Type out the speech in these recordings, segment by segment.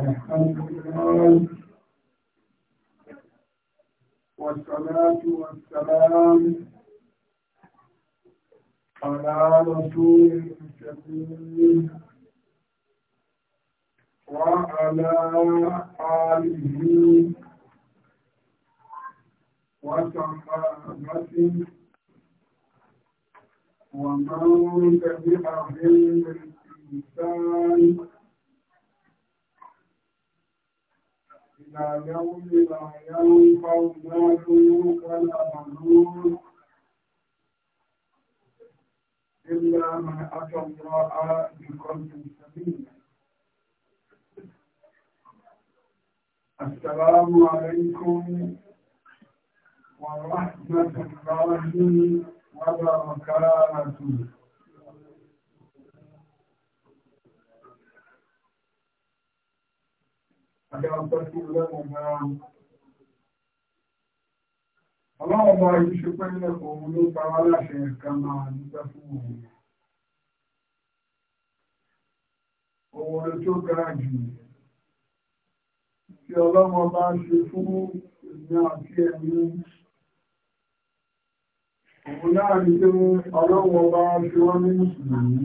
الحمد والصلاة والسلام على رسول الكريم وعلى آله وصحابته ومن تبعهم بالإنسان لا يوم لا ينفع مال ولا بنون إلا من أتى الله بقلب سليم السلام عليكم ورحمة الله وبركاته Ọlọ́run bá yìí ṣe pé nílẹ̀ ló pa wá láṣẹ ẹ̀ka máa nígbà fún òun. Òun tó gara jù tí ọlọ́run bá ṣe fún ìyá àti ẹ̀mí. Òun náà ní pé ọlọ́run ṣe wọ́n ní Mùsùlùmí.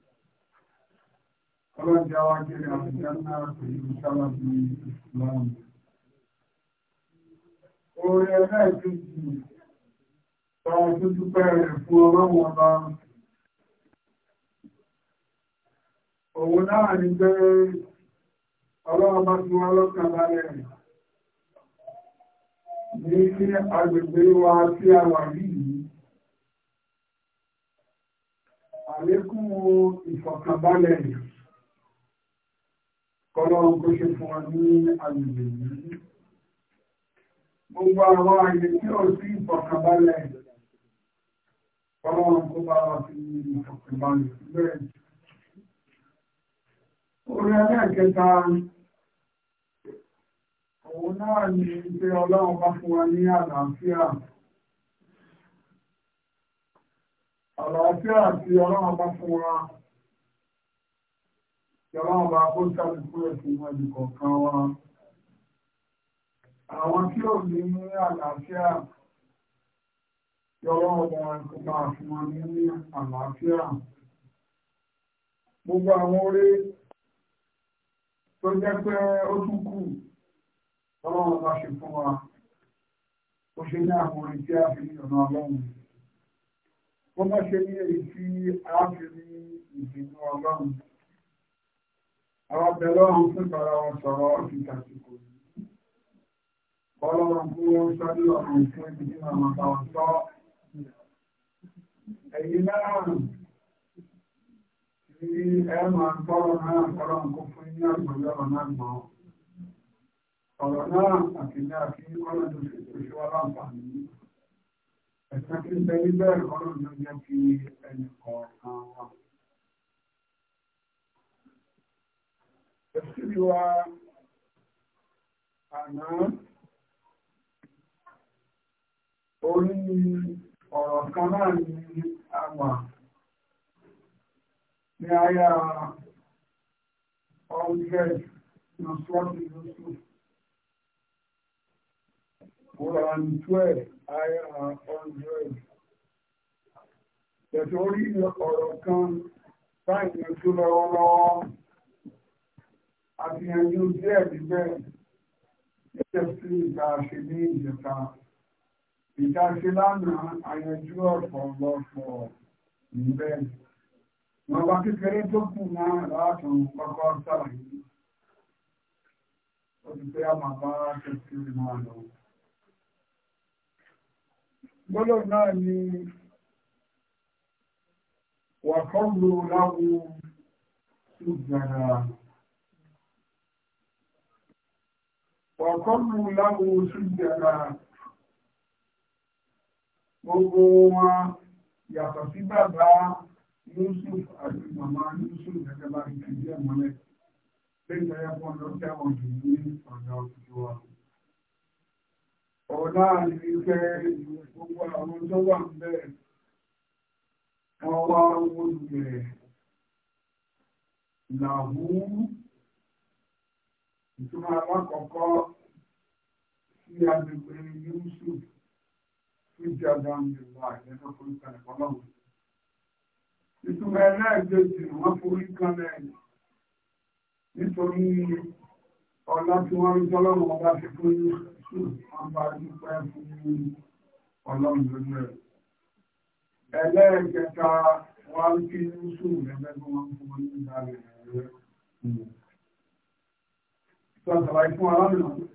ọlọ́run jẹ́ wá kiri àbújá náà islam orí ẹlẹ́ẹ̀kejì tọ́wọ́ tó dúpẹ́ rẹ̀ fún ọlọ́run ọba òun náà ní pé ọlọ́run bá ti wá lọ́kàn balẹ̀ ní agbègbè wa tí a wà yìí àlékún ìfọ̀kànbalẹ̀ yìí kọlọ́run kó ṣe fún wa ní agbègbè yìí gbogbo àwọn àyè tí ó sí ìfọ̀kànbalẹ̀ kọlọ́run kó bá wa fi ìfọ̀kànbalẹ̀ síbẹ̀ orí ẹlẹ́ẹ̀kẹta òun náà ni pé ọlọ́run bá fún wa ní àlàáfíà àlàáfíà tí ọlọ́run bá fún wa. Ìjọlọ́wọ́ bá kó sálùkú ẹ̀sìn wọn nìkọ̀ọ̀kan wa. Àwọn tí ò ní ní àlàáfíà, ìjọlọ́wọ́ bá kó máa fún wọn ní àlàáfíà. Gbogbo àwọn orí tó jẹ́ pé ó tún kù, ìjọlọ́wọ́ bá ṣe fún wa. Ó ṣe ní àwọn orin tí a fi ní ọ̀nà ọlọ́run. Wọ́n má ṣe ní èyí tí a fi ní ìbínú ọlọ́run àbẹ̀lọ́run fún bàrá wọn sọ̀rọ̀ ìta ti kò ní. Ọlọ́run fún wọn sọ́dí ọ̀run fún ibi tí màmá bá wọn sọ. Ẹ̀yin náà ní ẹ máa gbọ́rọ̀ náà ọlọ́run kó fún ní àgbọ̀lọ́rọ̀ náà gbọ́. Ọ̀rọ̀ náà àti ní àfi ọ̀nà tó ṣe tó ṣe wá Tẹ̀síbí wa àná orí ọ̀rọ̀ kan náà ni àgbà ní ayá ọ̀gẹ́d ní ṣọ́ọ̀tì lóṣù. Quran 12, ayá ọ̀gẹ́d. Tẹ̀sí orí ọ̀rọ̀ kan báyìí tó lọ́wọ́lọ́wọ́ àti yanjú díẹ̀ níbẹ̀ gẹ́gẹ́ sí ìta ṣe ní ìjẹta ìta ṣe lánàá àyanjú ọ̀pọ̀lọpọ̀ níbẹ̀ wọn bá kékeré tó kù náà látún kọ́kọ́ sàlàyé ó ti pé a máa bá tẹ̀sí náà lọ. Gbọ́dọ̀ náà ni wàkọ́lù láwùú ṣùgbọ́n ọ̀kọ́lù láwọ oṣù jẹ́ra gbogbo wọn yàtọ̀ sí bàbá Yusuf àti màmá Yusuf gẹ́gẹ́ bá ti kìí jẹ́ mọ́lẹ̀ lẹ́yìn ẹ̀yẹ́pọ̀ lọ́jọ́ àwọn òjò ní ọ̀dọ̀ òjò wa ọ̀dá ìrìnkẹ́ gbogbo àwọn tó wà ń bẹ́ẹ̀ wọ́n wá wọ́n lulẹ̀ làwọn ìtumọ̀ alákọ̀ọ́kọ́ sí agbègbè Yusuf tó jẹ́ adáhùn ìwà ìyẹn forí kalẹ̀ fọlọ́run ìtumọ̀ ẹlẹ́ẹ̀kejì wọ́n forí kalẹ̀ nítorí ọlá tí wọ́n rí tọ́lọ́run ọba ti fún Yusuf wọ́n bá dúpẹ́ fún ọlọ́run lójú ẹ̀ ẹlẹ́ẹ̀kẹta wọ́n rí kí Yusuf ẹgbẹ́ tí wọ́n fún ní ìdálẹ̀ rẹ̀ sọ̀tàlá ikú aláàrùn náà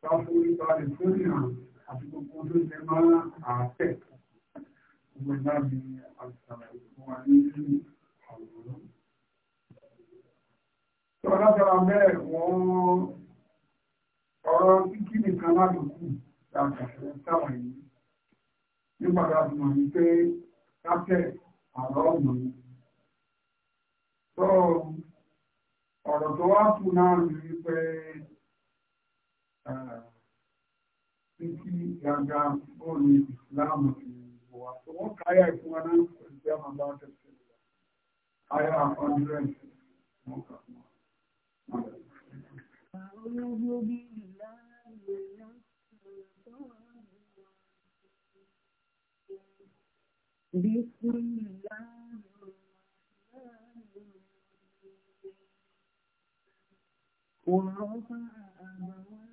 sáfún ipa rẹ̀ fún ìrìn àti gbogbo tó jẹ́ máa àfẹ́ gbogbo ìdábí àtàlá ikú wa ní ìlú àwòrán. Sọ látara bẹ́ẹ̀ wọ́n ọ̀rọ̀ kíkí nìkan ládùúkù látàlá sáwà yìí nígbà tá a ti mọ̀ ní pé kápẹ́ àrọ́ ọ̀nà yìí ọ̀rọ̀ tó wá eh, fún náà ní wípé títí gàgà bóòlù ìsìláàmù ti wà tó wọ́n káyà ìfún wọn náà pẹ̀lú bí àwọn bá tẹ̀ sí ìlú káyà àfọ́nrẹ́ wọn kà fún wọn. بسم الله الرحمن الرحيم وعطى أبويه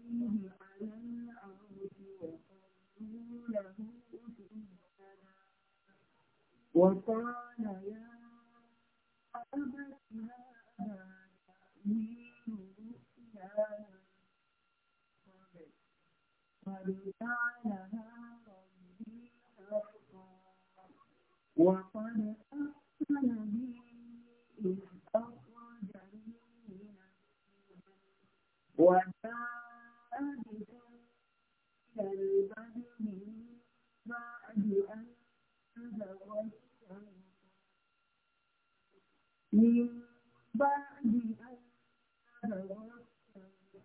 على العرش وقالوا له وقال يا أبت هذا تأويل رؤياي قد جعلها ربي حقا وقد أحسن بي وجاء بكم إلى البدر من بعد أن تغيروا من بعد أن تغيروا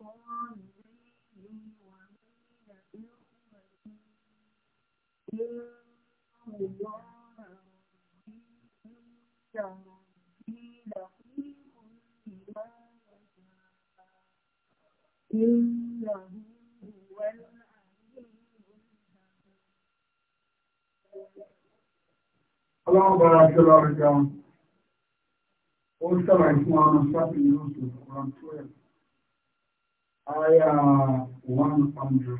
قال بيني وبين إخوتي إن الله ربي Ọlọ́run bára ṣe lọ rí jẹun. Ó sára ìfún ọmọ sáfì ní oṣù Quran 12. Aya 100.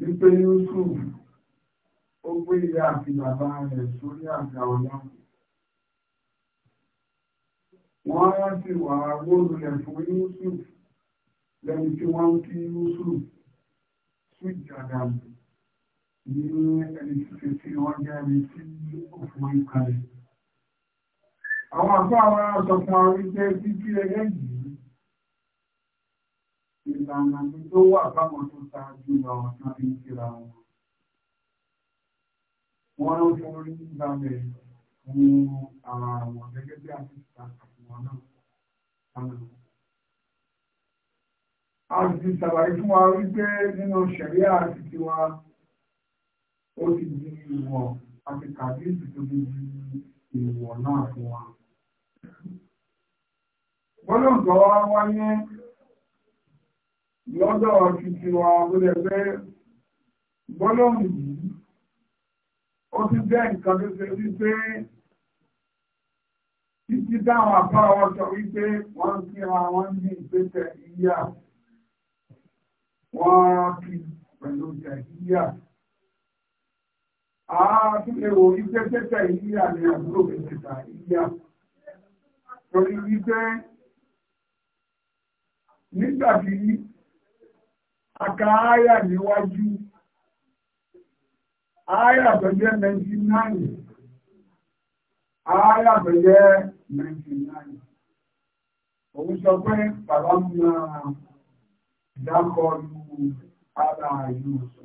Nípe Yusuf, ó gbé ìyá àti bàbá rẹ̀ sórí àga ọlọ́run wọ́n á sì wà wólulẹ̀ fún Yusuf lẹ́ni tí wọ́n ń kí Yusuf sùjàdà ní ẹni títí tí wọ́n jẹ́ ẹni tí òfin ìkàlẹ̀. Àwọn àpá àwọn aṣọ fún àwọn ìjẹ́ títí ẹgbẹ́ yìí ìlànà tó wà báwọn tó ṣáájú àwọn tó ń kíra wọn. Wọ́n ń forí ìgbàlẹ̀ fún àwọn gẹ́gẹ́ bí àti ìtàkà a ti ṣàlàyé fún wa wípé nínú ṣẹ̀ríà àti tiwa ó ti di ìwọ̀ àti kàdíìsì tó ti di ìwọ̀ náà fún wa. Bọ́lọ̀gọ́ wá wáyé lọ́dọ̀ ti tiwa tó lẹ pé bọ́lọ̀gọ́ yìí ó ti jẹ́ nǹkan tó ṣe wípé títí dáwọn àbáwọ̀ sọ wípé wọ́n kí ara wọn ní ìgbésẹ̀ yíyà wọ́n kí pẹ̀lú tẹ̀ yíyà àtúnlẹ̀wò ìgbésẹ̀ tẹ̀ yíyà ní àbúrò ìgbésẹ̀ yíyà torí wípé nígbàtí àkàáyà níwájú àáyà tó jẹ́ 99 àáyà tó jẹ́ 1999. Òun sọ pé bàbá ń na ìdákọlù ara ìlú sọ.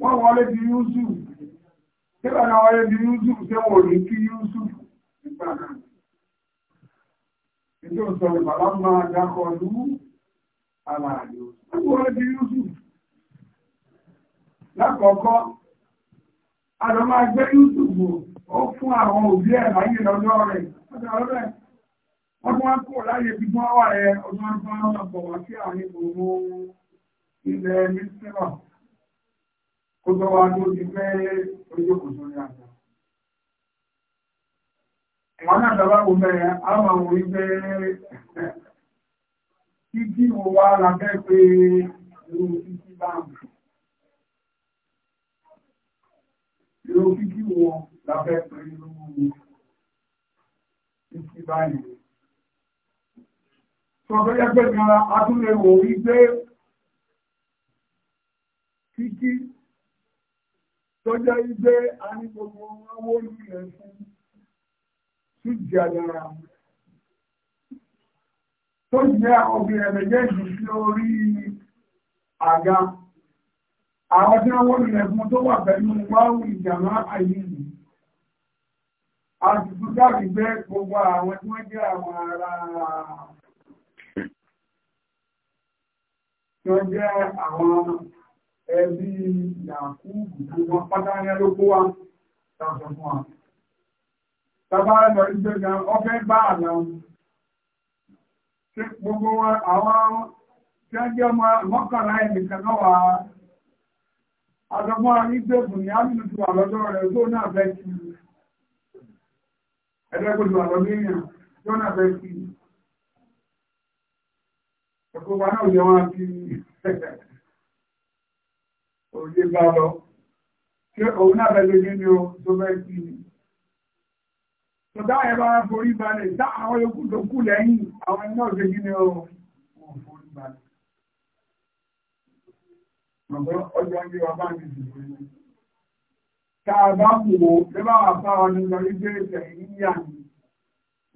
Wọ́n wọlé bí Yúsù. Tí bàbá wọlé bí Yúsù tí wọ́n ní kí Yúsù nígbà náà. Ètò ìsọ̀rọ̀ bàbá máa dákọlù ara ìlú. Wọ́n wọlé bí Yúsù. Lákọ̀ọ́kọ́, a lọ máa gbé Yúsù wò ó fún àwọn òbí ẹ̀ láyé lọ́jọ́ rẹ̀ wọ́n tún wá kó láyé bí wọ́n wà ẹ ọdún wọn bọ̀ wá sí àárín gbogbo ilẹ̀ kó tó wá tó ti fẹ́ ojú náà dábàá wo bẹ́ẹ̀ wo wá lábẹ́ pé irú títí báàmù. Irú títí lábẹ́ pẹ̀lú irú títí báyìí. Sọ tó yẹ pé kan atúnlẹ̀ wò rí pé kíkí tó jẹ́ ibé a ní gbogbo wọn wó nílẹ̀ fún síjì Tó jẹ́ obìnrin ẹ̀mẹ̀jẹ́jì sí orí àga. Àwọn tí wọ́n wó nílẹ̀ fún tó wà pẹ̀lú wáwù ìjàmá àyè àdùgbò dàbí bẹ́ gbogbo àwọn tí wọ́n jẹ́ àwọn ará tí wọ́n jẹ́ àwọn ẹbí yàkúùbù tí wọ́n pátá ní ẹlógó wa tàbí fún wa. Tàbá lọ ìgbé gan ọfẹ́ bá àlà ṣe gbogbo àwọn tí wọ́n jẹ́ ọmọ mọ́kànlá ẹnìkan náà wà á. Àjọ̀gbọ́n àrígbèbùn ni á nínú ti wà lọ́dọ̀ rẹ̀ tó náà fẹ́ kiri. ẹlẹ́gbẹ̀lú àlọ́míyàn jọ́nà bẹ́ náà yẹ wọ́n fi òye bá lọ ṣé òun náà bẹ́ lé tó bẹ́ sí forí balẹ̀ dá àwọn yòókù lẹ́yìn àwọn ẹni náà ni forí balẹ̀ ọjọ́ ń gbé wa bá tààbá wò lẹ́bà àpá ọdún lọ ilé ìfẹ̀ yíyà ni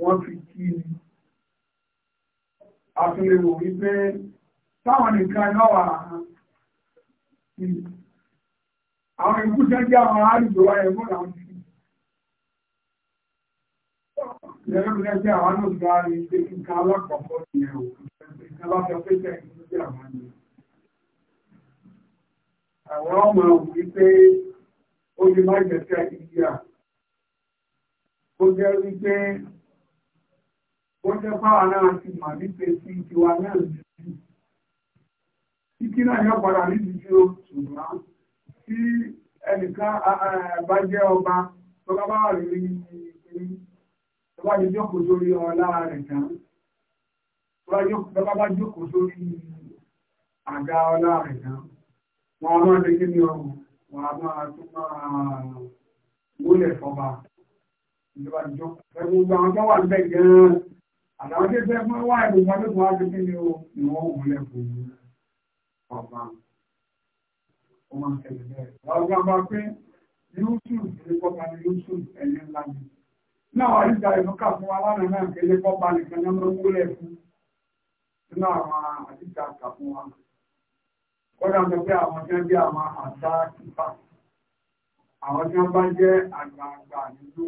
wọ́n fi kí ni àtúnlẹ̀wò wípé táwọn nìkan lọ́wà sí àwọn ìkúṣẹ́ jẹ́ àwọn àrùjọ wáyé fún àwọn sí lẹ́gbẹ̀ẹ́ jẹ́ àwọn náà gbáre pé nǹkan alákọ̀ọ́kọ́ ni ẹ̀wọ̀ nǹkan alákọ̀ọ́ pé jẹ́ ìkúṣẹ́ àwọn ni àwọn ọmọ wípé ó lè má jẹ́sẹ̀ ìyá ó jẹ́ wípé ó jẹ́ fáwọn náà ti mà nípe sí tiwa náà nìyí kíkí náà yọ padà nídìí tí ó ṣùgbọ́n tí ẹnìkan bá jẹ́ ọba tó bá bá wà lórí ìpínlẹ̀ tó bá jókòó sórí ọlá rẹ̀ tán tó bá jókòó sórí àga ọlá rẹ̀ tán wọn ọlọ́run lè kí ni ọrùn wọn a máa tún máa wólẹ̀ fọba ìjọba ìjọ ẹ̀rù gbogbo àwọn tó wà níbẹ̀ gan-an àtàwọn tó fẹ́ fún wá ìlú wọn tó tún wá sí kí ni o ni wọ́n wọlé fún ọba ó máa tẹ̀lé bẹ́ẹ̀. àwọn ọba bá pé yusuf ilé kọ́ba ni yusuf ẹni ńlá ni náà wà nígbà ìfọ́kà fún wa lánàá náà kéde kọ́ba nìkan ní wọ́n wọlé fún nínú àwọn àdìgbà kà fún wa kọ́dà àwọn tí wọ́n bá jẹ́ àgbààgbà nínú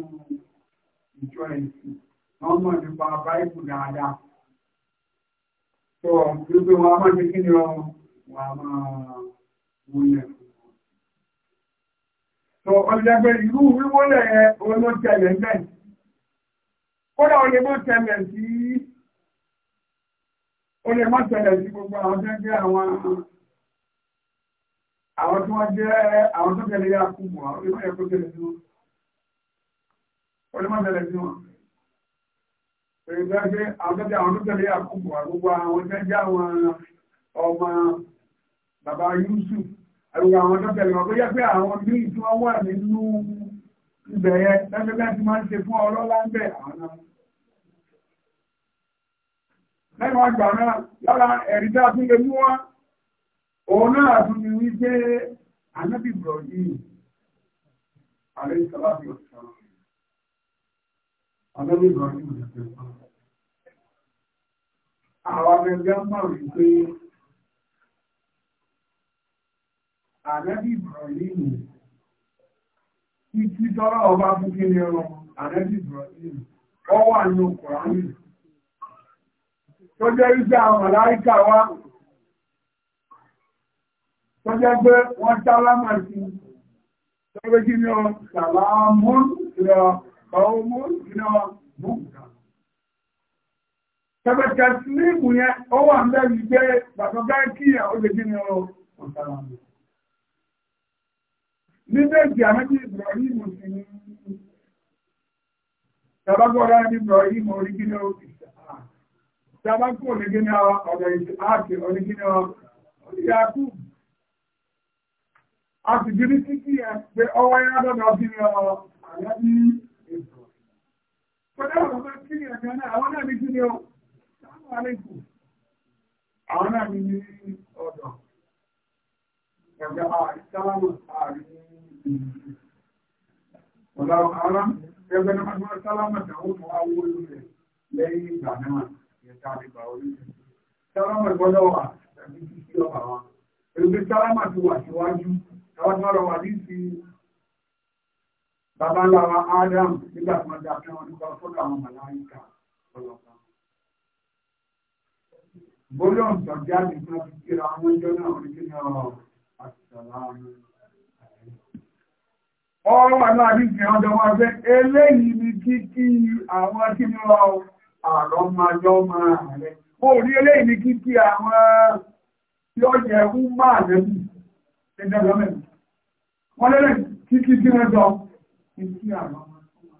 ìjọ ẹ̀sìn wọ́n mọ̀ nípa báìbù dáadáa tó wípé wọn máa ṣe kí ni ọ wọn máa wọlẹ̀ tó ọ̀lẹ́gbẹ̀ ìlú wíwọ́lẹ̀ olóòtẹ̀lẹ̀ mẹ́ kọ́dà àwọn tí wọ́n jẹ́ àwọn tó tẹ̀lé yá kú mọ̀ àwọn olùmọ̀ yẹ kó tẹ̀lé sí wọn olùmọ̀ tẹ̀lé sí wọn èyí tó ṣe àwọn tó tẹ̀lé àwọn tó tẹ̀lé yá kú mọ̀ gbogbo àwọn tó jẹ́ àwọn ọmọ bàbá Yusuf àwọn àwọn tó tẹ̀lé wọn tó yẹ pé àwọn míì tí wọ́n wà nínú ibẹ̀ yẹn lẹ́gbẹ̀ẹ́ tí máa ń ṣe fún ọlọ́lá ń bẹ̀ àwọn náà lẹ́nu ọgbà náà lára ẹ̀rí tá a tún lè mú wá òun náà tún wípé anábì Ibrahim ààrẹ ìsàlábì ọ̀sán anábì Ibrahim ọ̀sán àwọn ẹgbẹ́ mọ̀ tọrọ ọba fún kí ni ọrọ̀ anábì Ibrahim ọ wà ní Kùránì tó jẹ́ ìgbà àwọn tó jẹ́ pé wọ́n sálámà sí lọ́wọ́ kí ni ọ sàlámù ìrọ̀ ọmọ ìrọ̀ mọ́ta tẹ́bẹ̀tẹ̀ sílíìmù yẹn ó wà ń bẹ́ẹ̀ wípé bàtọ́gá kí ẹ̀ ó lè kí ni ọ sàlámù nígbà èdè àmẹ́jì Ibrahim sí ní tàbágbọ́ra ní Ibrahim orígínà òkìsà tàbágbọ́ orígínà ọ̀dọ̀ ìsìnkú orígínà a sì gírí títí ẹ pé ọwọ́ yá dọ́dọ̀ bí i ọ̀rọ̀ àyẹ́ ní ètò. Pẹ̀lú ọ̀rọ̀ pé kí ni ẹ̀kẹ́ náà, àwọn náà ní kí ni ó, sáwọn àlékù, àwọn náà ní ní ọ̀dọ̀. Ẹ̀jẹ̀ àìsálámù àárín ìlú. Ọ̀dọ̀ ara ẹgbẹ́ náà máa ń sálámù àtàwọn ọmọ awó lulẹ̀ lẹ́yìn ìgbà náà, ìyẹ̀ta àdìgbà orí. Sálámù ẹ̀gbọ́dọ̀ wà, tàbí kí sí ọ̀bà wọn. Èrùgbé sálámù àti wà síwájú àwọn tí wọ́n lọ wà ní ti bàbá Adam nígbà tí wọ́n dá fẹ́ wọn nípa fọ́lọ́ àwọn màláìka ọlọ́pàá bóyá ọ̀sán jáde tí wọ́n ti kíra àwọn ẹjọ́ náà wọ́n ti ní ọ̀rọ̀ àtìsàlámù ọ̀rọ̀ wà náà ní ìfihàn ọjọ́ wọn pé eléyìí ni kíkí àwọn tí ní lọ àrọ́ máa jọ máa rẹ̀ mo rí eléyìí ni kíkí àwọn tí ó yẹ ń máa lẹ́yìn ẹgbẹ́ rọ́mẹ̀ wọ́n lẹ́rẹ̀ títí tí wọ́n jọ ní sí àwọn ọmọ tó wà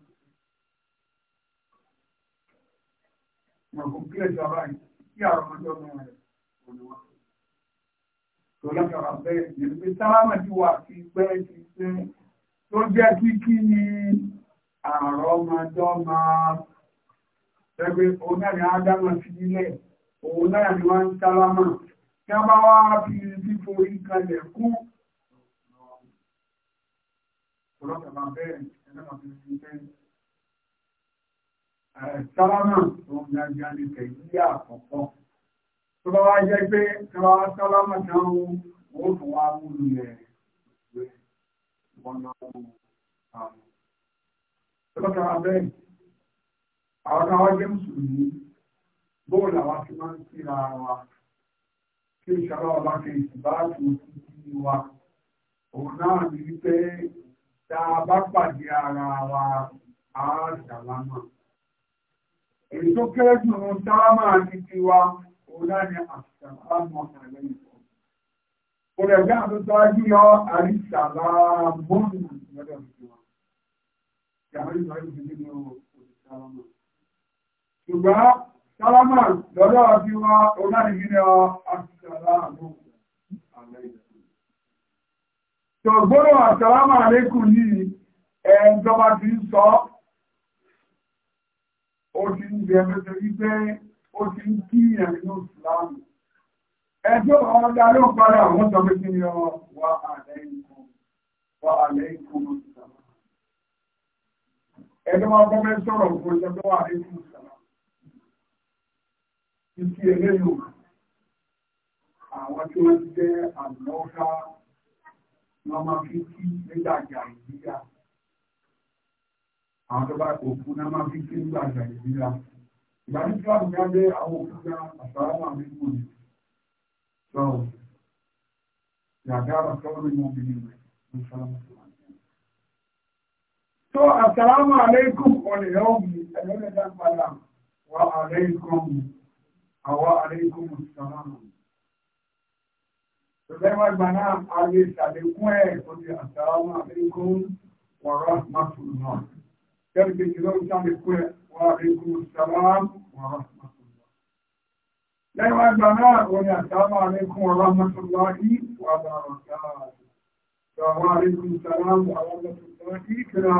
lọ́wọ́ kò jẹ́ kí kí ni àrọ́mọdọ́ máa ẹgbẹ́ òun náà ni ádámà fi nílẹ̀ òun náà ń sálámà tí wọ́n bá wá fi fífo ìkàlẹ̀ kún ọlọ́pàá máa bẹ́ẹ̀ ẹlẹ́wọ̀n tó ti fẹ́. sálámà tó ń dájá ní kẹ̀yí àkọ́kọ́ tó bá wá jẹ́ pé tí wọ́n wá sálámà tán ó tún wá mú lulẹ̀ ìwé wọn náà wò àwọn. ọlọ́pàá bẹ́ẹ̀ àwọn náà wá jẹ́ tá a bá pàdé ara wa á sàlámà. Èyí tó kéré jù ní sálámà ní tiwa, òun náà ni àsàlámà àlẹ́yìn. Kò lè gbé àtúntò ajú yọ àrísàlámà lọ́dọ̀ tiwa. Ìyàwó ìgbà yóò fi nínú òṣìṣàlámà. Ṣùgbọ́n sálámà lọ́dọ̀ tiwa, òun náà ni kí ni ọ ṣọ̀gbọ́rọ̀ àsàlámà àlékùn yìí ẹn tó bá ti ń sọ ó ti ń jẹ mẹ́tẹ̀ wípé ó ti ń kí ẹ̀rin ìsìláàmù ẹjọ́ ọmọ darí ó padà wọ́n sọ pé kí ni ọ wà àlẹ́kùn ẹjọ́ máa bọ́ mẹ́ sọ̀rọ̀ fún ẹjọ́ tó wà àlẹ́kùn ìsìláàmù ìkí wọ́n máa fi kí nígbàjà ìdíyà àwọn tó bá òkú náà máa fi kí nígbàjà ìdíyà ìgbà ní kíláàbù ní abẹ́ àwọn òkú náà àṣàrà wà ní ìmọ̀ ní sọ yàgá àbàkọ́rọ̀ ní obìnrin rẹ̀ ní sọ́lọ́mù tó àṣàlámù àléékùm ọ̀lẹ̀ ọ̀gbìn ẹ̀lẹ́lẹ́dá padà wà àléékùm àwọn àléékùm ìṣàlámù Ṣùgbẹ́wà gbà náà a lè ṣàlékún ẹ̀ tó ti àṣàwọn àríkún wọ̀rọ̀ mọ́tòlùmọ́. Tẹ́lẹ̀ kejì ló ń ṣàlékún ẹ̀ wọ́n àríkún ṣàwọn wọ̀rọ̀ mọ́tòlùmọ́. Lẹ́wà gbà náà ó ní àṣàwọn àríkún wọ̀rọ̀ mọ́tòlùmọ́ yìí wà bá rọ̀ dáadáa. Ṣọ̀wọ́ àríkún ṣàwọn wọ̀rọ̀ mọ́tòlùmọ́ yìí kìlọ̀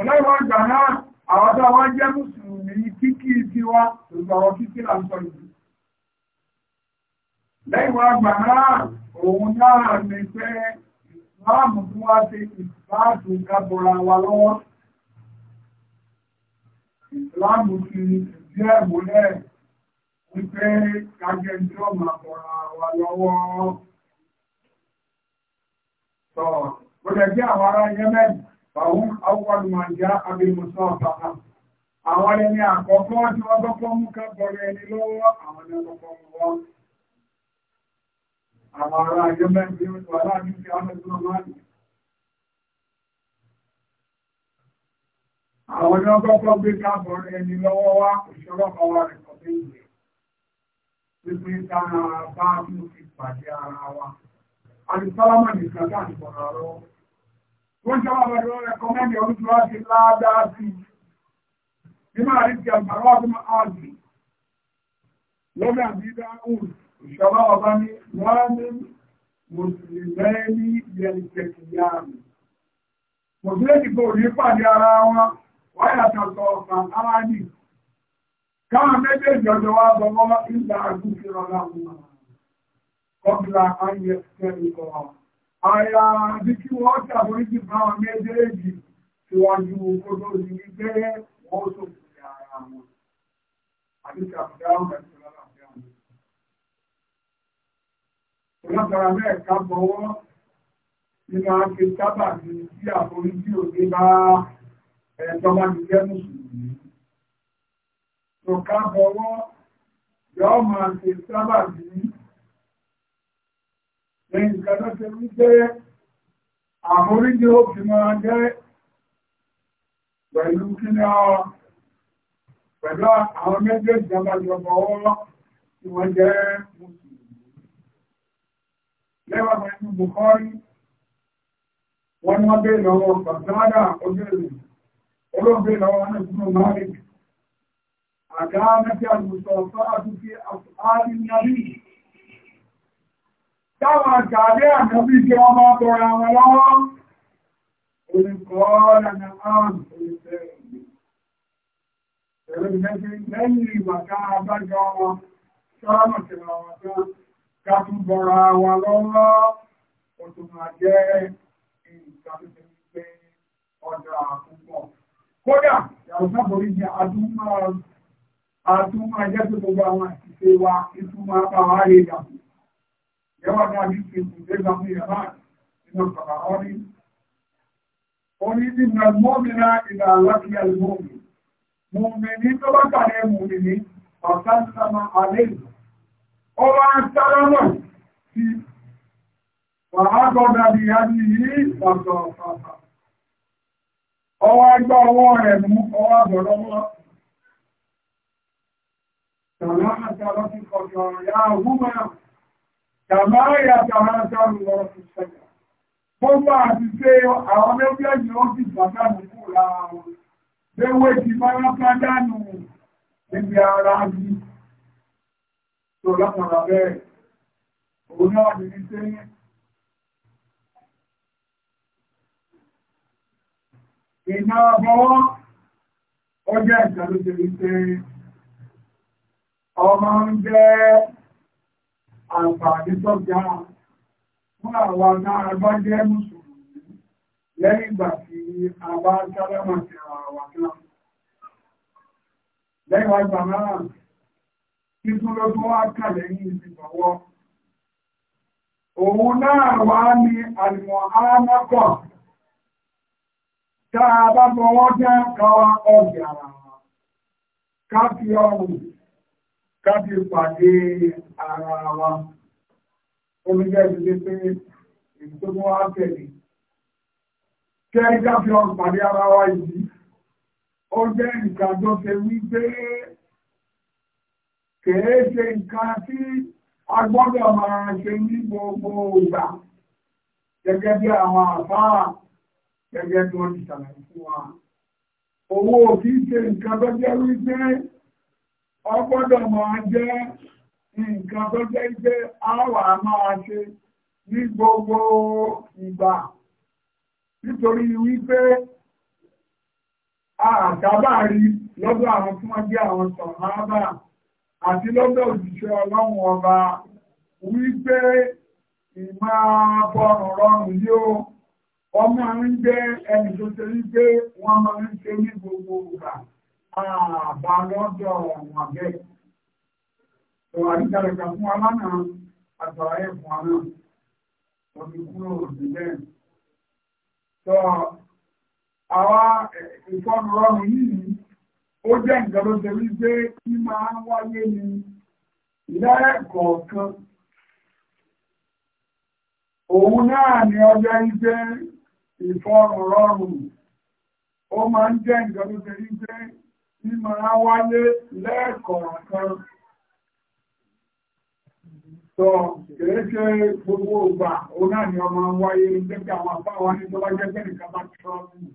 Ọlọ́run àgbà náà, àwọn wọ́n jẹ́ Mùsùlùmí kíkí tiwa, ìgbà kíkí lẹ́yìn wá gbà náà òun náà ní pé ìsìláàmù tó wá sí ìsìláàmù kábọ̀ra wa lọ́wọ́ ìsìláàmù ti jẹ́ ìmúlẹ̀ wípé kájẹ́jọ́ máa bọ̀ra wa lọ́wọ́ sọ gbọ́dọ̀ jẹ́ àwọn ará yẹ́mẹ́ àwọn awọ́lu máa jẹ́ abẹ́mọ̀sán àpapà àwọn ẹni àkọ́kọ́ tí wọ́n kọ́kọ́ mú kábọ̀ra ẹni lọ́wọ́ àwọn ẹni àkọ́kọ́ àwọn ará ayọ́mẹ́ tí ó wà láàrin fi ámẹ́sùn máa ní àwọn ní ọgbọ́ tó gbé káàbọ̀ ẹni lọ́wọ́ wá ìṣọ́rọ̀ ọwọ́ rẹ̀ kọ̀ sí ìwé pípé tára bá mú fi pàdé ara wa alìsálámà ní kàtà ìbọ̀nà rọ wọ́n jẹ́ wà lọ́wọ́ rẹ̀ kọ́ mẹ́rin ọdún tó láti láàdáa sí nínú àríkì ìṣọ́lá ọba ní wọ́n ní mùsùlùmí yẹni kẹkìyà mi mùsùlùmí ti kò ní pàdé ara wọn wáyà tàbí ọ̀sán ara ní káwọn méjèèjì ọjọ́ wa bọ̀ wọ́n ìlà àgùnfìrọ̀ láwọn kọ́bílà ayé kẹ́rìkọ́ àyà àbí kí wọ́n ṣàforíjì báwọn méjèèjì síwájú kótó sí ní pé wọ́n sòkè ara wọn àbí ṣàfihàn mẹ́sàn Látara bẹ́ẹ̀ ká bọwọ́ nínú ákè sábà ní sí àforíjì òde bá ẹ̀tọ́ bá ti jẹ́ mùsùlùmí. Tò ká bọwọ́ yọ máa ṣe sábà ní lẹ́yìn ìkàtọ́ ṣe wípé àforíjì ó fi máa jẹ́ pẹ̀lú kí ni ọ pẹ̀lú àwọn méjèèjì jábàjọ bọwọ́ tí wọ́n jẹ́ mùsùlùmí. lẹ́wà mẹ́rin Bukhari wọ́n wọ́n bẹ́ lọ́wọ́ Bàtàdà ojúlù olóògbé lọ́wọ́ Anasunu Malik àgá mẹ́fẹ́ àgùsọ̀ sọ́ràtú sí àárín nàbí táwọn àgbàdé àgbàbí kí wọ́n máa tọrọ àwọn lọ́wọ́ olùkọ́ lànà àrùn olùfẹ́ ẹ̀rọ ìgbẹ́sẹ̀ lẹ́yìn ìgbà ká abájọ wọn sọ́rọ̀ mọ̀tẹ̀lọ́wọ́ tán ká tún bọ́ra wa lọ́wọ́ ó tún máa jẹ́ nǹkan tó ti gbé ọjà púpọ̀. kódà yàrá sábòrí jẹ́ àtúmọ̀ ẹjẹ́ tó gbogbo àwọn àṣìṣe wa ìtumọ̀ àpáwá rẹ̀ yàtọ̀. yẹ́wà náà ní fi ìgbé gbàmú yàrá nínú bàbá ọ̀rí. onídìí na mọ́mìnira ìlà aláfíà lóòmì. mùmìnì tó bá kàrẹ́ mùmìnì ọ̀sán sáma àlẹ́ ìlú. ọwá sáramà sí wàhágọ́gà bí adì yìí pàtọ̀ pàtà ọwá ọwọ́ rẹ̀ mú ọwá bọ̀lọ́wọ́ Tàmáyà ya Gbogbo tó látara bẹ́ẹ̀ òun náà ní ní sí iná bọ́wọ́ ó jẹ́ ọmọ ń jẹ́ fún àwọn náà jẹ́ mùsùlùmí lẹ́yìn ìgbà tí a bá sálámà sí àwọn àwọn títún ló tún wá kàlẹ̀ yìí ti bọ̀wọ́. Òun náà wá ní àlùmọ̀ alámọ́pọ̀ tá a bá bọ̀wọ́ jẹ́ káwa ọ̀gbẹ̀ ara wa. Ká fi ọrùn, ká fi pàdé ara wa. Omi jẹ́ ìdílé pé èyí wá tẹ̀lé. Kẹ́rí ká fi ọrùn pàdé ara wa yìí. Ó jẹ́ nǹkan tó wí pé kèé ṣe nka tí a gbọ́dọ̀ máa ṣe ní gbogbo ìgbà gẹ́gẹ́ bí àwọn àfáà gẹ́gẹ́ bí wọ́n ti ṣàlàyé fún wa ma je í ṣe nǹkan tó jẹ́ wípé gbogbo nítorí lọ́dọ̀ àwọn tí wọ́n àwọn sọ̀rọ̀ àti lọ́dọ̀ òṣìṣẹ́ ọlọ́run ọba wípé ìmá bọ̀rùn rọrùn yóò wọ́n máa ń jẹ́ ẹni tó ṣe wípé wọ́n máa ń ṣe ní gbogbo ìgbà àbá lọ́dọ̀ wọn bẹ́ẹ̀. tó àríkàlẹ̀kà fún wa lánàá àtàràyè fún wa náà wọ́n ti kúrò nílẹ̀. tó àwa ìfọ́nù rọrùn yìí o jẹ́ nǹkan tó ṣe wípé kí máa wáyé ní lẹ́ẹ̀kọ̀ọ̀kan òun náà ni ọjọ́ ìgbé ìfọrùn ó máa ń jẹ́ nǹkan tó ṣe kí máa wáyé sọ gbogbo ìgbà òun náà ni ọmọ wáyé nígbà àwọn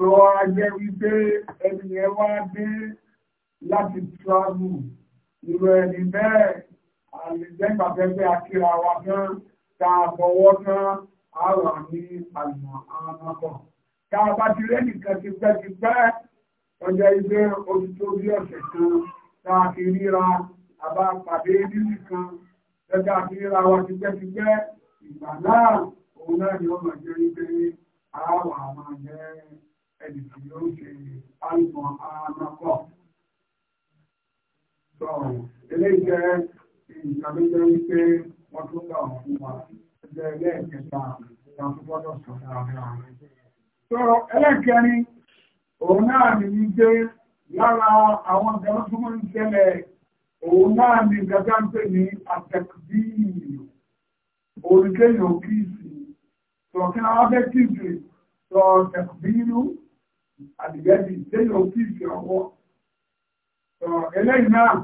tó a jẹ́ wípé ẹni ẹ wá dé láti travel ìrọ̀ ẹni bẹ́ẹ̀ àlejẹ́gbàgbẹ́gbẹ́ akíra wa tán tá a fọwọ́ tán a wà ní àlùmọ̀ àmọ́kọ̀ tá a bá ti rẹ́ nìkan ti pẹ́ ti pẹ́ ọjọ́ ilé oṣù tó bí ọ̀sẹ̀ kan tá a ríra àbá pàdé nílì kan lọ́jọ́ àti wa ti pẹ́ ti pẹ́ ìgbà náà òun náà ni wọ́n mọ̀ jẹ́ wípé a wà jẹ́ ẹni tí yóò ṣe àìsàn àmàkọ́. Sọ eléyìí jẹ́ ìṣàlójẹ́ wípé wọ́n tún gbà wọ́n fún wa ẹgbẹ́ ẹlẹ́ẹ̀kẹta wọn tún gbọ́dọ̀ sọ dáadáa. Sọ ẹlẹ́ẹ̀kẹrin òun náà ní í gbé lára àwọn ìjọba tó máa ń ṣẹlẹ̀ òun náà ní gàdá ń pè ní àtẹ̀kùdí oríkèèyàn kìí Sọ kí wọ́n fẹ́ kìí sọ tẹ̀kùdí àdìgẹ́bì tẹ́yọ̀ kí ìfẹ́ ọwọ́. Ẹlẹ́yìn náà,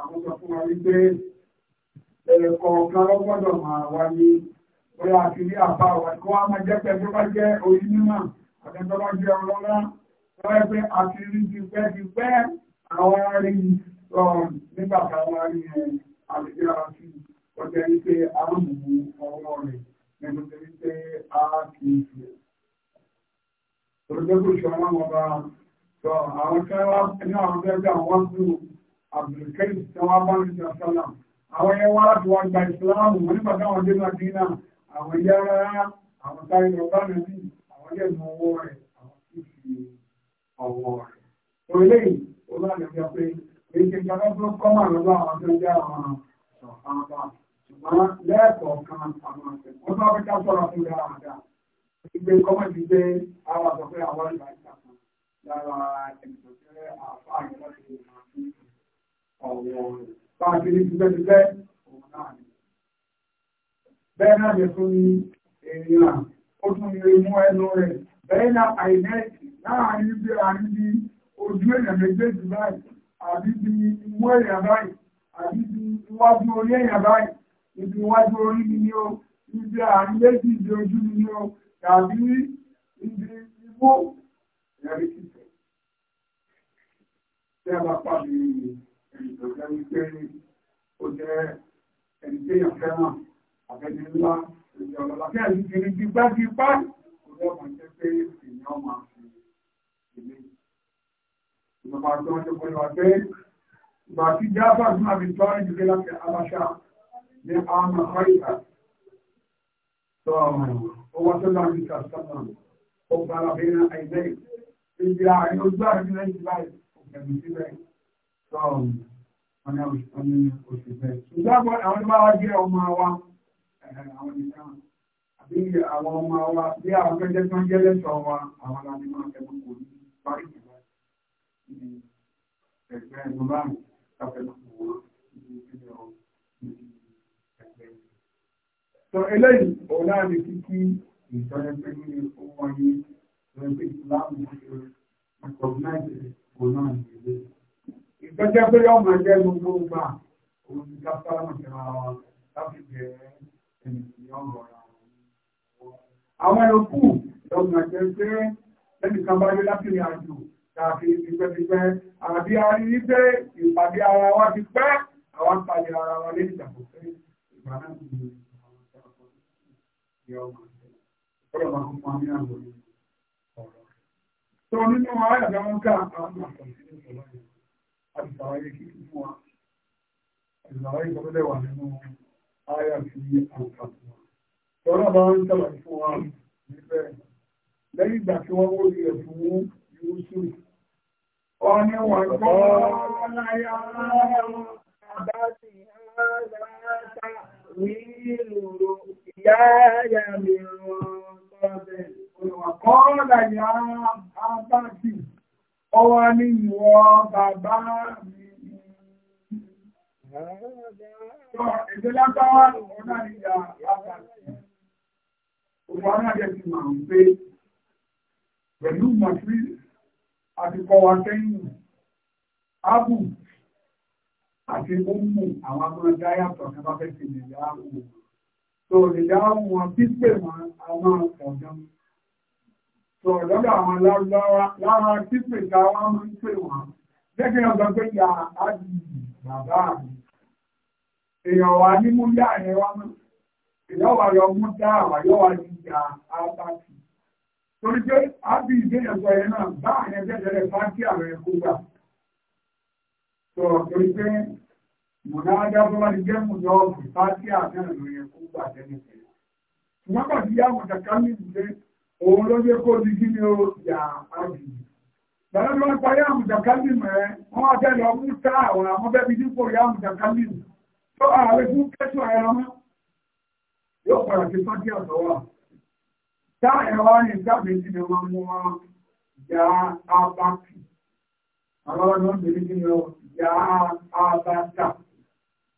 àwọn sọ fún wa wípé ẹ̀rẹ̀ kọ̀ọ̀kan lọ́gbọ́dọ̀ máa wá ní orí àkìrí àbá wa kó wá máa jẹ́ pé tó bá jẹ́ orí mímọ̀ àtẹ́tọ́ bá jẹ́ ọlọ́lá tó wáyé pé àkìrí ti pẹ́ ti pẹ́ àwọn arí nígbà táwọn arí yẹn àlejò ara sí ọjọ́ wípé a mú ọwọ́ rẹ̀ nínú pé a kì í fi tòlójẹ́kù ṣọ́nà ọba sọ àwọn kẹwà ní àwọn gẹ́gẹ́ àwọn tó àbùkẹ́yì tí wọ́n bá ní sọ́nà àwọn yẹn wá láti wá gba ìsìláàmù wọn nígbà táwọn dé máa dín náà àwọn yẹn rárá àwọn táyé ọba nàbí àwọn yẹn mọ owó rẹ̀ àwọn tó fi ọwọ́ rẹ̀. torí lẹ́yìn olóòlùfẹ́ pé èyí ti gbàgbé tó kọ́mà lọ́wọ́ àwọn tó jẹ́ àwọn sọ̀fáfá ṣùgbọ́n lẹ́ẹ̀kọ̀ọ̀kan àwọn àṣẹ ìgbé kọ́mọ̀tì gbé àwọn àgbàpẹ́ àwọn ìbàjẹ́ kan lára ẹ̀sùn jẹ́ àfáàyè láti lè máa fi bá a ti ní tipẹ́tipẹ́ òun náà ni. bẹ́ẹ̀ náà lè fún ní èèyàn ó tún lè mú ẹnu rẹ̀ bẹ́ẹ̀ náà àìmẹ́ẹ̀kì láàárín bí àárín bí ojú èèyàn méjèèjì báyìí àbí bí imú èèyàn báyìí àbí bí iwájú orí èèyàn báyìí ibi iwájú orí mi ni ó ibi àárín méjì ibi ojú mi ni ó tàbí ibi igbó ẹ̀rí títẹ̀. Tẹ́ bá pàdé ẹni tó jẹ́ wípé ó jẹ́ ẹni tí èèyàn fẹ́ràn àbẹ́ni ńlá ìjọ ọ̀lọ́lá kí ẹ̀rí kiri gbígbá gbígbá kò lọ́mọ jẹ́ pé èèyàn máa fi ilé. Ìjọba tó ń dókòó lọ pé ìgbà tí Jáfà ní àbí tọ́rin ìdílé láti Aláṣà ní àwọn ọmọ ìgbà هو صلى عليك السلام وقال بين عينيك إذا يوزع من الجبال وكان يسيبك صوم أنا أنا أشتبك إذا أنا ما أجي أو ما أوا bí àwọn ọmọ wa bí àwọn akẹ́kẹ́ tó ń jẹ́ lẹ́sọ̀ọ́ wa àwọn aláàbí máa ń fẹ́ràn kò ní parí ìgbà ẹgbẹ́ ẹgbẹ́ báyìí ká fẹ́ràn. So, eléyìí òun náà ní kíkí ìtọ́jú pé ní owó ayé lọ́wọ́ pé ìsìláàmù ṣe recognize òun náà ní ilé. ìtọ́jú pé yóò máa jẹ́ gbogbo gbà òun ní ká sálámù sí ara wa láti jẹ́ ẹni tí yóò rọ̀ ra wọn. àwọn ẹ̀rọ̀kù yóò máa jẹ́ pé lẹ́nu kan bá yẹ láti rìn àjò káàkiri tipẹ́tipẹ́ àbí a rí ìpàdé ara wa ti pẹ́ àwọn ń ara wa lẹ́yìn ìjàpọ̀ pé ìgbà náà ti yọ̀ọ̀mọ̀ ọ̀rọ̀ máa fún wa ní àwọn ọ̀rọ̀ rẹ̀. tó nínú ayàgbẹ́ wọn ká àwọn àpọ̀ sínú ìṣọ̀lá yẹn àti sàwáyé kí fún wa ìlàwáyé ìgbọ́lẹ̀ wà nínú ayà tí àwọn kàtó wa. tọ́lá bá ń sàlàyé fún wa níbẹ̀ lẹ́yìn ìgbà tí wọ́n wó ilẹ̀ fún Yusuf ọ̀nì wọn kọ́ ọ́ láyà máa ń bá sí تأويل رؤياي من قبل وقال يا أبت ọwọ́ ní ìwọ bàbá mi Èdè lágbàwà òun náà ní ìyá àbàtì. Òun náà jẹ́ ti máa ń pé pẹ̀lú mọ̀sí àti kọwàá sẹ́yìn. Ábù àti ọmọ àwọn amúnájá yàtọ̀ ní bá fẹ́ ti nìyá wò. So nìyá wọn pípè wọn a máa ọ̀dọ́. So lọ́dọ̀ àwọn lára pípè ta wọn máa ń pè wọn. Gẹ́gẹ́ ọ̀gá pé ya ájì bàbá mi. Èèyàn wà ní mú yá ẹ̀ wá mọ́. Èèyàn wà lọ mú dá àwà yóò wá ní ìyá ábàtì. Torí pé ábì ìgbéyàwó ẹ̀ náà bá àyẹ̀jẹ̀ tẹ̀lé àwọn ẹ̀kọ́ gbà tó torí pé mọ̀dájá tó bá ti jẹ́ mọ̀dọ́ bùrùpátí àmẹ́rin ló yẹ kó gbà tẹ́lẹ̀ tẹ́lẹ̀ ṣùgbọ́n pàtí yá mọ̀dá kámi ṣe òun ló yẹ kó di kíni ó yà á bì í bàbá tó bá parí àmọ̀dá kámi mẹ́rẹ́ wọ́n wá fẹ́ lọ mú tá àwọn àwọn bẹ́ẹ̀ fi dípò yá àmọ̀dá kámi tó ààrẹ fún kẹ́sù ẹ̀rọ mọ́ yóò padà sí pátí àtọ́wà tá ẹ̀rọ wá ìyá àbájá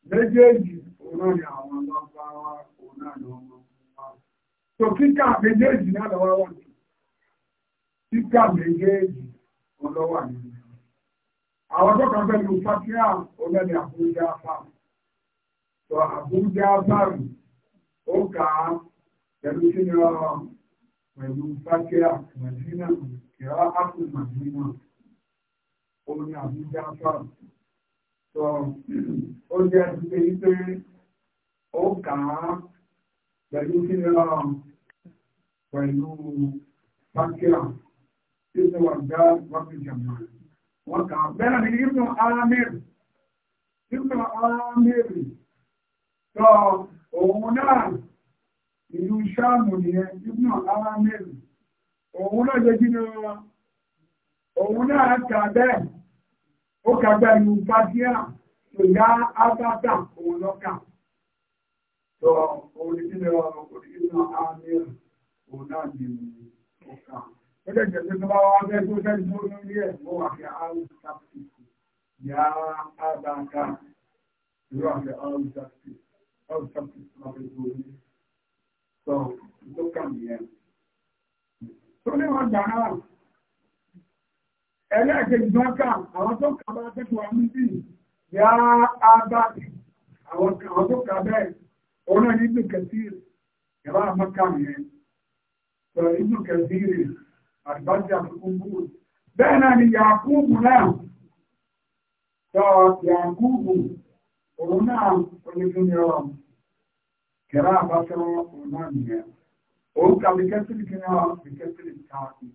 méjèèjì olórin àwọn lọ́gbàwá òun náà lọ́wọ́ tó kíkà méjèèjì náà lọ́wọ́ wà ní kíkà méjèèjì olówà ní àwọn tó kàn pẹ̀lú fatia olórin àbújá fáwọn tó omi àbújá sọ̀rọ̀. Sọ ó jẹ́ ṣe wípé ó kà á pẹ̀lú kí ni lọ um, pẹ̀lú pákíà tí ó wà dá wákì jàmbá. Wọ́n kà á bẹ́ẹ̀ ni Ibn Amir. Ibn Amir. Sọ òun náà ìlú sáàmù nìyẹn Ibn Amir. Òun náà jẹ́ kí ni òun náà kà bẹ́ẹ̀ ó kàgbà inú fàdíà tó yá ábádà òun lọ́kà tó orílẹ̀ orílẹ̀ àmìr òun náà ní ọkà ó lè jẹ́ tó bá wá bẹ́ tó fẹ́ tó lórí ẹ̀ mọ́ àfi àrùn sáfìsì yá ábádà ìlú àfi àrùn sáfìsì àrùn sáfìsì máa fi tó lórí tó tó nìyẹn tó lè wọ́n gbà náà ẹlẹ́ẹ̀kẹ́gbọ́nká àwọn tó kà bá tẹ́kọ̀ àmúdí yá ábáàdì àwọn tó kà bẹ́ẹ̀ ọ̀nà nínú kẹsìrì yàrá àmọ́ká yẹn sọ̀rọ̀ nínú kẹsìrì àdìbájá kúkú bẹ́ẹ̀ náà ni yàkúùbù náà sọ yàkúùbù òun náà onígun yọ yàrá àbáṣọ òun náà nìyẹn òun kà bí kẹsìrì kí náà bí kẹsìrì káàkiri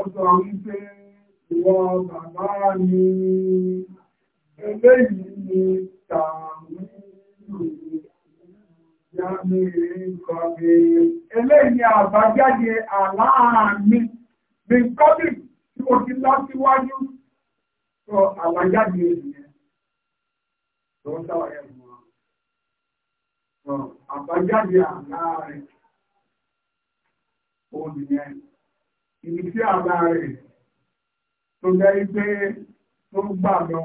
Ọjọ́ wípé ìwọ bàbá mi, eléyìí ni tààmì ìyámi ìkọ̀bí. Eléyìí ni àbájáde àláàmì, bí kọ́bí tí mo ti lọ síwájú, sọ àbájáde ìyẹn. Lọ́wọ́ sáwà ẹ̀rù àbájáde àlá rẹ̀ òmìnir ìní tí àlá rẹ̀ tó jẹ́ pé tó gbà lọ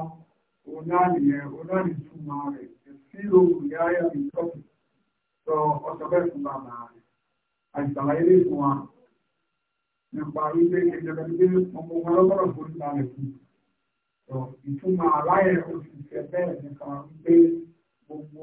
onáàlìyàn onáàlìtúmọ̀ rẹ̀ sí ohun ìyáyà ìtọ́pù sọ ọ̀sọ̀bẹ́ fún bàbá rẹ̀ àìsàlá ilé fún wa nípa wípé ìjọba ilé ọmọ wọn lọ́gbọ́dọ̀ fún ìlànà fún ìtumọ̀ aláyẹ̀ òṣìṣẹ́ bẹ́ẹ̀ nípa wípé gbogbo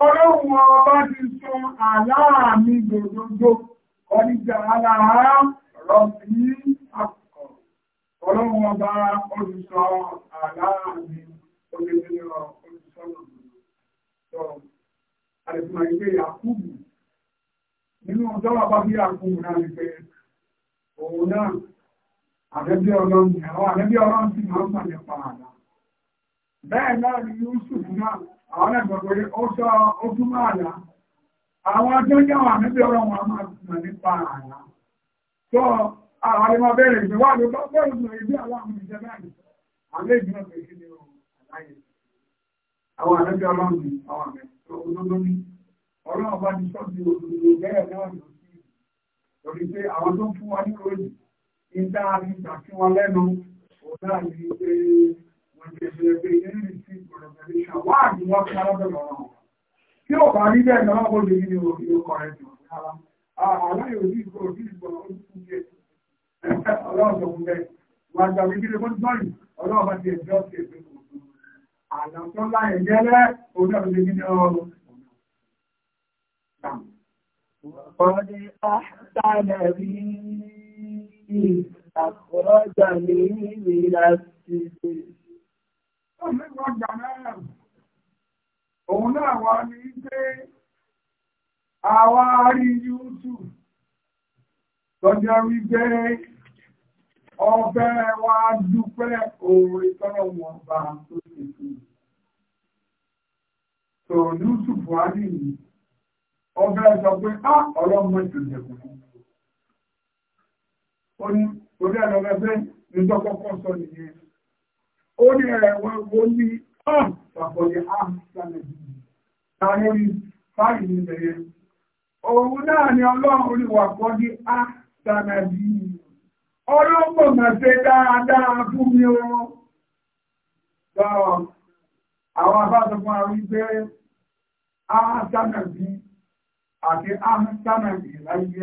ọlọ́run ọba ti sọ aláàmì gbogbogbò ọdíjà aláàrá rọ̀bí àkọ́ ọlọ́run ọba olùsọ aláàmì olùsọ olùsọ lọ́dọ̀ àlẹ́fùmọ̀ ilé Yakubu nínú ọjọ́ bàbá bí Yakubu náà ní pé òun náà àdẹ́bí ọlọ́run àwọn àdẹ́bí ọlọ́run ti máa ń pàdé pa àlá bẹ́ẹ̀ náà ni Yusuf náà àwọn ẹgbẹ̀gbẹ̀ ó sọ ojú máa àlá àwọn tó ń jáwà níbi ọ̀rọ̀ wọn a máa mọ̀ nípa àlá tó àwọn ọmọ bẹ̀rẹ̀ ìgbẹ̀ wà ló bọ́ọ̀rọ̀ ìgbẹ̀ ìgbẹ̀ àwọn àmì ìjẹba àlẹ́ ìgbẹ̀ ìgbẹ̀ ìgbẹ̀ àláyé àwọn àlẹ́bí ọlọ́run àwọn àmì òdodo ní ọlọ́run bá ti sọ́ọ̀tì òdodo bẹ́ẹ̀ náà ló sí lórí pé àwọn tó ń fún wa ní ròyìn ní dáa ní ìgbà tí wọ́n lẹ́nu òun náà ní pé wọ́n jẹ́ ìṣẹ̀lẹ̀ pé ilé ní sí organization wà ní wọ́n fi alábẹ̀rẹ̀ ọ̀rọ̀ wọn. Tí ó bá rí bẹ́ẹ̀ náà ó lè ní ìlú kọ̀rẹ́ jù rárá. Aláyọ̀ ojú ìgbò ojú ìgbò ojú ìgbò ọlọ́run tó ń bẹ̀. Wà gbà mí kílé fún jọ́yìn ọlọ́run bá ti ẹ̀jọ́ sí ẹ̀fẹ́ kò tó. Àná tó nígbà gbà náà òun náà wá ní pé àwa rí YouTube tọ́jọ́ wípé ọbẹ̀ wa dúpẹ́ oore tọ́rọ wọn bá tó ṣe fún so Yusuf wá ní ìlú ọbẹ̀ sọ pé á ah, ọlọ́mọ ìtòjẹ̀ kò fún ó ní orí ẹ̀lọ́gbẹ́ pé nígbà sọ nìyẹn ó ní ẹ̀wọ̀n eh, wo ní ọ̀pọ̀lẹ̀ àmìsànlẹ̀ tàbí fáìlì ìbẹ̀rẹ̀ òun náà ni ọlọ́run orí wà kọ́ ní àṣànàbí ọlọ́pọ̀ mẹ́sẹ̀ dáadáa fún mi o sọ ah, ah, àwọn abáṣọpọ̀ àwọn ìgbẹ́ àṣànàbí àti àṣànàbí láyé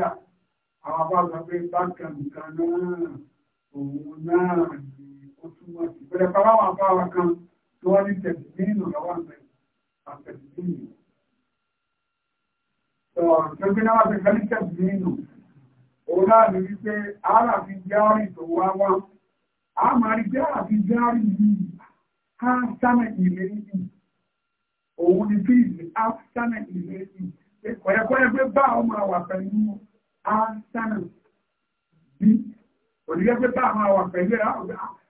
àwọn abáṣọpọ̀ bákan kan náà òun náà ó túmọ̀ sí bẹ̀rẹ̀ pàrọ̀ àwọn afárá kan tí wọ́n ní tẹ̀síbíìnì lọ́wọ́ àtẹ̀síbíìnì. Ṣọ́gbé náà ti kẹ́lí tẹ̀síbíìnì òun náà ní a máa rí pé ara fi jáàrì yìí á sáná ìlé yìí òun ni bí ìlé á sáná ìlé yìí kọ̀yẹ́kọ́yẹ́ pé bá ọ máa wà pẹ̀lú á sáná bí òdìgẹ́ pé bá ọ máa wà pẹ̀lú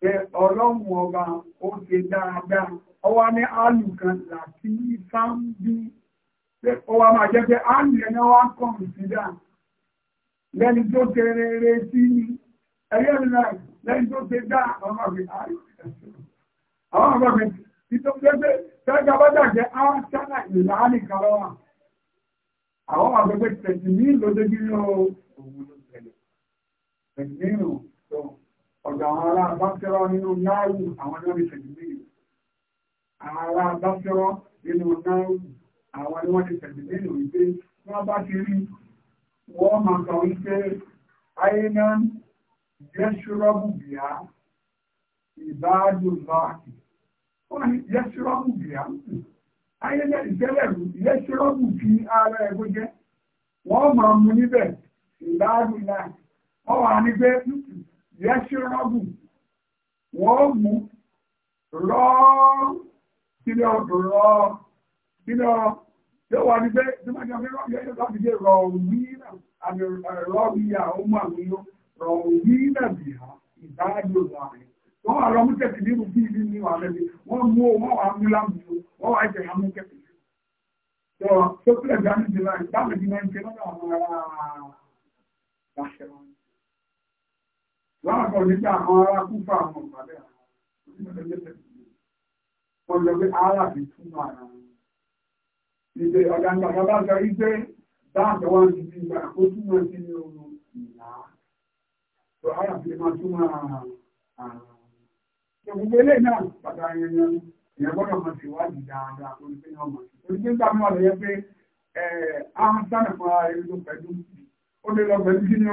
pé ọlọ́run ó ṣe dáadáa ọwá ní alùkan láti sáńbí ọwá máa jẹ́ pé áàlù ẹni wá kàn sídà lẹ́ni tó ṣe rere sí ni ẹ̀yẹ́ lẹ́ni tó ṣe dá ọmọ rẹ̀ àwọn ọmọ pé bá lọ́wọ́ àwọn ọmọ tẹ̀sí ní ìlòdójú ní ló tẹ̀lé ọ̀dọ̀ àwọn ará nínú náírù àwọn àwọn nínú àwọn ni wọ́n ti tẹ̀lẹ̀mẹ́rin wípé wọ́n bá ti rí wọ́n máa sọ wípé ayé yẹ́ṣúrọ́bù bìá ìbáàdùn báàkì wọ́n ní yẹ́ṣúrọ́bù bìá ayé yẹ́ṣúrọ́bù fi ara ẹgbẹ́ jẹ́ wọ́n máa mú níbẹ̀ ìbáàdùn náà wọ́n wà ní yẹ́ṣírọ́bù wọ́n mú rọ́ sílẹ̀ ọdún rọ́ sílẹ̀ tó wà ní pé tí wọ́n jọ fi rọ́ yẹ́ṣọ́ láti jẹ́ rọ̀ wíìnà àti rọ́ wíyà ọmọ àwọn yóò rọ̀ wíìnà bì á ìdájọ́ láàrin wọ́n wà lọ mú tẹ̀sí nínú bí ibi ní wà lẹ́bi wọ́n mú o wọ́n wà mú lámù o wọ́n wà jẹ̀ àmú tẹ̀sí. tó tó kílẹ̀ bí a ní ti láì dáàbò bí wọ́n ń ṣe lọ́dọ̀ àwọn ará àṣẹ wọn láàbọ̀ nígbà àwọn ará kúfà àwọn ìpàdé àwọn ọjọ́ pé ara fi túmọ̀ ara wọn ìgbé ọ̀dà ìgbàgbà bá sọ rí pé dáàbọ̀ wọn ti fi ìgbà kó túmọ̀ sí ní oòrùn ìlà tó ara fi máa túmọ̀ ara wọn tó gbogbo ilé náà bàtà yẹnyẹn ìyẹn gbọ́dọ̀ máa fi wádìí dáadáa tó ní pé náà mọ̀ sí tó ní pé nígbà mọ́ ọ̀dọ̀ yẹ pé àwọn sánà fún ara ẹni pẹ̀lú ó lè lọ pẹ̀lú kí ni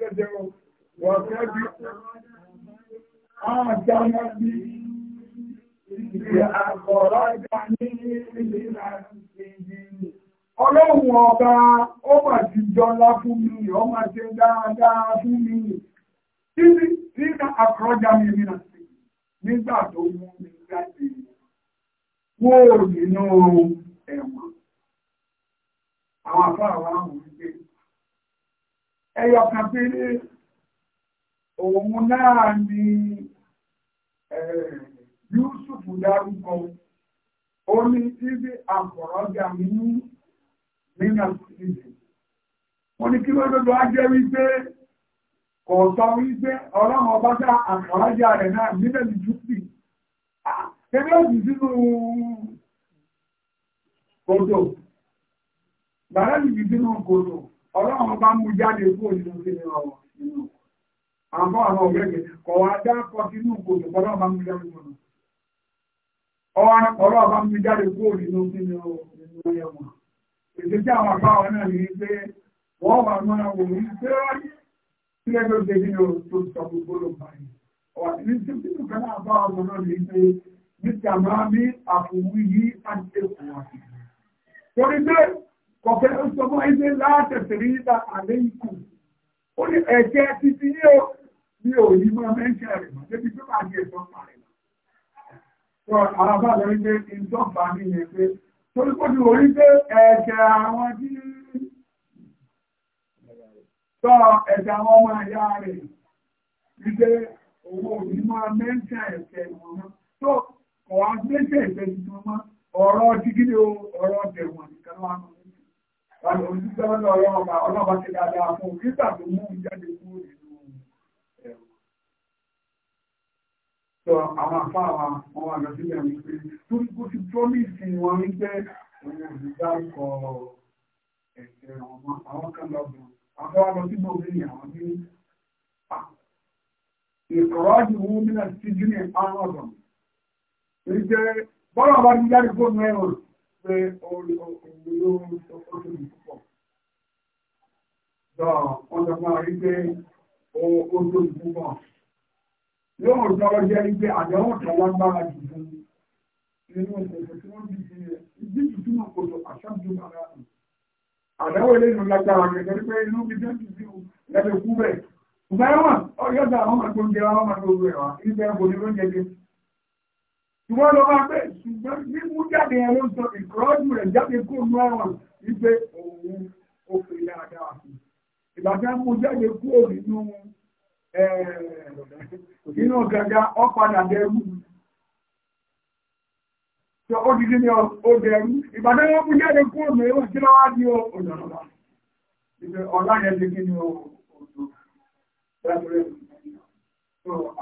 lọ́jọ́ wọ̀ọ̀kẹ́ bí àjánà bí ìdí àkọ̀rọ̀ ìjà ní ìlera ìjì ọlọ́run ọba ó mà ti jọlá fún mi ó mà ti dáadáa fún mi títí tí àkọ́jà mi mìíràn sí nígbà tó mú mi jáde kúrò nínú ẹ̀wọ̀n àwọn àfáà wa ń wọ́n gbé ẹyọ kan tí òun náà ni eh, Yusuf dárúkọ ó ní ibi àfọ̀rọ̀jà nínú nínà wọ́n ní kí ló lọ́dọ̀ á wípé kò sọ wípé ọlọ́run ọba rẹ̀ náà nílẹ̀ ní júpì òsì sínú kòtò ọlọ́run bá mú jáde kúrò nínú kíni ọ̀rọ̀ nínú àbọ̀ àwọn ọ̀gbẹ́gbẹ̀ kọ̀ wá dá kọ sínú kòtò ọlọ́run bá mú jáde kúrò ọlọ́run bá mú jáde kúrò nínú kíni ọ̀rọ̀ ẹ̀wọ̀n ètò tí àwọn àbá wọn náà ní pé wọ́n wà máa wò o tó sọ gbogbo ló bá yìí ọ̀wà ní tí kí nìkan náà bá wọn náà ní pé níta máa ní àfòwí yìí á ti ṣe torí pé kọ̀kẹ́ ó sọ fún ẹgbẹ́ látẹ̀sẹ̀ rí nípa àlẹ́ ikú ó ní ẹ̀jẹ̀ títí ní o ní òní máa mẹ́ṣẹ̀ rẹ̀ mọ́ débi tó máa di ẹ̀sọ́ parẹ́ lọ. ara bá lọ wípé ìjọba ní yẹn pé torí kó ti wòrí pé ẹ̀jẹ̀ àwọn tí sọ ẹ̀jẹ̀ àwọn ọmọ ẹ̀yà rẹ̀ wípé owó òní máa mẹ́ṣẹ̀ ẹ̀jẹ̀ wọn mọ́ tó ẹ̀jẹ̀ tuntun mọ́ ọ̀rọ̀ ọ̀rọ̀ Báyìí òjíṣẹ́ lọ́dọ̀ ọlọ́ọ̀bà ọlọ́ọ̀bà ti dáadáa fún nígbà tó mú jáde kúrò nínú ẹ̀rọ. Sọ àwọn afáà wa wọn wà lọ́sílẹ̀ wípé tó ti kó ti promise wọn wípé òun ò ní dárúkọ ẹ̀sẹ̀ ọmọ àwọn kan lọ́gbọ̀n. Àwọn wa lọ sí gbòmí àwọn ní ìkọ̀rọ̀dì wọn nílẹ̀ sí júlẹ̀ àwọn ọ̀dọ̀. Ìjẹ́ bọ́lá wa ti jáde kúrò nínú pé orí ọkùnrin ló ń sọ fọ́tò ní púpọ̀. Dọ̀ wọ́n sọ máa rí pé ó tó ní púpọ̀. Lóòrùn tọrọ jẹ́ wípé àdánwò kan lágbára jù fún nínú ọ̀sẹ̀ tí wọ́n bí sí rẹ̀. Ìdíjì tí wọ́n kòtò àṣàjù ara rẹ̀. Àdánwò eléyìí ló lágbára rẹ̀ torí pé inú bí jẹ́ǹtì sí o lẹ́bẹ̀ẹ́ kú bẹ̀. Ìgbà ẹ̀wọ̀n ọ̀yọ́ta àwọn ọmọ tó ń jẹ àwọn ọmọ tó ń rẹ̀ wá. Ìgbà ẹ̀wọ̀n Ìwọ́n lọ bá pẹ́ ṣùgbọ́n ní mú jáde ẹ̀rọ ń sọ ìkọ́jú rẹ̀ jáde kó nú ẹ̀wọ̀n wípé òun ó fi àti. Ìbàdàn mú jáde kó nínú inú gàgà ọ̀padà Sọ ni Ìbàdàn mú jáde kó lọ́wọ́ ọ̀la yẹn ti kí ni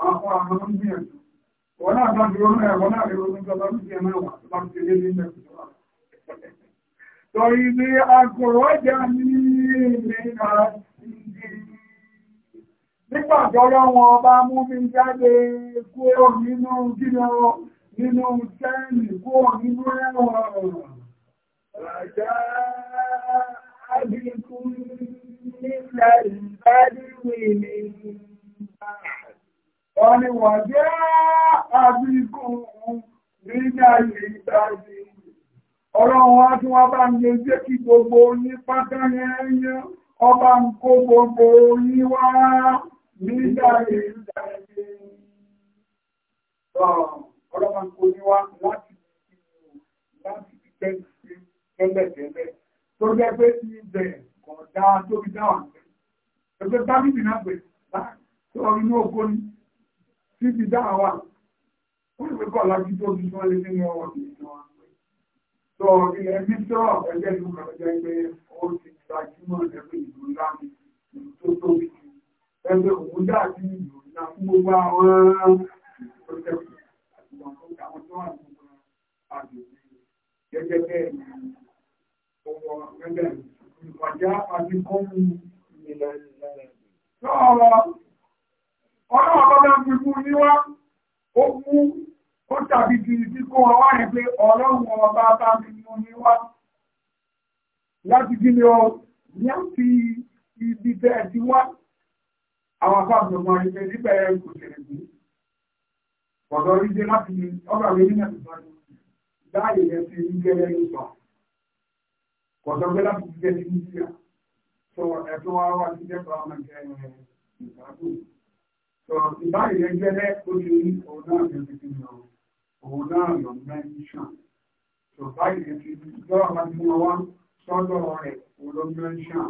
Àwọn àwọn ń gbìyànjú. Wọ́n náà bá dúró náà, wọ́n náà èrò nígbà bá dúró náà wà, bá ti lé ní ilẹ̀ ìjọba. Torí ní àkọ̀rọ̀ ọjà ní ilé àti nígbà tọ́rọ wọn bá mú mi jáde kúrò nínú gínà nínú tẹ́ẹ̀nì kúrò nínú ẹ̀wọ̀n. Ràjá àbíkú nílẹ̀ ìbádìí wọ́n ni wọ́n jẹ́ àbíkún nígbà ìgbàdì ọ̀rọ̀ wọn tí wọ́n bá ń jẹ́ kí gbogbo yín pátá yẹn ọba ń kó gbogbo yín wá nígbà ìgbàdì ọ̀rọ̀ máa ń kó yín wá láti láti fi tẹ́lẹ̀tẹ́lẹ̀ tó jẹ́ pé ti ibẹ̀ kọ̀ọ̀dá tóbi dáwà ẹgbẹ́ bá bíbí náà pè láti tó ọ̀rọ̀ inú ògbóni síbi dáhàwà ó sì kọ́ láti tó bí wọ́n lé nínú ọwọ́ sí ìlú wọn sọ ilẹ̀ bí sọ́ọ̀ ẹgbẹ́ ìlú kan jẹ́ pé ó ti gbajúmọ̀ lẹ́gbẹ́ ìlú ńlá mi ìlú tó tóbi ẹgbẹ́ òun dà sí ìlú ńlá fún gbogbo àwọn pẹ̀lú àwọn tó wà nínú àgbègbè gẹ́gẹ́ bẹ́ẹ̀ ni ọwọ́ gẹ́gẹ́ ìpàjá àti kọ́mù ìlẹ̀ ìlẹ̀ ọlọ́wọ́ bá máa fi fún níwá ó mú ó tàbí kiri tí kó wá rẹ̀ pé ọlọ́run ọba bá mi mú níwá láti kí ni ọ láti ibi bẹ́ẹ̀ ti wá àwọn afáàbò ọmọ ẹgbẹ́ níbẹ̀ kò tẹ̀lé bí ọ̀dọ́ rí dé láti ọgbà mi ní nàìjíríà láàyè yẹn ti rí gẹ́gẹ́ ní sọ kọ̀dọ̀ gbé láti gẹ́gẹ́ ní nàìjíríà sọ ẹ̀tọ́ wa wá sí jẹ́ pàmò ẹ̀ẹ́ ìgbàgbọ́ ìbáyìí ẹgbẹ́lẹ́ ó lè ní òun náà lè fi lọ òun náà lọ mẹ́ńṣàn tó báyìí ẹ ti lọ́wọ́ bá ti mọ́ wá sọ́dọ̀ rẹ̀ òun ló mẹ́ńṣàn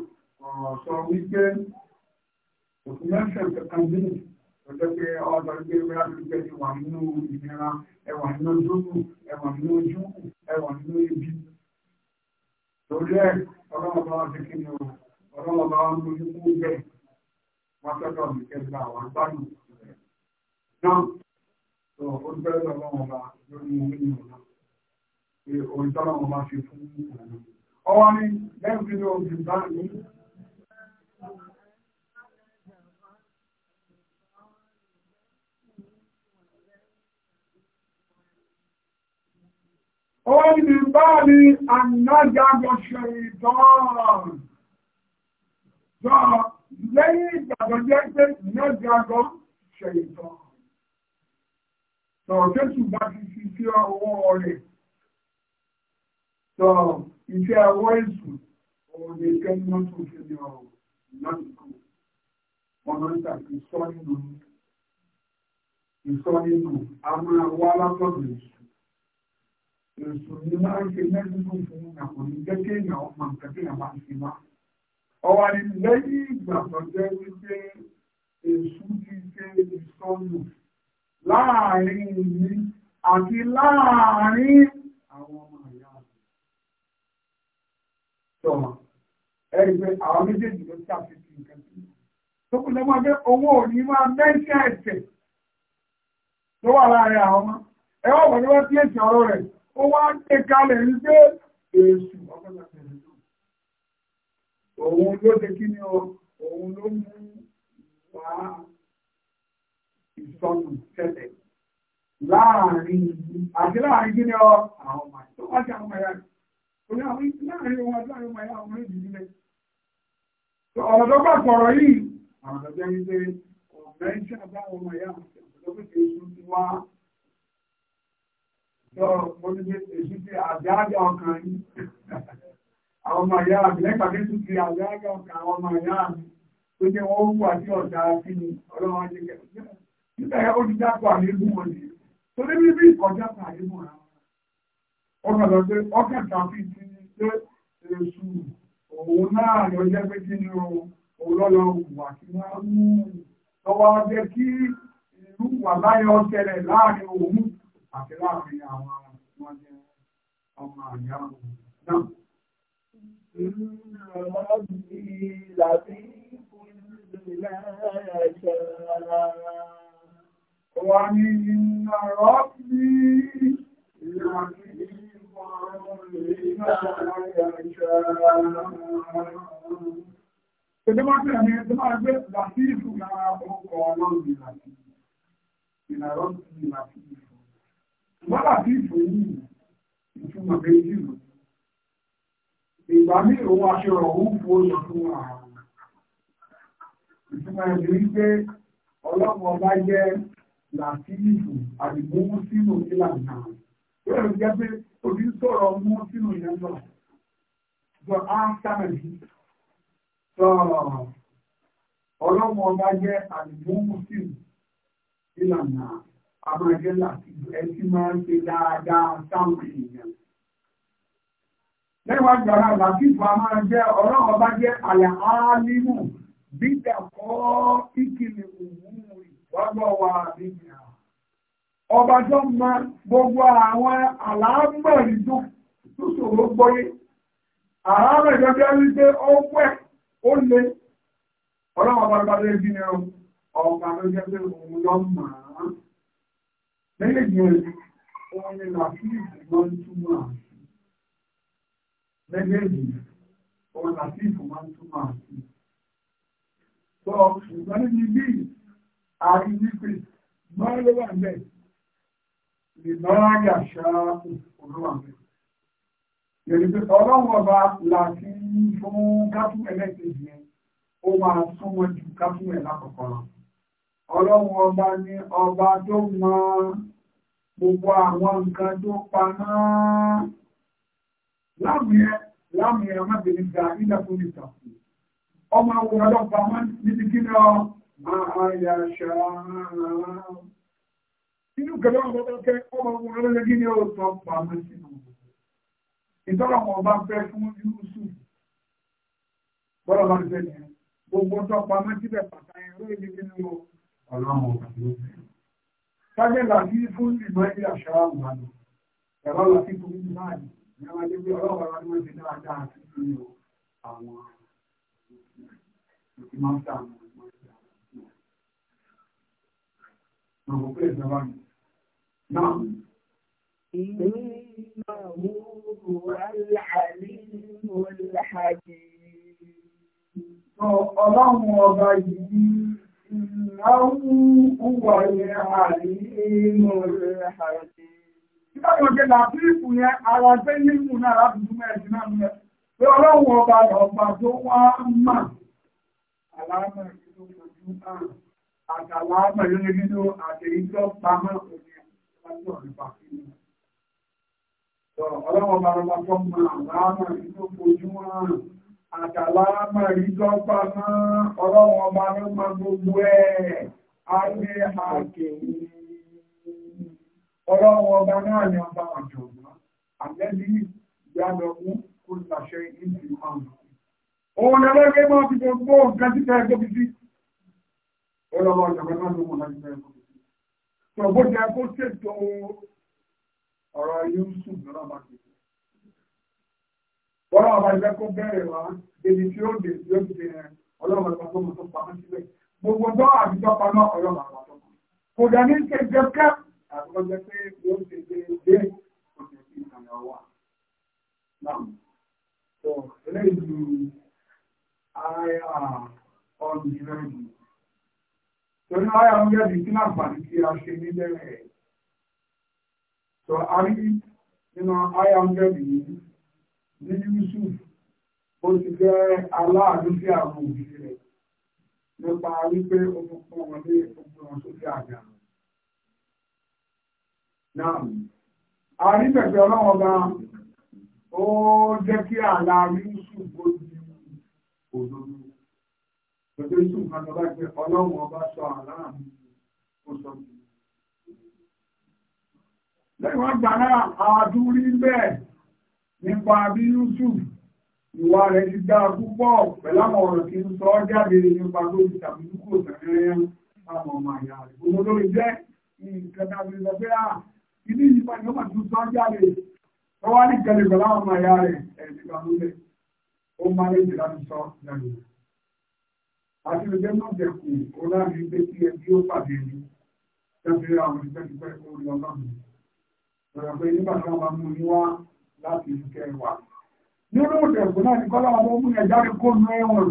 ọ̀rọ̀ sọ wípé òfin mẹ́ńṣàn kankan bí ọjọ́ pé ọjọ́ pé wíwá ti gbé ẹwà nínú ìnira ẹwà nínú ojúkù ẹwà nínú ojúkù ẹwà nínú ibi torí ẹ ọlọ́mọba wa ti kí ni o ọlọ́mọba wa ń bójú kú bẹ́ẹ̀ wọ́n tọ́jọ́ mi kẹta àwọn gbádùn náà tó ó bẹ́ẹ̀ lọ́wọ́ wọn bá lórí orí ìwọ̀n náà pé orí tọ́lọ́ wọn bá fi fún ìwọ̀n ọwọ́ ní lẹ́yìn tí ó fi bá ní ọwọ́ ní bá ní ànájágọ́ṣẹ́ ìdán lẹ́yìn ìgbàgbọ́ jẹ́ pé ìyá jagun ṣe ìtàn tọ̀ jésù bá ti fi sí ọwọ́ rẹ̀ tọ̀ iṣẹ́ ọwọ́ èṣù òun ni kẹ́ńtọ́ tó fi ní ọ̀rọ̀ lásìkò ọ̀nà ìtàkì sọ nínú ìsọ nínú àwọn àwọn alákọ̀ọ́dọ̀ èṣù èṣù ni máa ń ṣe mẹ́rin fún fún àkùnrin jẹ́ kéèyàn ọmọ nǹkan kéèyàn máa ń ṣe máa ọwà ní lẹ́yìn ìgbà tó jẹ́ wípé èṣù ti ṣe ìsọnù láàrin mi àti láàrin àwọn ọmọ àyà mi. Sọ̀rọ̀ ẹ̀rí pé àwọn méjèèjì ló ṣàfihàn nǹkan sí i. Tó kù lọ́mọ pé owó ò ní máa mẹ́ṣẹ́ ẹ̀ṣẹ̀ ló wà láàrin àwọn ọmọ. Ẹ wá wọ̀ ní wọ́n tí èsì ọ̀rọ̀ rẹ̀. Ó wá ń gbé kalẹ̀ ní pé èṣù ọ̀gbọ́n òun ló ṣe kí ni o òun ló mú wá ìsọnù tẹ́lẹ̀ láàrin àti láàrin kí ọ àwọn ọmọ àti tó wá àwọn ọmọ ẹ̀yà rẹ̀ àwọn láàrin wọn àti láàrin ọmọ ẹ̀yà ọmọ ìdílé ọ̀rọ̀ tó bá sọ̀rọ̀ yìí ọmọ ẹ̀yà ti wá àwọn ọmọ ìyá mi lẹ́pàá bí tún fi àgbáyé ọ̀kà àwọn ọmọ ìyá mi tó jẹ́ wọ́n wù àti ọ̀dà sí ni ọlọ́run ti kẹ̀ nígbà yẹn ó ti dápọ̀ àmì ìlú wọn ni tó dé bí ìkọjá pa àyè mọ̀ ra ọkàn lọ pé ọkàn kan fi ti pé èṣù òun náà lọ jẹ́ pé kí ni òun lọ́lọ́ wà kí wọ́n mú lọ́wọ́ jẹ́ kí àti láàrin àwọn ọmọ ìyá náà. ومن ربي لطيف لما يشاء Ìjọba tí a ní ẹgbẹ́ ẹgbẹ́ láti ìfún lára ọkọ̀ ọlọ́run láti ìlàrọ̀ sí láti ìfún. Wọ́n láti ìfún yìí, ìfún màbẹ́ ìjìnlẹ̀ ìgbà ní òun aṣọ ọ̀hún fún oṣù fún ààrùn ìtumọ̀ ẹ̀mí wípé ọlọ́pọ̀ ọba jẹ́ làtíìfù àdìgbò mú sínú ìlànà yóò jẹ́ pé òbí sọ̀rọ̀ mú sínú ìyẹn lọ sọ áńtàmẹ̀sì sọ ọlọ́pọ̀ ọba jẹ́ àdìgbò mú sínú ìlànà àmàjẹ́ làtíìfù ẹ ti máa ń ṣe dáadáa sáwọn èèyàn. Lẹ́wàá gbàrà làkìfà máa jẹ́ ọlọ́run bá jẹ́ àyà álímù bí dàkọ́ ìkìlì òmùmù ìwágbọ́ wa nìyà. Ọba tó mọ gbogbo àwọn àlámọ̀rí tó ṣòro gbọ́yé. Àlámọ̀rí tó jẹ́ wípé ó pẹ́ ó le. Ọlọ́run bá bá lé bínú ọ̀gá ló jẹ́ pé òun lọ mọ̀ á. Lẹ́yìn ìgbìyànjú, òun ni làkìfà máa ń túmọ̀ àṣà méjèèjì òun àti ìfòmọ́ túmọ̀ àti. Sọ ṣùgbọ́n níbi bí àrí wípé mọ́rí ló wà níbẹ̀ lè mọ́ra yàṣá olúwa rẹ̀. Yẹ̀rì pé ọlọ́run ọba làti fún kápún ẹlẹ́kejì yẹn, ó máa sún wọn ju kápún ẹ̀ lákọ̀ọ́kọ́ lọ. Ọlọ́run ọba ni ọba tó mọ gbogbo àwọn nǹkan tó pa láàmù yẹn láàmù yẹn má bèrè gba ilẹ̀ fún mi kà fún ọmọ àwòrán lọ fà má níbi kí ni ọ máa yà ṣá inú kẹlẹ ọmọ tó kẹ ọmọ àwòrán lọ lẹgí ni ó tọ fà má sínú ìtọ́lọ̀ wọn bá fẹ́ fún Yusuf bọ́lá bá fẹ́ ni gbogbo tó pamọ́ síbẹ̀ pàtàkì ẹ̀rọ ìdí nínú ọlọ́run ọ̀gá ló fẹ́. sábẹ́ làbí fún ìmọ̀ ilé àṣà ẹ̀rọ làbí fún ìmọ̀ àlọ́. Ìjọba ti gbé ọlọ́wọ́ ọ̀rọ̀ ni wọ́n ti dára dáa sí nínú àwọn ìdí máa ń tà àwọn ọmọ ìgbà. Náà. Ìnáwó aláàlímù láàjì. Ọlọ́run ọba yìí Ìnáwó Ẹgbẹ̀gbẹ̀ làtífù yẹn ara gbé nínú náà láti dúmọ̀ ẹ̀sìn náà mẹ́. Pé ọlọ́run ọba lọ́gbà tó wá mà. Àlámọ̀ èyí tó fojú hàn. Àtàlámọ̀ èyí nínú àtẹ̀yí tó pamọ́ òní láti ọ̀rẹ́ pàṣẹ nínú. Ọlọ́run ọba lọ́gbà tó mọ àlámọ̀ èyí tó fojú hàn. Àtàlámọ̀ èyí tó pamọ́ ọlọ́run ọba lọ́gbà gbogbo ẹ̀. Á gbé àkèyí ọlọ́run ọba náà ni ọba ọ̀jọ̀gbọ́n àlẹ́bí ìyálọ mú kó làṣẹ ìdí ọ̀nà òun ẹlẹ́gbẹ́ máa fi gbogbo nǹkan tí fẹ́ gbóbi sí ọlọ́run ọ̀jọ̀gbọ́n náà ló mú láti fẹ́ gbóbi sí tó bó jẹ kó ṣètò ọ̀rọ̀ yóò sùn lọ́nà bá ti ọlọ́run ọba ìfẹ́ kó bẹ̀rẹ̀ wá débi tí ó dé tí ó ti dé ọlọ́run ọba tó mọ̀ tó pamọ́ síbẹ̀ gbogbo dọ́ àbíjọ́ pamọ́ ọlọ́run àpapọ̀ kò dẹ̀ ní kẹjẹ kẹ́ẹ̀ àkọ́jọ́ pé yóò ṣe ṣe dé oṣù tí ìtànà wà náà tó eléyìí ju àyà ọdún ìrẹ́jù tó ní àyà ọdún ìrẹ́jù a ṣe níbẹ̀rẹ̀ tó a rí nínú àyà ọdún ìrẹ́jù yìí ní Yusuf ó ti jẹ́ aláàánú sí àwọn òbí rẹ̀ nípa wípé ó fún ọmọdé ó fún náà àrígbẹ̀gbẹ̀ ọlọ́run ọba ó jẹ́ kí àlà yusuf ó di òdodo òdodo yusuf kan lọ́ba pé ọlọ́run ọba sọ àlà mi ó sọ mi. lẹ́yìn wọ́n gbà náà àdúrí bẹ́ẹ̀ nípa bí yusuf ìwà rẹ̀ ti dáa púpọ̀ pẹ̀lú àwọn ọ̀rọ̀ tí ń sọ ọ́ jáde nípa tó ti tàbí kúrò tẹ̀lé àwọn ọmọ àyà rẹ̀ òun ló jẹ́ nǹkan tàbí ilé ìyípa ni ó mà tún sọ́ọ́ jáde ó wá ní kẹlẹ̀ pẹ̀lú àwọn ọmọ ìyá rẹ̀ ẹ̀ẹ́dì kan lólẹ̀ ó máa ń jìlá ti sọ jáde àti ìgbẹ́ náà jẹ̀kù ó láàrin ilé tí ẹ bí ó pàdé ní tẹ́sí àwọn ìfẹ́sífẹ́ orí ọlọ́run lọ́rọ̀ pé nígbà tí wọ́n bá mú ní wá láti ìfẹ́ wa nínú ìjẹ̀kù náà ní kọ́lá wọn mú ẹ̀já rí kó nú ẹ̀wọ̀n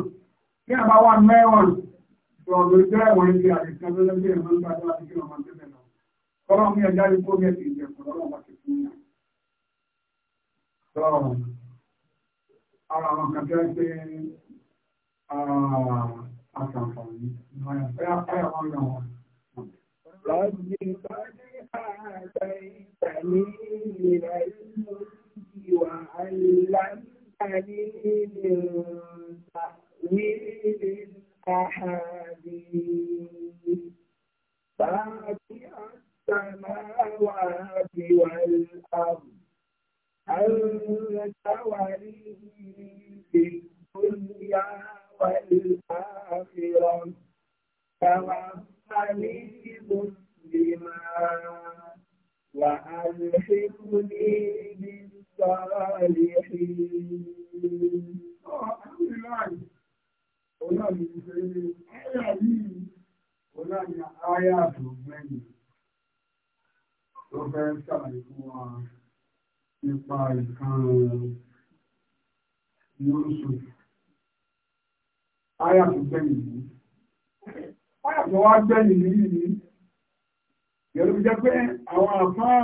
tí ẹ̀ bá wà nú ẹ̀wọ̀n ìṣòro ẹ̀wọ̀n ìṣe àdìsẹ́ lọ́lẹ́gbẹ̀ẹ́ Tọ́lá mú ẹjá rí kó ní ẹ̀sìn ìjẹ̀kùn lọ́wọ́ bá ti fún yàn. Tọ́lá ara àwọn kan tẹ́ pé àtàǹfààní. Báyà wọ́n yàn wọ́n. Lọ́jì bá dé àgbà ìtàlẹ́ ìlera ìwà àìláńtàlẹ́ ìlera تحديث السماوات والأرض أن تولي في الدنيا والآخرة توفني مسلما وألحقني بالصالحين. Ọlọ́run ṣe ẹ̀yà yìí, ọlọ́run ayé àtògbẹ́yìn tó fẹ́ ṣàlàyé fún wa nípa ìkan Yusuf. Aya tó gbẹ̀yìn yìí. Aya tó wá gbẹ̀yìn yìí. Yẹ̀rù jẹ́ pé àwọn àfáà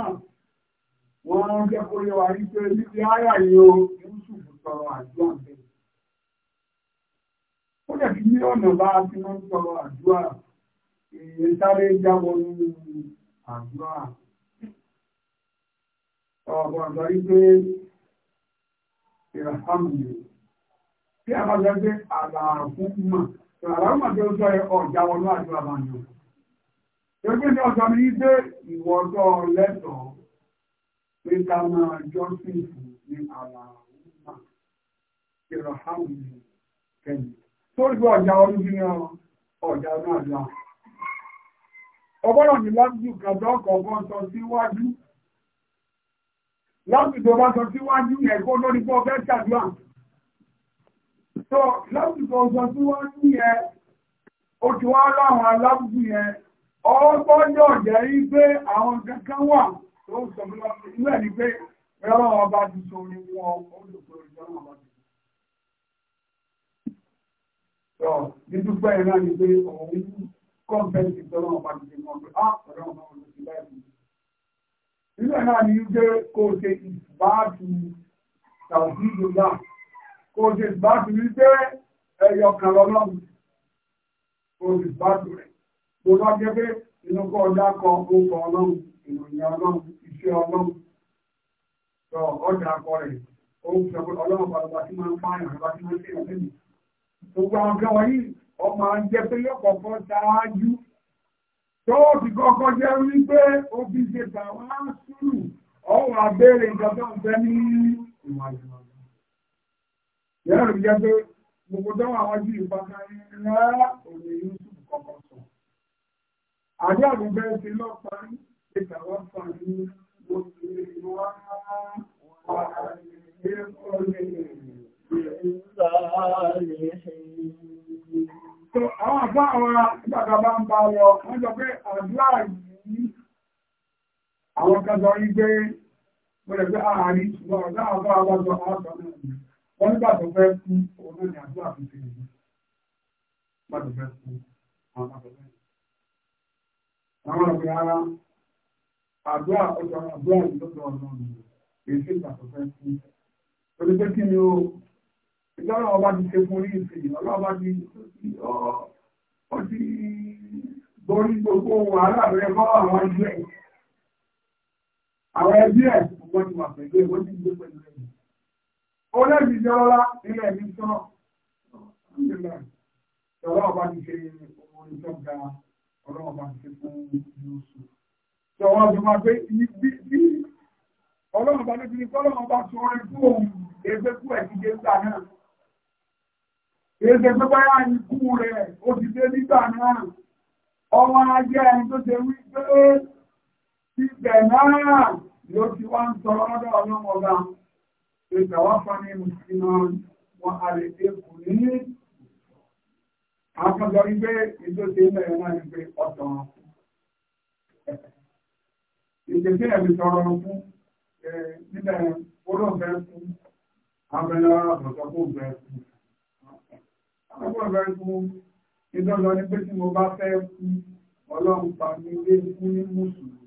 wọ́n jẹ́ kó yẹ wà rí pé níbi aya yìí o, Yusuf tọrọ àdúrà bẹ́ẹ̀. Ó jẹ́ kí ní ọ̀nà bá a ti máa ń tọrọ àdúrà. Ìyẹn sáré jábọ̀ nínú àdúrà ọ̀pọ̀ àgbà wípé ìràhàmù tí a bá jẹ́ pé àlàáfún mà àlàáfún àti oṣù ẹ̀ ọ̀já wọnú àti àbàyàn gẹ́gẹ́ ní ọjọ́ mi dé ìwọ́tọ́ lẹ́tọ̀ọ́ pé ká máa jọ́sìfù ní àlàáfún mà ìràhàmù kẹ́yìn tó rí ọjà ọdún sí ọjà náà lọ ọgbọ́dọ̀ ní lájú kàtọ́ kọ̀ọ̀kan sọ síwájú. Si lásìkò wá sọ síwájú ẹ̀kọ́ lórí fún ọgbẹ́ ṣàdúrà so lásìkò sọ síwájú yẹn oṣù wa láwọn alábùkù yẹn ọgbọ́dọ̀ jẹ́ rí pé àwọn kankan wà tó sọ fún wa inú ẹ̀ ni pé ẹ̀rọ ọba ti sọ orí wọn olùkọ́ ìjọba ọba ti sọ. dídúpẹ́ náà ni pé òun ṣe mọ́ pé á ah, ọ̀rọ̀ ọba olùkọ́ ìjọba ìjọba Ilé náà ni gbé kó o ṣe ìbáàtù tàbí ìjọba. Kó o ṣe ìbáàtù ní pé ẹyọ kan lọ́lọ́run. Kó o ṣe ìbáàtù rẹ̀. Mo bá jẹ́ pé inú kọ́ ọjà kan ó kọ ọlọ́run, ìròyìn ọlọ́run, iṣẹ́ ọlọ́run. Sọ ọjà akọ rẹ̀. Ó ń sọ pé ọlọ́run bàbá tí máa ń pààyàn, bàbá tí máa ń ṣe ìrọ̀lẹ́yìn. Gbogbo àwọn kan wọ̀nyí, ọmọ jẹ́ pé yóò kọ̀ọ̀kan ṣáájú. Tó o ti kọ́kọ́ jẹ́ wípé ó fi ṣe tàwọn tù ọwọ́ abẹ́rẹ́ nǹkan tó ń fẹ́ ní ìwà ìwà. Ìyá rẹ̀ jẹ́ pé gbogbo tó wà wájú ìpàdé rárá òní Yusuf kọ̀kọ̀ sọ. Àdé àgbègbè ti lọ parí ìgbà wá parí mo ti wá wà ní ọ̀lẹ́ Àwọn àbá àwọn ìgbàgbà bá ń bá lọ, wọ́n jọ pé àdúrà yìí àwọn kẹsọ ah, rí pé wọ́n pẹ́ àárín ṣùgbọ́n ọ̀gá àbá àbájọ àbá ah, náà wọ́n nígbà tó fẹ́ kú òun náà ní àdúrà fi ṣe èyí nígbà tó fẹ́ kú àwọn àbẹ̀fẹ́ àwọn ọ̀gbìn ara àdúrà ọjọ́ àdúrà ìlọ́dọ̀ ọlọ́run èyí sì ìgbà tó fẹ́ kú torí pé kí ni o ìjọba ọba ti ṣe fún oríṣi ọlọ́ba ti ọ ti borí gbogbo wàhálà rẹ àwọn ẹbí ẹ̀ wọ́n ti wà pẹ̀lú ẹ̀ wọ́n ti gbé pẹ̀lú ẹ̀. ó lẹ́bi jọlọ́lá nílẹ̀ mi sọ ọ̀rọ̀ ọba ti ṣe orin tó ga ọ̀rọ̀ ọba ti ṣe fún Yusuf. sọ̀rọ̀ ọdún máa gbé ibi bí ọlọ́run bá níbi ọlọ́run bá tún orin fún òun ẹgbẹ́ kú ẹ̀ ti dé nígbà náà. Èsè pípa yá ikú rẹ̀ ó ti dé nígbà náà. Ọmọ ajé ẹni tó ṣe wí pé ibẹ̀ ló ti wá ń tọrọ lọ́dọ̀ ọlọ́mọ ọba ìgbàwá fani mùsùlùmí wọn a lè dé kù ní àkàndọ̀ wípé ìtòsí ilẹ̀ náà ní pé ọ̀tọ̀ ìtòsí ẹ̀mí tọrọ fún nílẹ̀ olóòfẹ́ fún abẹ́lẹ́ àbọ̀tọ̀ kó bẹ̀ fún àwọn ọ̀fẹ́ fún ìtọ́jọ́ ní pé tí mo bá fẹ́ fún ọlọ́run pa mi lé fún ní mùsùlùmí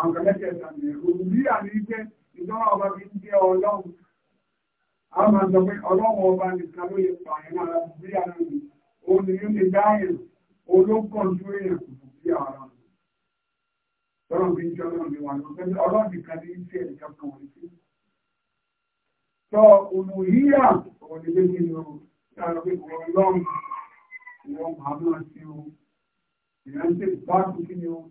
àǹkẹ́lẹ́kẹ̀ẹ́ta ni òmìnira ní pé ìjọba ọba fi ń jẹ́ ọlọ́run a máa sọ pé ọlọ́run ọba nìkan ló yẹ pààyàn ara sí ara mi òun ni yóò lè dá èèyàn olókàn tó èèyàn kò fún sí ara mi tọ́lọ̀ fi ń jọ náà ní o ìrántí ìbá tuntun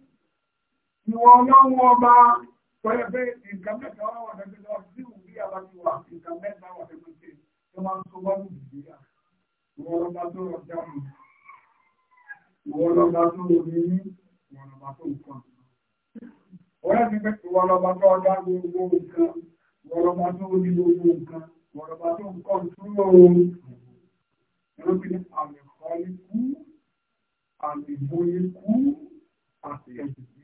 ìwọ ọlọ́run ọba pẹ̀lú pé nǹkan mẹ́ta wà wà tẹ́gbẹ́ lọ sí ìwú bí àwa ti wà nǹkan mẹ́ta wà tẹ́gbẹ́ ṣe tó máa ń tó bá wù sí ìyá ìwọ ọlọ́ba tó rọ dáhùn ìwọ ọlọ́ba tó rọ ní ìwọ ọlọ́ba tó nǹkan ọ̀rẹ́ ti pẹ́ ìwọ ọlọ́ba tó ọjà gbogbo nǹkan ìwọ ọlọ́ba tó ní gbogbo nǹkan ìwọ ọlọ́ba tó nǹkan túnmọ̀ ohun ẹ̀rọ pé àmì kọ́lé kú àmì bóyé kú àti ẹ̀jẹ̀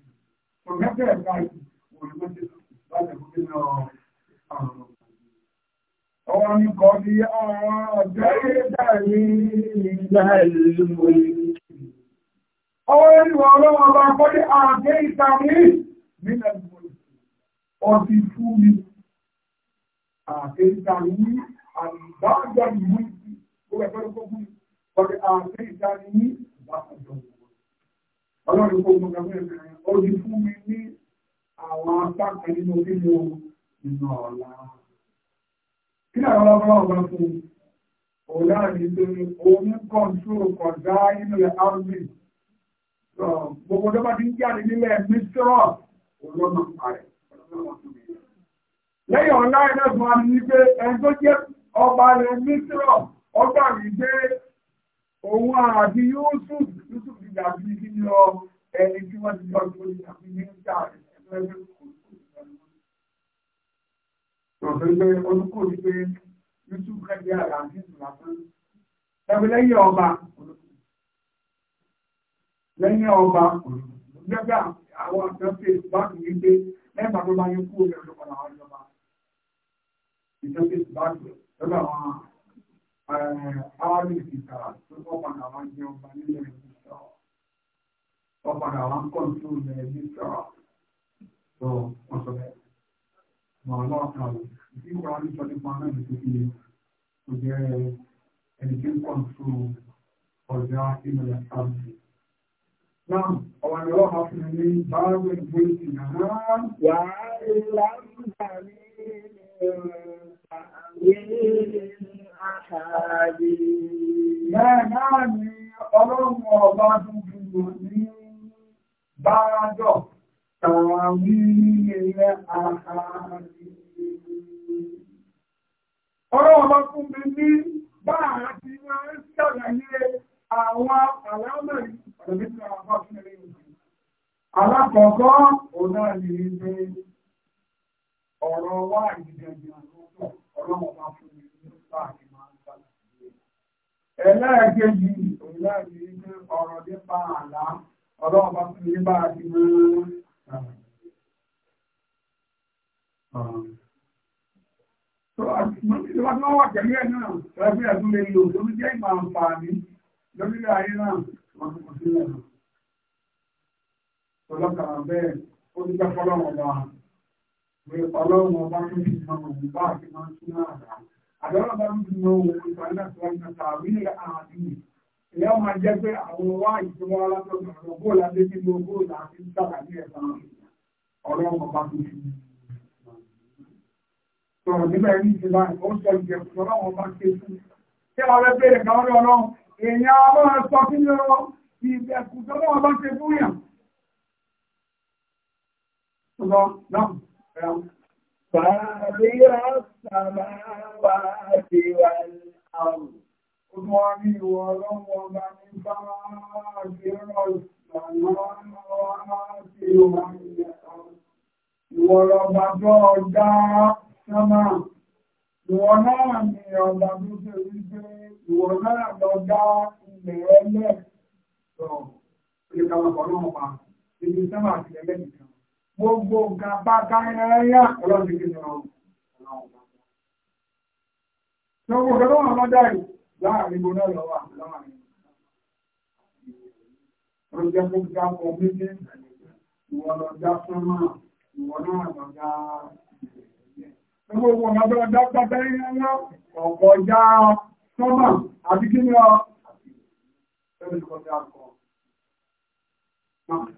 Forget that guy who limited that within our Ọwọ́n ni kọ́ ní ọjọ́ ìdárí ìlà ìlú Ọwọ́n ni wọ́n lọ́wọ́ bá kọ́ ní àjẹ́ ìtàrí nílẹ̀ ìlú. Ọ fún mi, àjẹ́ ìtàrí ní àgbàjọ́ ìlú, ó rẹ̀ fẹ́ Ọlọ́run kó mọ́ gbogbo ẹ̀mẹ̀rin, ó di fún mi ní àwọn apákan nínú nínú nínú ọ̀la. Kí ni àwọn ọlọ́run ọba fún? Òun láàrin pé òun kọ̀ǹtú kọ̀dá inú ẹ̀ áwùmí. Gbogbo tó bá ti ń jáde nílẹ̀ mísírọ̀, òun lọ́nà parẹ̀. Lẹ́yìn ọ̀la ẹ̀dẹ́gbọ̀n ni pé ẹni tó jẹ́ ọba rẹ̀ mísírọ̀, ọgbà rí pé Òun àbí Yusuf Yusuf ti dàbí kí ni ọ ẹni tí wọ́n ti lọ sí orí àbí ní ìjà rẹ̀ ẹgbẹ́ kò sí ìgbàlódé. Tọ̀sẹ̀ pé olùkọ́ ni pé Yusuf kẹ́kẹ́ àrà ní ìtura fún. Ẹgbẹ́ lẹ́yìn ọba lẹ́yìn ọba gbẹ́gbẹ́ àwọn àtẹ́sẹ̀ báàkì ní pé mẹ́ta tó bá yẹ kú òun ẹ̀rọ padà wájú ọba. Ìtẹ́sẹ̀ báàkì lọ́dọ̀ àwọn áárí ìkìtà tó tọ́padà wá jẹ ọba nílẹ̀ ìbísà tọ́padà wá kọ́ńtù ilẹ̀ ìbísà tó wọ́n sọ bẹ́ẹ̀. Màá lọ́ọ̀ kan o, ìdí ìwà àdìsọ́ nípa náà ní kékeré kò jẹ́ ẹni tí ń kọ́ńtù ọ̀dà ìmọ̀lẹ̀ sáàmù. Náà, ọ̀wọ̀n ni wọ́n máa fún mi ní báwẹ̀ ìwé ìsìn náà. Wàá rí láǹfààní ìrìn àwẹ̀ ìrìn. àkàrí. Bẹ́ẹ̀ náà ni ọlọ́run ọba tuntun lò ní báradọ̀ tààrí ilẹ̀ ní bára ti máa ń ṣàlàyé àwọn àlámẹ̀rí pẹ̀lú àwọn afẹ́rẹ́ ọ̀rọ̀ ẹlẹ́ẹ̀kejì òun láti rí pé ọ̀rọ̀ nípa àlá ọlọ́run bá fún mi bá a ti mú Ìjọba wà pẹ̀lú ẹ̀ náà, ẹgbẹ́ ẹ̀dún lè lò tó ń jẹ́ ìmọ̀ àǹfààní lórílẹ̀ ayé náà, wọ́n ti kò sílẹ̀ náà. Ọlọ́kàrà bẹ́ẹ̀, ó ti jẹ́ fọ́lọ́wọ̀n wa, pé ọlọ́run ọba tó ti mọ̀ bá àti máa ń túnmọ̀ àdáa àdọ́rọ̀ bá ń dùn owó ìgbàlá ìgbàlá tààrí ààbí ìyá ọmọ jẹ́ pé àwọn wá ìṣòwò alátọ̀nà ọ̀rọ̀ bó ládé tí mo bó láti ń sábà ní ẹ̀sán ọ̀rọ̀ ọmọ bá tó fi. sọ̀rọ̀ nígbà yẹn ní ìṣẹ̀lá ó sọ ìjẹ̀kù ọ̀rọ̀ wọn bá ké fún. ṣé wàá fẹ́ bẹ̀rẹ̀ kan rí ọlọ́run èèyàn ọlọ́run sọ kí ni ọ ìjẹ̀kù ọ̀rọ̀ wọn bá ké fún yàn. فاطر السماوات والأرض Ọmọrí ọlọ́wọ́ bá ní bá fẹ́rọ ìsànláwọ́sí ìwọ̀lọ́gbà tó ọjá sọ́mà. Ìwọ̀ náà ni ọ̀gbà tó ṣe wípé ìwọ̀ náà lọ dá ilẹ̀ ẹlẹ́ sọ. Ó lè kàwàkọ̀ náà pa, ibi sọ́mà àti ẹlẹ́ nìkan gbogbo nǹkan bá káyẹ̀ẹ́yà ọlọ́dún kí ni ọ̀rọ̀ gbogbo ọ̀rọ̀ wọn lọ́dá yìí láàrin gbogbo náà lọ́wọ́ láàrin ọjọ́ fún ìjà kan méjì ìwọ̀n lọ́dá sọ́mà ìwọ̀n náà sọ́mà àti kí ni ọ Thank you.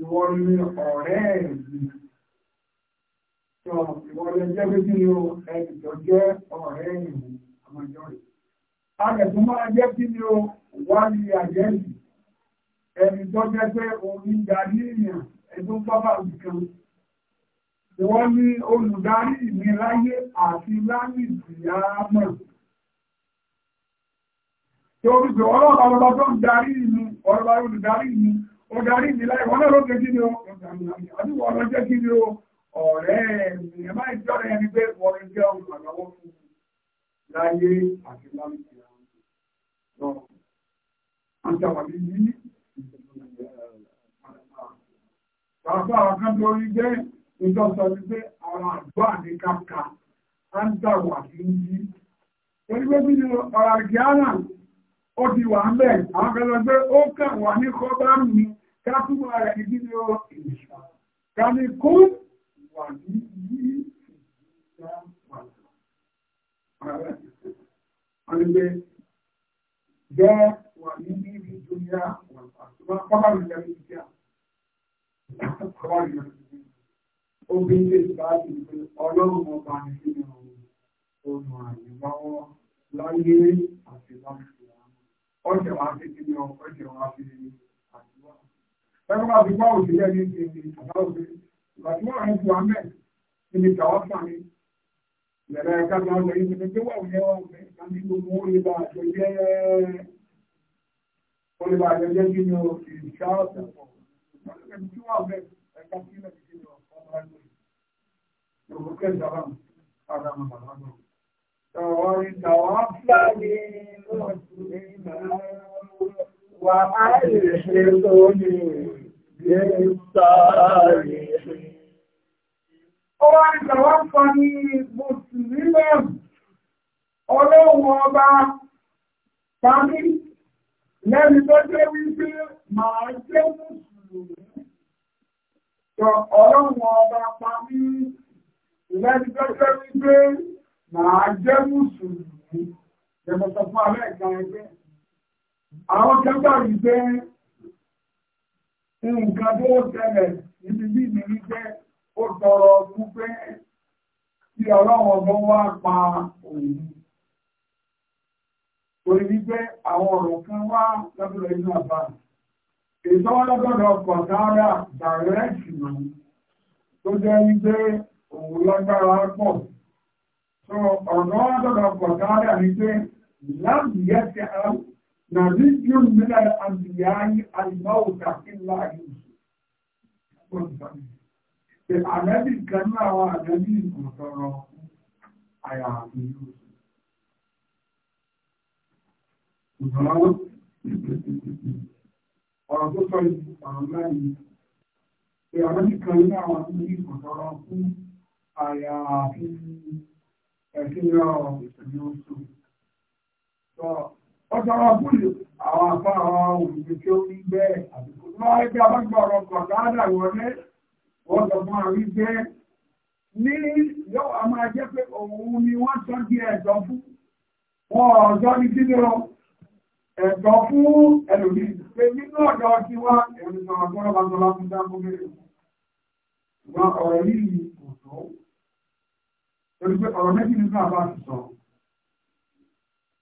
ìwọ ni ọ̀rẹ́ ẹ̀yìn sọ ìwọ lè jẹ́ pé kí ni o ẹni tó jẹ́ ọ̀rẹ́ ẹ̀yìn àmọ́jọ́ rẹ̀ a lè tún máa jẹ́ kí ni o wá ní àjẹ́sì ẹni tó jẹ́ pé òun darí èèyàn ẹ̀dùn pápá nìkan ìwọ ni olùdarí mi láyé àti láyé ìyáàmọ̀ torí pé ọlọ́ọ̀bá ọlọ́ba tó ń darí mi ọlọ́ba olùdarí mi ọ̀darí ìdílá ìwọ̀n náà ló jẹ́ ni ó àdúgbò ọ̀rọ̀ jẹ́ kí ni ó ọ̀rẹ́ ènìyàn máa jọ rẹ̀ ẹni pé wọ́n jẹ́ olùrànlọ́wọ́ fún mi láyé àti láwùjọ lọ. àti àwọn ìlú ní bàbá àwọn kan tó rí jẹ́ ìjọsọ ní pé àwọn àgbà ní káka á ń dà Kápúmọ̀ rẹ̀ ìdí ni ó ìṣà. Kàmí kún wà ní yí ìjà pàtó. Àrẹ́gbẹ́ jẹ́ wà ní yí ìjọba wà pàtó. Bọ́lá mi lẹ́nu ìjà. Kọ́wàá ìjọba. Obìnrin lè bá ìgbé ọlọ́run ọba ní sínú ọ̀nà àyẹ̀wọ́ láyé àti láti ọjọ́ wa fi kí ni ọjọ́ wa fi Ẹgbẹ́ bá fi gbọ́ òṣèré ní àbáwọ̀ṣe. Ìgbà tí wọ́n rẹ̀ ń bu amẹ́ níbi ìjàwọ́ fún mi. Ìrẹ̀lẹ̀ ẹ̀ka ni wọ́n lọ yí pé wọ́n ní wọ́n ní àmì gbogbo ó lè bá àjọ jẹ́ ó lè bá àjọ jẹ́ kí ni o ìṣá ọ̀sẹ̀ pọ̀. Ẹni tí wọ́n bẹ̀ ẹ̀ka sílẹ̀ kí ni ọ̀sán bá ń lò. Ìròkè ìjọba Ọlọ́run ọba pàmí lẹ́ni tó jẹ́ wípé màá jẹ́ mùsùlùmí. Tọ ọlọ́run ọba pàmí lẹ́ni tó jẹ́ wípé màá jẹ́ mùsùlùmí. Ẹgbẹ̀sọ̀ fún alẹ́ ìkan ẹgbẹ́. Àwọn kẹta ìgbẹ́ nǹkan tó tẹ̀lẹ̀ ibi bí mi ní pé ó tọrọ fún pé tí ọlọ́run ọgbọ́n wá pa òun torí wípé àwọn ọ̀rọ̀ kan wá lọ́dọ̀lẹ̀ inú àbá ìtọ́wọ́lọ́dọ̀dọ̀ pọ̀tàrà dàrẹ́ẹ̀tì náà tó jẹ́ wípé òun lágbára pọ̀ so ọ̀rọ̀ lọ́dọ̀dọ̀ pọ̀tàrà ní pé láàbùyẹ́ ti نبي من الأنبياء الموت إلا يوسف النبي كان هو نبي مطر àyàfi Yusuf ọ̀rọ̀ tó sọ yìí ọ̀rọ̀ láyé pé àrẹ́bì kan ní àwọn ní ìkọ̀tọ̀rọ̀ fún àyàfi ẹ̀kí náà Yusuf ọjọ́rọ̀ búlù àwọn afá àwọn òmìnir tí ó ní bẹ́ẹ̀ àbíkú lọ́wọ́ ẹgbẹ́ abágbọ̀rọ̀ kọ̀ọ̀dáadà wọlé wọ́n sọ fún ni wọ́n sọ di ẹ̀dọ̀ fún wọn ọ̀dọ́ ní kíni o ẹ̀dọ̀ fún ẹlòmí pé nínú ọ̀dọ́ tí wá ẹ̀rù sọ̀rọ̀ tó lọ́ba tó lọ́ba tó dákú mẹ́rin wọn ọ̀rọ̀ yìí kò tó torí ọ̀rọ̀ méjì nínú àbá ti sọ̀rọ̀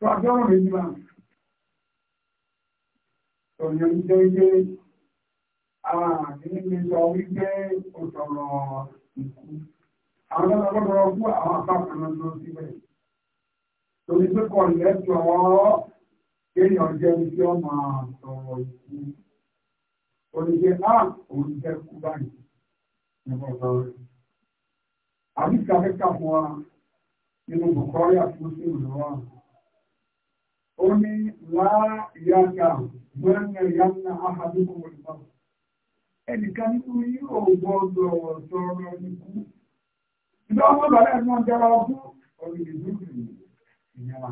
tó àjọ́rò rẹ̀ nígbà ọ̀yọ̀ ń jẹ́ ilé àwọn àdínlẹ̀ sọ wípé ó sọ̀rọ̀ ìkú àwọn ọlọ́pọ̀lọpọ̀ fún àwọn apákan lọ síbẹ̀ torí pé kọ̀ lẹ́tọ̀ kéèyàn jẹ́ ibi ọmọ sọ̀rọ̀ ìkú oníṣẹ́ á òun jẹ́ kú báyìí nípa ọ̀sán rẹ̀ àbíkà fẹ́ kà fún wa nínú bùkọ́rí àti mùsùlùmí lọ́wọ́ ó ní láyàgà gbẹ́nà yánà àhàdúkù olùbá ẹnìkan nínú yìí ò gbọ́dọ̀ sọ̀rọ̀ ikú ìgbà ọmọ bàbá ẹ̀ náà jẹ́ra ọdún ọ̀rìn ìdúró ìyára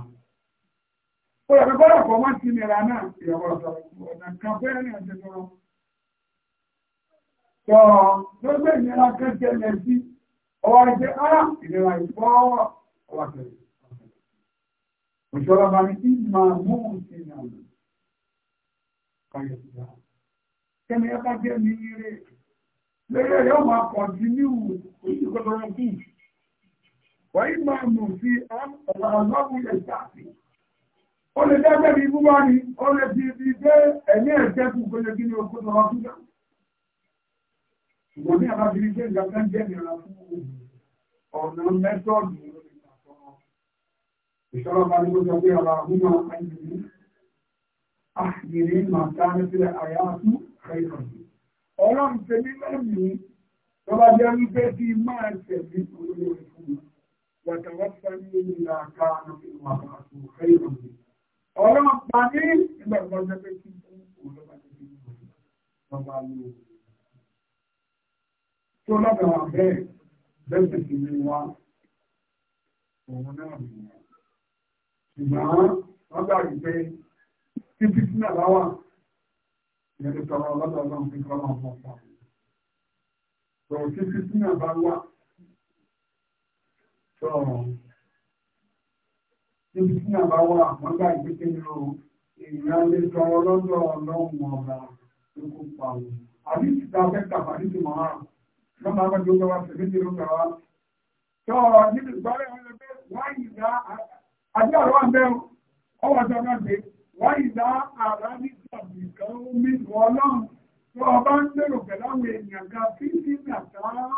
ó yẹ kó lọ́pọ̀ ọmọ sí nira náà ìyàwó ọ̀sọ̀rọ̀ ọ̀nà kan bẹ́ẹ̀ ní ọ̀sẹ̀ tọrọ tọ́ lọ́gbẹ́ ìnira kẹ́kẹ́ lẹ́sí ọwọ́ ẹgbẹ́ ara ah, ìnira ìfọ́ ọwọ́ òṣèlú bá ní kí máa mú òsì ìyàwó kàyọ̀síyà kẹ́mi ẹ bá jẹ́ ní ire lẹ́yìn ẹ̀yọ́ máa kọ̀ntínú oṣù kọ́tọ́rọ́ kù wọ́n yìí máa mú sí ọ̀làlọ́wù ẹ̀ṣà ó lè dẹ́gbẹ́ bí ibú wá ní ó lè fi ibi gbé ẹ̀mí ẹ̀jẹ̀ kù kó lè kí ni oṣù tọ́lọ́ kú náà ṣùgbọ́n ní àbájú ilé ìgbàgbọ́n jẹ́ ìrànlọ́wọ́ ọ̀nà mẹ́tọ́ọ̀dù ìṣọ́rọ̀ bá ní gbogbo pé ọ̀rọ̀ àmúmọ̀ àìyí àìyí máa ká ní sílẹ̀ àyà fún ẹ̀yọ̀ ọ̀rọ̀ ń tẹ̀lé lẹ́mìí tó bá jẹ́ wípé kí máa tẹ̀lé olóore fún mi wàtàwọ́ sáré ní ìlàkà àti ìwà àti ẹ̀yọ̀ mi ọ̀rọ̀ pa ní ìgbà tó bá jẹ́ ṣùgbọ́n wọ́n gbà wípé títí sí náà láwà ìyẹn ló tọrọ lọ́dọ̀ náà fi kọ́ náà fọ́ fọ́. Sọ títí sí náà bá wà. Sọ títí sí náà bá wà wọ́n gbà wípé kí ni o èèyàn lè tọrọ lọ́dọ̀ ọlọ́run ọ̀la ló kó pa o. Àbí ìta fẹ́ tàbí àdìsí mọ́ àrùn. Lọ́mọ abẹ́jọ́ gbọ́ wa àti àwọn àbẹ̀rù ọwọ́ ọjọ́ náà dé wá ìdá ara ní tàbí kan omi ìwọ ọlọ́run tó ọba ń lérò pẹ̀lú àwọn èèyàn ga fífi nàtàrán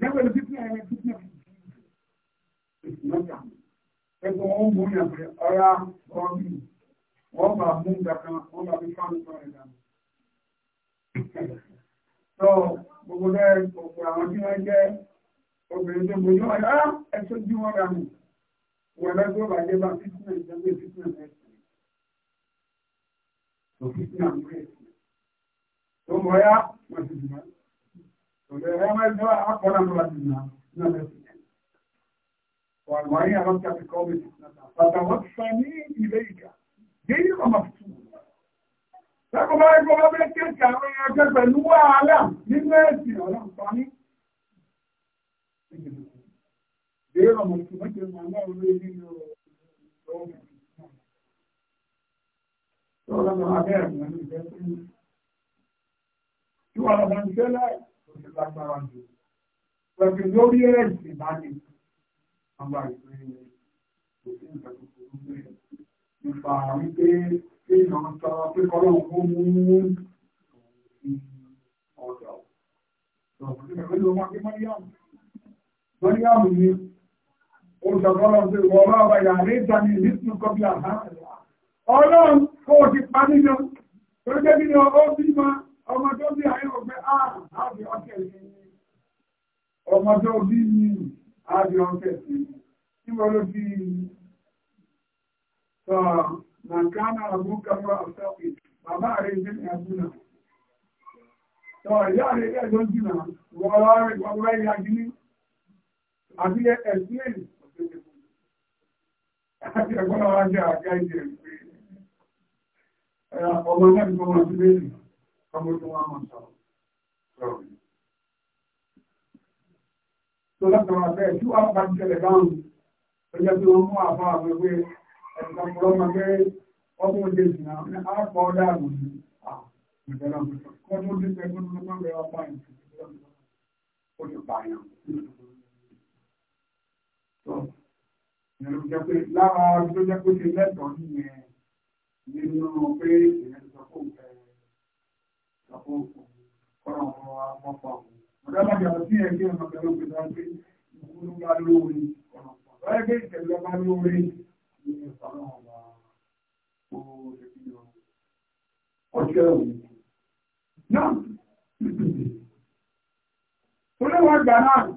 lẹ́gbẹ̀ẹ́ fífi ẹ̀rọ fífi ẹ̀rọ ẹgbẹ́ wọn mú yàn pé ọ̀rá ọ̀gbìn wọ́n bá mú kankan wọ́n bá fi fáwọn ìtọ́ rẹ̀ dànù. tó gbogbo bẹ́ẹ̀ gbogbo àwọn tí wọ́n jẹ́ obìnrin tó gbogbo ọ̀rá ẹ̀ṣọ́ jí wọ́n dànù wọ́n lọ́jọ́ bá dé bá fífún ìjọba fífún ẹ̀sìn tó fífún àwọn ẹ̀sìn So mọ̀ ya wọ́n ti dùnà tó lè rẹ́ máa jọ àkọ́nà tó wà dùnà náà lẹ́sìn ẹ̀ wọ́n wọ́n yà lọ́jọ́ àti kọ́ọ̀bì bàtà wọ́n ti sọ ní ilé ìjà dé ní ọmọ fún Lẹ́kọ̀ọ́ bá ẹgbẹ́ ọmọ bẹ́ẹ̀ kéèkì àwọn ẹgbẹ́ pẹ̀lú wàhálà nínú ẹ̀sìn ọ̀rọ̀ nǹkan ní. Vera mutu mace mana wani ne Sonra da haber yani dedim. Şu aradan şöyle başlaran diyor. Bakın yol yere gitti bani. Ama bütün takımları bir bağlı ki bir noktada kolon kumun orada. Sonra bir de Meryem Meryem Olùsọ̀kọ́lọ́ ti wọ ọlọ́ ọba ìyà rí ìtàní ìlú kọ́bí àhá. Ọlọ́run kó o ma ọmọ tó bí ayé ọgbẹ́ ààbí ọkẹ̀ sí. Ọmọ tó bí ní ààbí ọkẹ̀ sí. Níbo ló fi sọ Nàìjíríà àbúkà mọ́ àṣọ́kì bàbá rẹ̀ jẹ́ ìyàgbúnà. Sọ ìyá rẹ̀ ẹ̀jọ́ jìnà wọ́n rẹ̀ Ẹgbọ́n wa jẹ́ àjá ìdí ẹ̀gbẹ́. Ọmọ náà ti gbọ́n sí méjì, ọmọ tó wá mọ̀ sọ̀rọ̀. Tó látọ̀ wà bẹ́ẹ̀ tí wọ́n bá jẹ́lẹ̀ dáhùn, ó jẹ́ pé wọ́n mú àbá àwọn ẹgbẹ́ ẹ̀ka pọ̀lọ́mọ pé ọmọ òde ìsìnà àpọ̀ ẹ̀rù jẹ́ pé lára ọdún tó jẹ́ pé ṣe lẹ́tọ̀ọ́ nìyẹn nínú pé ìyẹn sọ fún ìfẹ́ sọ fún kọ́nà fún wa wọ́n pa òun. ọ̀dọ́ bá jẹ́ ọtí ẹ̀ kí ọmọ kẹlẹ́ òkè náà pé ó ṣe kí lọ náà.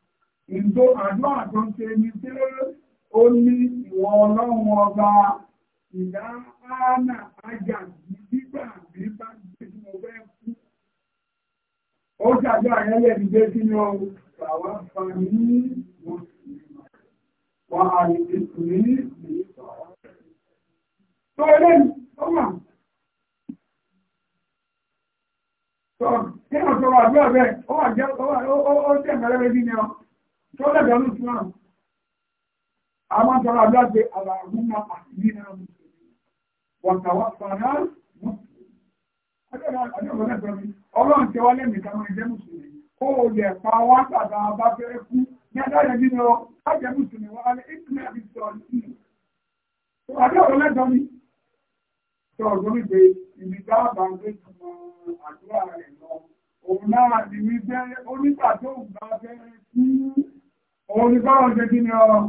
ìjọ àdúrà tó ń ṣe ní tí ó ní ìwọ ọlọ́run ọba ìdá áánà ajá nígbà bí bá gbé tí mo fẹ́ kú. ó ṣàjọ àyẹ́lẹ̀ ní pé kí ni ó bàwá fa ní mùsùlùmí wà á lè tètè ní ìlú sọ̀rọ̀. tó eléyìí ó wà. sọ̀rọ̀ kí ni ọ̀sọ̀rọ̀ àdúrà bẹ́ẹ̀ ó wà jẹ́ ó jẹ́ ìmọ̀lẹ́bẹ̀ bí ni ọ tó lẹ́gbẹ̀ẹ́ ní Islam a máa tọrọ àgbàgbé àlàrúnmà àti nínú wọ̀tàwà fara mùsùlùmí ọlọ́run tí wọ́n lẹ́mìí kan jẹ́ mùsùlùmí ó lè pa wá tàbí àbá fẹ́rẹ́ kú ní adájọ́ nínú ọjọ́ mùsùlùmí wà lẹ́ ìpínlẹ̀ àti sọ̀rọ̀ sí àdéhùn lẹ́jọ́ mi sọ̀rọ̀ lórí pé ìbí dáàbà ń gbé tùmọ̀ àdúrà rẹ̀ lọ òun náà ni wí bẹ́ẹ̀ onígbà tó ń bá bẹ́ẹ̀ fún Òun ni báwọn jẹ́ kí ni ọ̀rọ̀.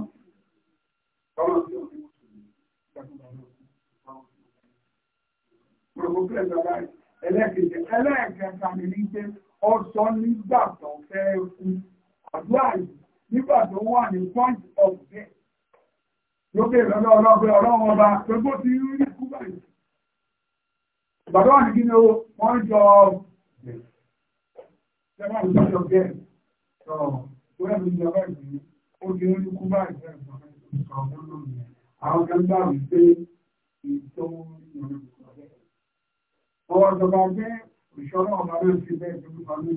Ẹlẹ́kẹ̀ẹ́ ẹlẹ́kẹ̀ẹ́ta ni ní pé ọ̀sọ́ nígbà tó fẹ́ kú, àdúrà yìí nígbà tó wà ní point of death. Lókè lọ́lọ́ ọlọ́gbẹ́ ọlọ́run ọba pé bó ti rí kú báyìí. Ìbàdàn ní kí ni ó wọ́n jọ ọ̀gbẹ̀. Ṣé wọ́n ń tọ́jọ́ bẹ́ẹ̀? wọ́n ti jọba ìgbìmọ̀ ó di olúkú báyìí náà sọ̀rọ̀ ìṣòro lónìí àwọn kan gbà wípé ìtò ìrìn ìṣòro ọwọ́ ìjọba gbé ìṣòro ọba náà sí bẹ́ẹ̀ tó nípa rọ̀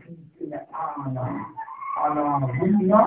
fún ìpínlẹ̀ àlàáhùn náà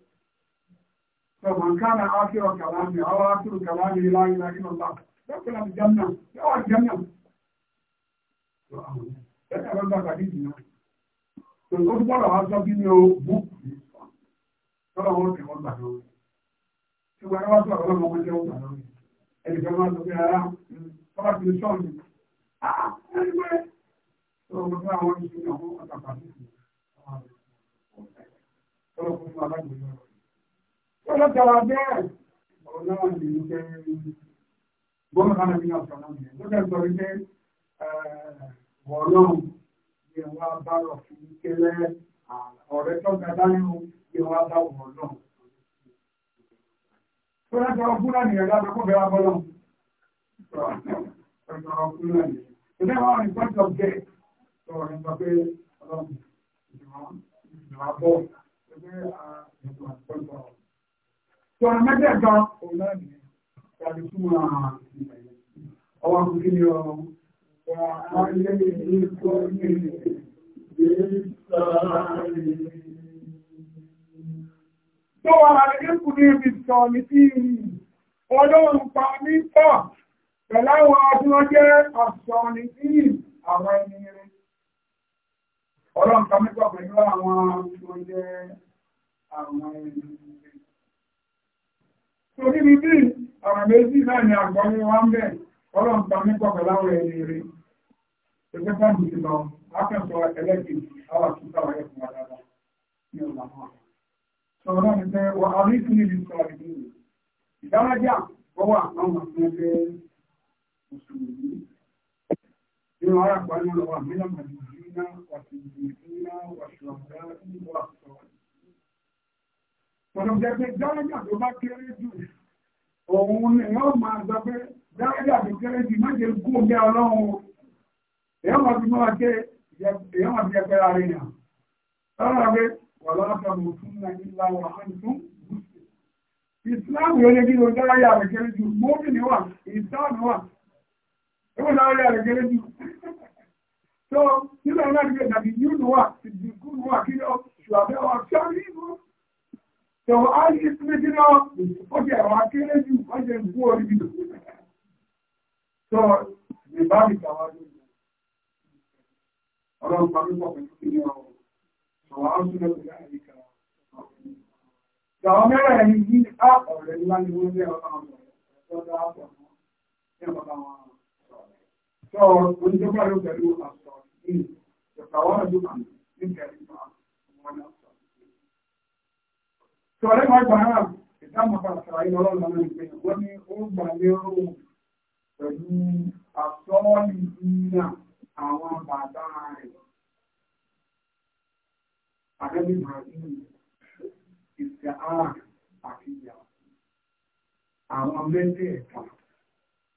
فمن كان آخر كلامي أو آخر كلامي لا إله إلا الله دخل الجنة أو الجنة Ẹ̀ka ló ń dàgbà ní ìdìnnà. Tòǹkó tó bọ̀rọ̀ wá sọ kí ni o bú kìí sọ. Tọ́lọ̀ wọn kẹ̀ wọ́n gbà lọ. Ṣùgbọ́n ẹ̀rọ wá sọ ọ̀rọ̀ wọn jẹ́ wọ́n gbà lọ. Ẹnì máa sọ pé ara tọ́lá ti sọ̀ ní. Àà ẹni pé wọn fún àwọn ìṣúná àwọn tó lọ́tara bẹ́ẹ̀ ọ̀rọ̀ náà ní wípé gómìnà kan ní ọ̀sán náà ní ló dẹ̀ sọ wípé wọ̀ọ́lọ́run ni wọ́n á bá lọ fi kéré ọ̀rẹ́ tó ga dánú ni wọ́n á bá wọ̀ọ́lọ́run. tó lọ́tara fúlàní ẹ̀dá tó kó bẹ́ẹ̀ bọ́lọ́ ọ̀rọ̀ fúlàní. ìdí àwọn ìpọ́njọ́ bẹ́ẹ̀ sọ̀rọ̀ nípa pé ọlọ́run ìjọba ìjọba bọ̀ ẹgbẹ́ àjọpọ̀ àjọpọ̀ tí ọ̀nà mẹ́tẹ̀ẹ̀ta òun náà nìyẹn tàbí fún ọwọ́ àkókò ní ọ̀rọ̀ àwọn ilé ìgbẹ́ tó wà láti kú ní ibi sọ ní tí ọlọ́run pa ní pọ̀ pẹ̀láwọ̀ tí wọ́n jẹ́ àṣọ ní tí àwọn ènìyàn ọlọ́run pa mẹ́kọ̀ọ́ pẹ̀lú àwọn tí wọ́n jẹ́ àwọn ènìyàn torí ní bí ọ̀rọ̀ méjì náà ni àgbọ̀n mi wá ń bẹ̀ ọlọ́run pa mí pọ̀pọ̀ láwọn ẹni rí ẹgbẹ́ báńkì ti lọ akẹ́kọ̀ọ́ ẹlẹ́gbẹ̀ẹ́ àwọn àtúntà wáyé fún wa dáadáa ní ọ̀la náà sọ̀rọ̀ ní pé wọ́n arí tún níbi sọ̀rọ̀ ìdílé ìdárájà ọwọ́ àwọn àfihàn pé mùsùlùmí nínú ara àgbáyé lọ́wọ́ àmì Ọ̀nà jẹ́gbẹ́ dáadáa tó bá kéré jù, òun ni wọ́n máa gbà pé dáadáa tó kéré jù má jẹ́ kú omi ọlọ́run. Èèyàn máa fi máa ké, èèyàn máa fi ẹgbẹ́ ara rẹ̀ yàn. Lọ́la pé wà lọ́la mọ̀ fún náà ìlà wà á ń tún. Ìsìláàmù yóò lé kí ló dáadáa rẹ̀ kéré jù, mọ́bì ni wà, ìsáàmù wà. Ewu dáadáa rẹ̀ kéré jù. So, nígbà náà ni pé dàbí yúnú wà, ìdìkú wà, kí tẹ̀wọ̀ á yí síbítí náà ó jẹ́ ẹ̀wọ̀ akéré jù ó jẹ́ ìbú orí bí tó lè bá mi gbàwá lórí ọlọ́run pa mí pọ̀ pẹ̀lú kí ni ọ̀rọ̀ tẹ̀wọ̀ á sún lọ́pẹ̀ láàrin ìkà Ìjọba mẹ́rẹ̀ ẹni yìí á ọ̀rẹ́ ńlá ni wọ́n ní ọ̀rọ̀ àwọn ọ̀rẹ́ ọ̀dọ́ So, oníjọba yóò pẹ̀lú àṣọ ní ìjọba wọ́n lọ́dún àmì ní Tọ̀rẹ́ máa gbà náà, ìdámọ̀ padà sàrà yìí lọ́rọ̀ lọ́nà ìpè wọ́n ní ó gbà lérò pẹ̀lú àsọ́ọ̀lì ìyá àwọn bàbá rẹ̀. Àdẹ́bí Brazil, ìsẹ̀ ara àti ìyá. Àwọn mẹ́tẹ̀ẹ̀ta.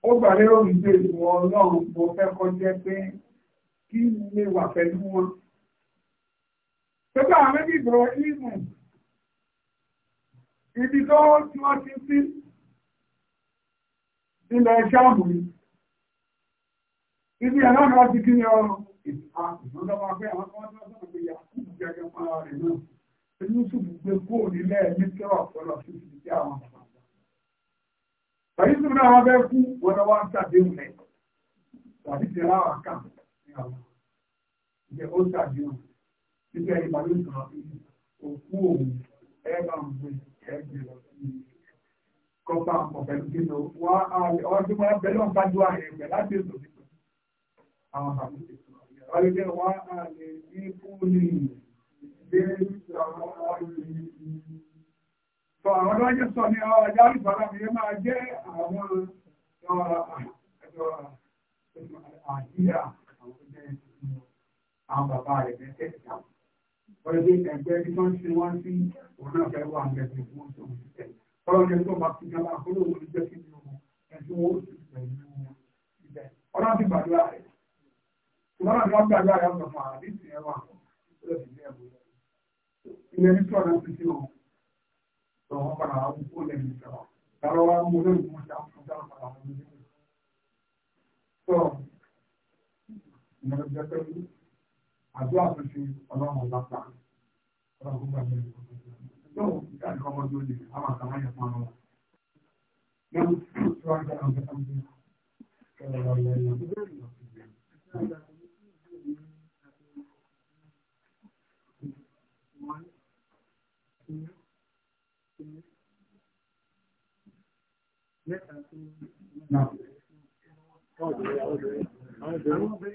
Ó gbà lérò wípé ìwọ ọlọ́run mo fẹ́ kọ́ jẹ́ pé kí lè wà pẹ̀lú wọn. Pẹ̀lú àwọn mẹ́tẹ̀ẹ̀ta ibi tó tí wọ́n ti sí ilẹ̀ ṣáàmù ni ibi ẹ̀rọ náà ti kí ni ọrọ̀ ìfọdọ́wà pé àwọn kan tó sọ̀rọ̀ pé yàtúù gẹ́gẹ́ fún ara rẹ̀ náà inú sùn gbé kó nílẹ̀ ní kẹwàá pọ̀lọ̀ sí ti jẹ́ àwọn àgbà Tàbísùn náà wọ́n fẹ́ kú wọ́n wá ń ṣàdéhùn rẹ̀ tàbí ti ra àwọn kàn ní àwọn ìjẹ́ ó ṣàdéhùn nígbà ìbálòpọ̀ òkú òun ẹ̀ bá ń gbé ẹgbẹ́ lọ sí kọ́pá ọ̀pẹ̀lú kíndò wá ọdún wọn bẹ̀rẹ̀ wọn bájú ààrẹ ẹgbẹ́ láti ètò ìpè àwọn àmì ètò ọ̀rẹ́gbẹ́ wá ààrẹ ní fúnni ilé àwọn ọ̀rẹ́ sọ àwọn ọlọ́jẹ́ sọ ní àwọn ọjà àlùfàlà mi máa jẹ́ àwọn àìyá àwọn bàbá rẹ̀ mẹ́tẹ̀ẹ̀ta wọ́n gbé ẹgbẹ́ tí wọ́n ṣe wọ́n sí òun náà fẹ́ wà ní ẹgbẹ́ fún oṣù òṣìṣẹ́ ọlọ́run tó bá fi jọba àkóló òun ní jẹ́ kí ni òun ẹ̀sùn owó sì pẹ̀lú ibẹ̀ ọlọ́run ti gbàdúrà àdúrà tó ọlọ́run ọba gbà ọlọ́run gbà mí yóò dá nǹkan ọmọ tó àwọn àtàwọn yẹn fún ọ yóò tó wá gbà ọgbẹ tó lè kẹrẹ lọ yẹ yẹ tó lè lọ sí yẹ. Now, oh, yeah, okay. I'm doing.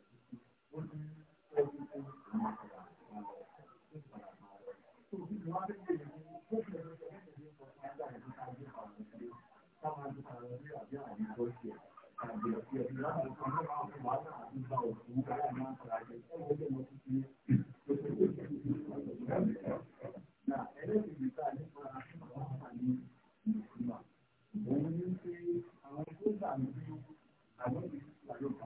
Àwọn tó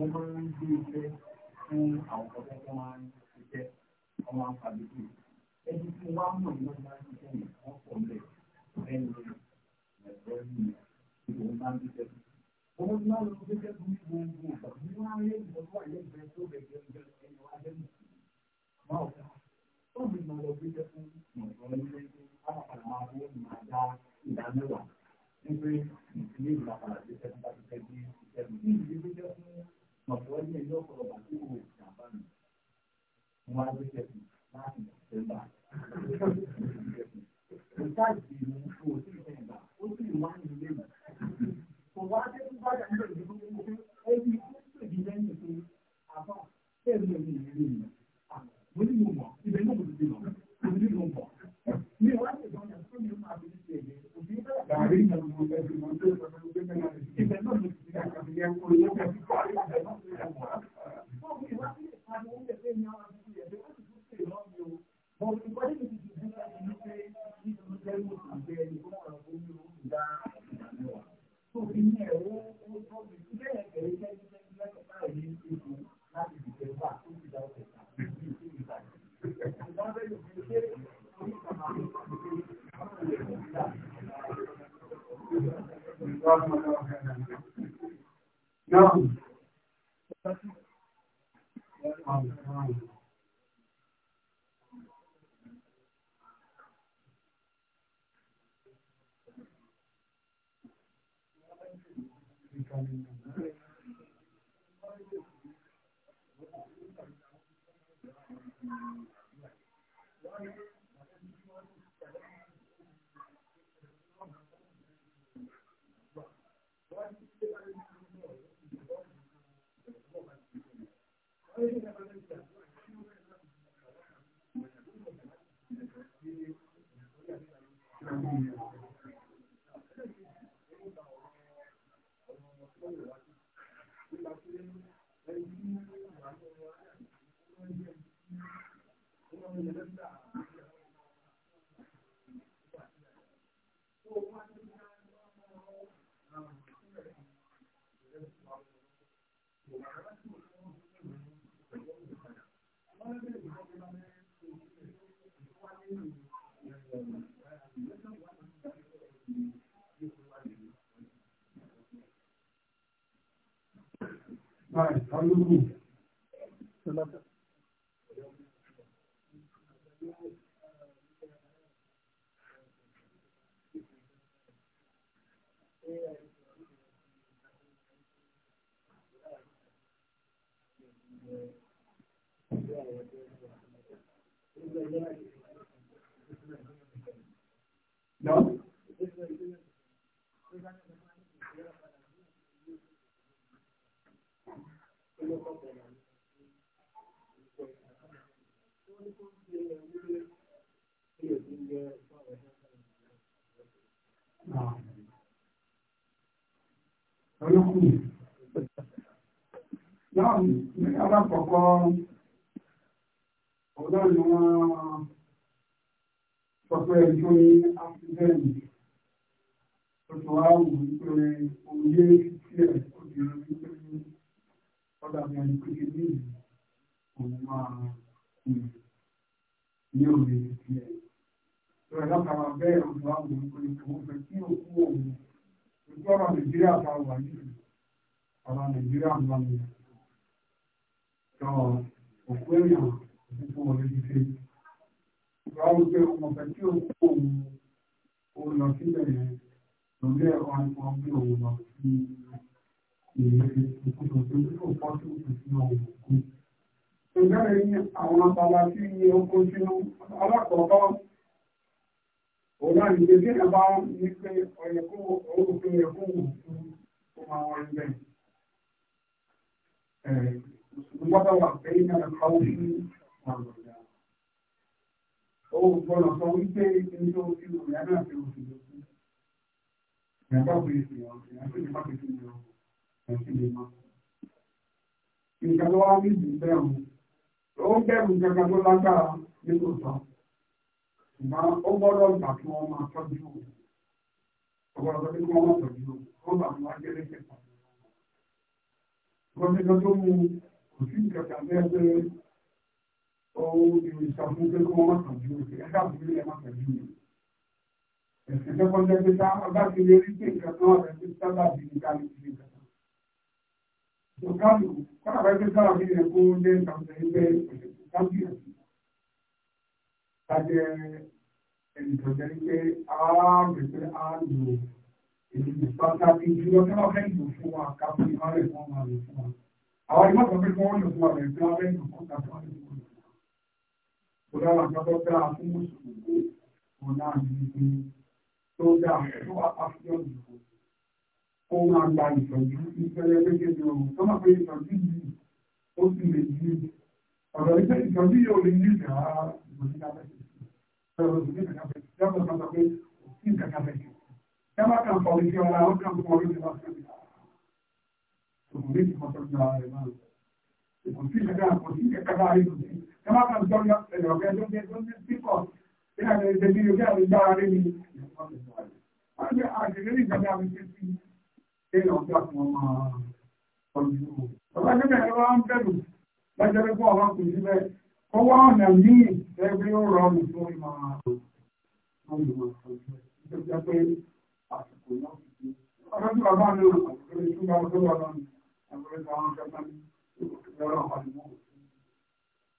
wọ́n máa ń gbé iṣẹ́ fún àwọn ọ̀dọ́ tó máa ń ṣiṣẹ́ wọ́n máa ń pàdé ẹni tí wọ́n á mọ̀ ní wọ́n máa ń ṣiṣẹ́ yẹn wọ́n pọ̀ lẹ̀ ẹni ẹ̀rọ yìí ni òun máa ń ṣiṣẹ́ owó tí wọ́n lọ sí ṣiṣẹ́ fún gbogbo ìgbà tí wọ́n á rí ìgbà tó nígbè ìdílé ìgbà padà gbéṣẹ́ bá ti tẹ́ bí ìṣẹ́ ọ̀pọ̀ ilé ilé ọ̀pọ̀ ọba tí kò jàmbá mi wọ́n máa gbé kẹ́kù láti ìjọba. Ìsáàjì ìlú kò sí ìjọba ó sì wá ní mi. Kò wá dé tó bá dà All right, how move? ¿No? No. Olókùn. Náà, alákọ̀ọ́kọ́ ọ̀dọ́ ni wọ́n sọ pé ẹni tó ní áfíríkẹ́ẹ̀nì tó tó wá wù ú pé òye títí ẹ̀ kò ti rí i pé ọ̀dà mi ẹni pé kìíní òun máa ní òye títí ẹ̀. Ìrọ̀ látara bẹ́ẹ̀ ọ̀dọ́ àwọn òun pé òun fẹ́ kí òkú òun ojú ọ̀rọ̀ Nàìjíríà ta ìdí tó mọ̀ lójú sí. Ìgbà wo pé ọmọ ọ̀fẹ́ tí ó kó òun òun lọ síbẹ̀ yẹn lórí ẹ̀kọ́ nípa bí òun lọ sí ìlú ìkútó tó ní kò pọ́ sí òkú sí òun òkú. Ìbéèrè ní àwọn abala tí iye oko sínú alákọ̀ọ́kọ́ òun náà ní pé ẹ̀bá ní pé ọ̀yẹ̀kún òkun ẹ̀kún òkun tó máa wọ́n bẹ́ẹ̀. Ìgbọ́dọ̀ wà pé ní sàmọ̀dá. Ó gbọ́dọ̀ sọ wípé ní tó fi wò ní abẹ́ àti òfin ló kú. Ìyàgbá òfin ìsìn ọ̀sìn àti ìjọba fi kíni ọ̀hún ẹ̀sìn lè má. Nǹkan ló wá ní ìdí bẹ́ẹ̀ mu. Ó bẹ̀rù kankan tó lágbára nítòótọ́. Ṣùgbọ́n ó gbọ́dọ̀ gbà kí wọ́n máa tọ́jú òun. Ọ̀gbọ́dọ̀ tó ní kí wọ́n máa tọ́jú òun òun ìròyìn ìṣàfún pé kó wọ́n tàjú rẹ̀ ẹ̀dá àbúrú ẹ̀ má tàjú rẹ̀. ẹ̀sìn tó kọjá pé tá ọba ti lè rí pé nǹkan tó wà rẹ̀ pé sábà bí ní ká lè fi nǹkan tán. ìjọkálù kọ́nà bá gbé sábà bí rẹ̀ kó lé ìtàkùn ẹgbẹ́ ìpẹ̀lẹ̀ Tàjẹ́ ẹni tó jẹ́ pé ààbẹ̀ pé a lò èdè pàtàkì jùlọ tí wọ́n fẹ́ lò fún wa káfíńmá rẹ̀ fún wa lò fún wa. Àwọn ìmọ̀tàn pé bóyá ẹmọ́ kan jọ yọ ẹ̀rọ ọ̀gá ẹjọ́ jẹ́ tó ní pípọ̀ tí a lè ṣẹ́bí yóò gbé dára rí ni wọ́n gbé àṣírí ní ìjọba àwọn ṣe sí ẹ̀rọ ọ̀gá fún ọmọ ọ̀jú. ọ̀gá tó bẹ̀rẹ̀ wá ń bẹ̀rù lọ́jọ́ pé bọ́ọ̀ wọn kò sí bẹ́ẹ̀ kó wá ọ̀nà míì ẹgbẹ́ ó rọrùn fún ìmọ̀ ọ̀rọ̀ tí bàbá mi ò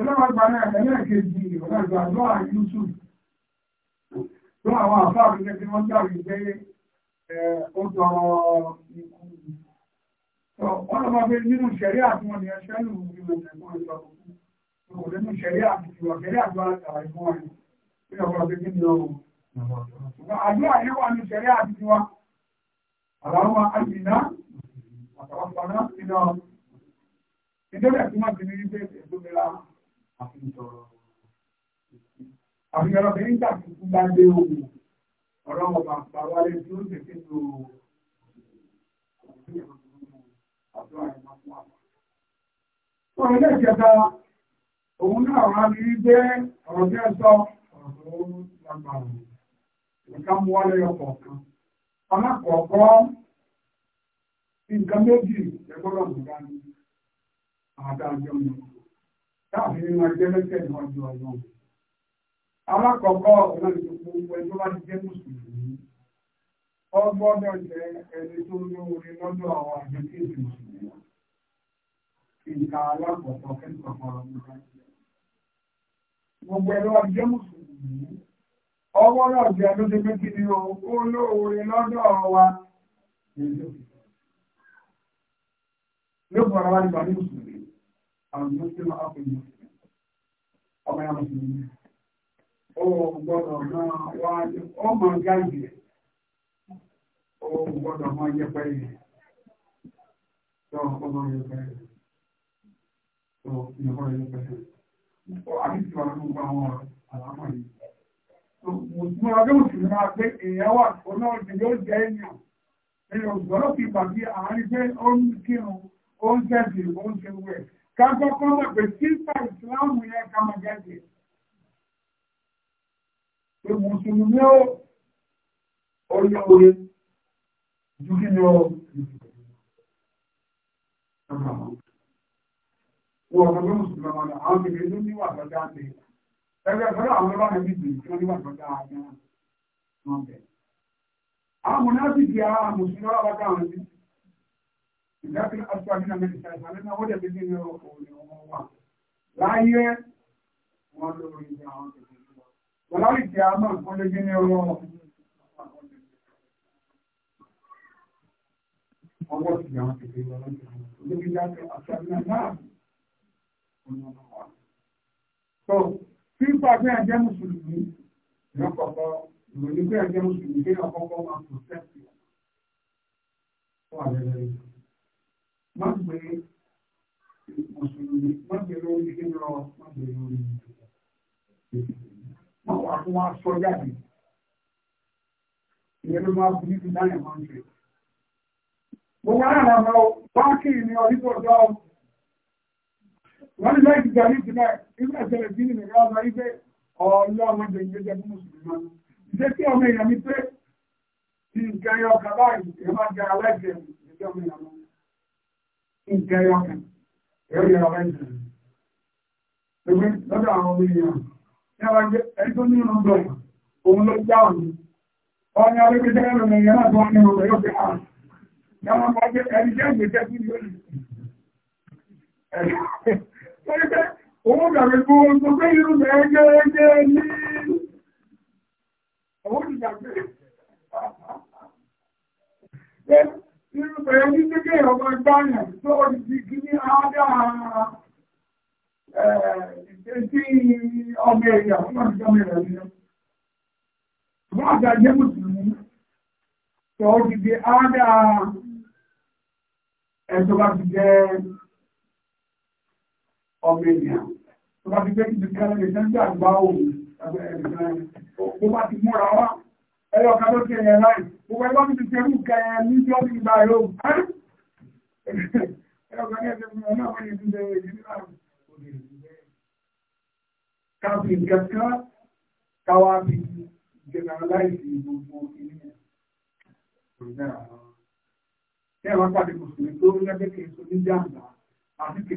Ọlọ́wọ́gbà náà ẹlẹ́ẹ̀kejì ọ̀gájọ àdúrà Yúsù. Tó àwọn àfáà mi lẹ́gbẹ́ wọ́n dàrí pé ó tọrọ ikú. Ọlọ́wọ́ pé nínú ṣẹ̀rí àtúnwọ̀n ni ẹṣẹ́ lù ú nínú ẹ̀kọ́ ìjọba. Kò nínú ṣẹ̀rí àtúnwọ̀n ṣẹ̀rí àtúnwọ̀n àtàrà ìfún wa ni. Bí ọ̀pọ̀ pé kí ni ọ̀rọ̀? Àdúrà yẹn wà ní ṣẹ̀rí àtúnwọ̀n. Àlàáwọ̀ àjìnà àtàwọn fọ̀nà ìdọ̀rẹ̀ tí wọ́n ti ní àfihàn àfihàn ọmọbìnrin tàbí fún bá gbé ohun ọ̀rọ̀ ọmọ àpàwálé tí ó tẹ̀sí ní ohun ọ̀rọ̀ ilé ìjẹta òun náà wá ní gbé ọ̀rọ̀ tí ẹ sọ ọ̀rọ̀ tó lágbàrù ìka mú wálé ọkọ̀ kan káàkiri nínú ẹgbẹ́ mẹ́tẹ̀ níwájú ọlọ́run alákọ̀ọ́kọ́ ọlọ́run tó kú ẹjọ́ bá ti jẹ́ mùsùlùmí ọgbọ́dọ̀ jẹ́ ẹni tó lóore lọ́dọ̀ àwọn àjẹkẹ́sì mùsùlùmí ìka alákọ̀ọ́kọ́ kẹ́kọ̀ọ́ ọlọ́run gbogbo ẹ̀rọ àjẹ́ mùsùlùmí ọgbọ́dọ̀ jẹ́ ló ti pé kí ni o ó lóore lọ́dọ̀ wa lóògùn ara wa nígbà ní mùsùlùmí المسلم أخو المسلم ọmọ ya mùsùlùmí ó gbọ́dọ̀ máa wá ó máa gáàgì ó gbọ́dọ̀ máa yẹ pẹ́lẹ̀ tó ọmọ yẹ pẹ́lẹ̀ tó ìyẹ̀kọ́ yẹ pẹ́lẹ̀ ó àbíkí wà ní gbogbo àwọn àlámọ̀ yìí mùsùlùmí ọdún mùsùlùmí máa gbé èèyàn wà ọ̀nà ọ̀dẹ̀ yóò jẹ́ èèyàn èèyàn gbọ́dọ̀ fi gbàgbé àárín pé kápọ̀ kọ́ mọ̀ pé sísà ìsìláàmù yẹn ká máa jáde pé mùsùlùmí ó orí orí ju kí ni ó wọ́n ọ̀rọ̀ pé mùsùlùmí ọmọdé àwọn kìnnìún ló níwà tó jáde ẹgbẹ́ pẹ̀lú àwọn ọlọ́run ẹbí bìí tí wọ́n níwà tó jáde àwọn mùsùlùmí ọlọ́run ìdáfíà àtúwà nínú amẹ́ríkà ìsàlẹ̀ náà wọ́n dẹ̀ bí nínú òní wọn wà láyé wọn lórí ìgbà àwọn tẹ̀lé wọn tí a mọ̀ nǹkan lé bí ní ọwọ́ ọwọ́ sí àwọn tẹ̀lé wọn lọ́jọ́ olóbi dáfíà àtúwà nínú náà òní wọn wà. tó fífà bí ẹjẹ́ mùsùlùmí ìrọ́kọ̀kọ́ ìròyìn bí ẹjẹ́ mùsùlùmí kí ọkọ̀ọ̀kọ̀ máa pòtẹ́ẹ̀tì wà lẹ́lẹ́rìí má gbé mùsùlùmí má gbé lórí kí n lọ má gbé lórí má wà fún wa sọ jáde ìyẹn ló máa bùnú ti dáyà máa ń ṣe. Gbogbo àwọn ọmọ báńkì ni ọdún tó wọ́n ní láì jẹ́ ní ìpínlẹ̀ ìpínlẹ̀ ìṣẹ̀lẹ̀ sí nìyẹn ọmọ ibẹ̀ ọ̀ọ́lọ́ ọmọ ìjẹ̀yẹ jẹ́ fún mùsùlùmí. Ìṣe tí ọmọ èèyàn mi pé ti nǹkan ẹyọ kàbáyìí ẹ máa jẹ aláìjẹ ìjọba ìyàmọ́ nǹkan ẹyọkàn ẹ̀rọ yẹra ọ̀rẹ́ ìjìnlẹ̀ ẹgbẹ́ lọ́dọ̀ àwọn ọmọ èèyàn ní àwọn ẹgbẹ́ ẹni tó ní nínú bẹ̀rẹ̀ ní kéèké ọmọ ìgbàyàn tó rí ti kí ní àádáa ẹ̀ẹ́dẹ́sí ọmọ ẹ̀yà fún àjọmọ̀ ẹ̀rọ ní ọmọ àjàjẹ́ mùsùlùmí tó rí ti àádáa ẹ̀tọ́ bá ti jẹ́ ọmọ ẹ̀yà tó bá ti jẹ́ kí ti kẹ́rẹ́ ẹ̀sẹ̀ ń gbà gbá òun ẹ̀ẹ̀ẹ̀ ẹ̀rọ ọ̀kan ló tẹ̀lé láì gbogbo ẹgbọ́n mi ti tẹ̀lú kẹrẹ ní tí ó ti gba ẹ̀rọ ọ̀kan ẹ̀rọ ọ̀kan ní ẹ̀sẹ̀ fún ọmọ àwọn ènìyàn ti bẹ̀rẹ̀ èdè nígbà káfí ìjẹta káwá bí jẹnẹraláìsì gbogbo ìní ẹ̀ wá pàdé mùsùlùmí tó lẹ́gbẹ̀ẹ́ kìí so ní jàǹbá àti kìí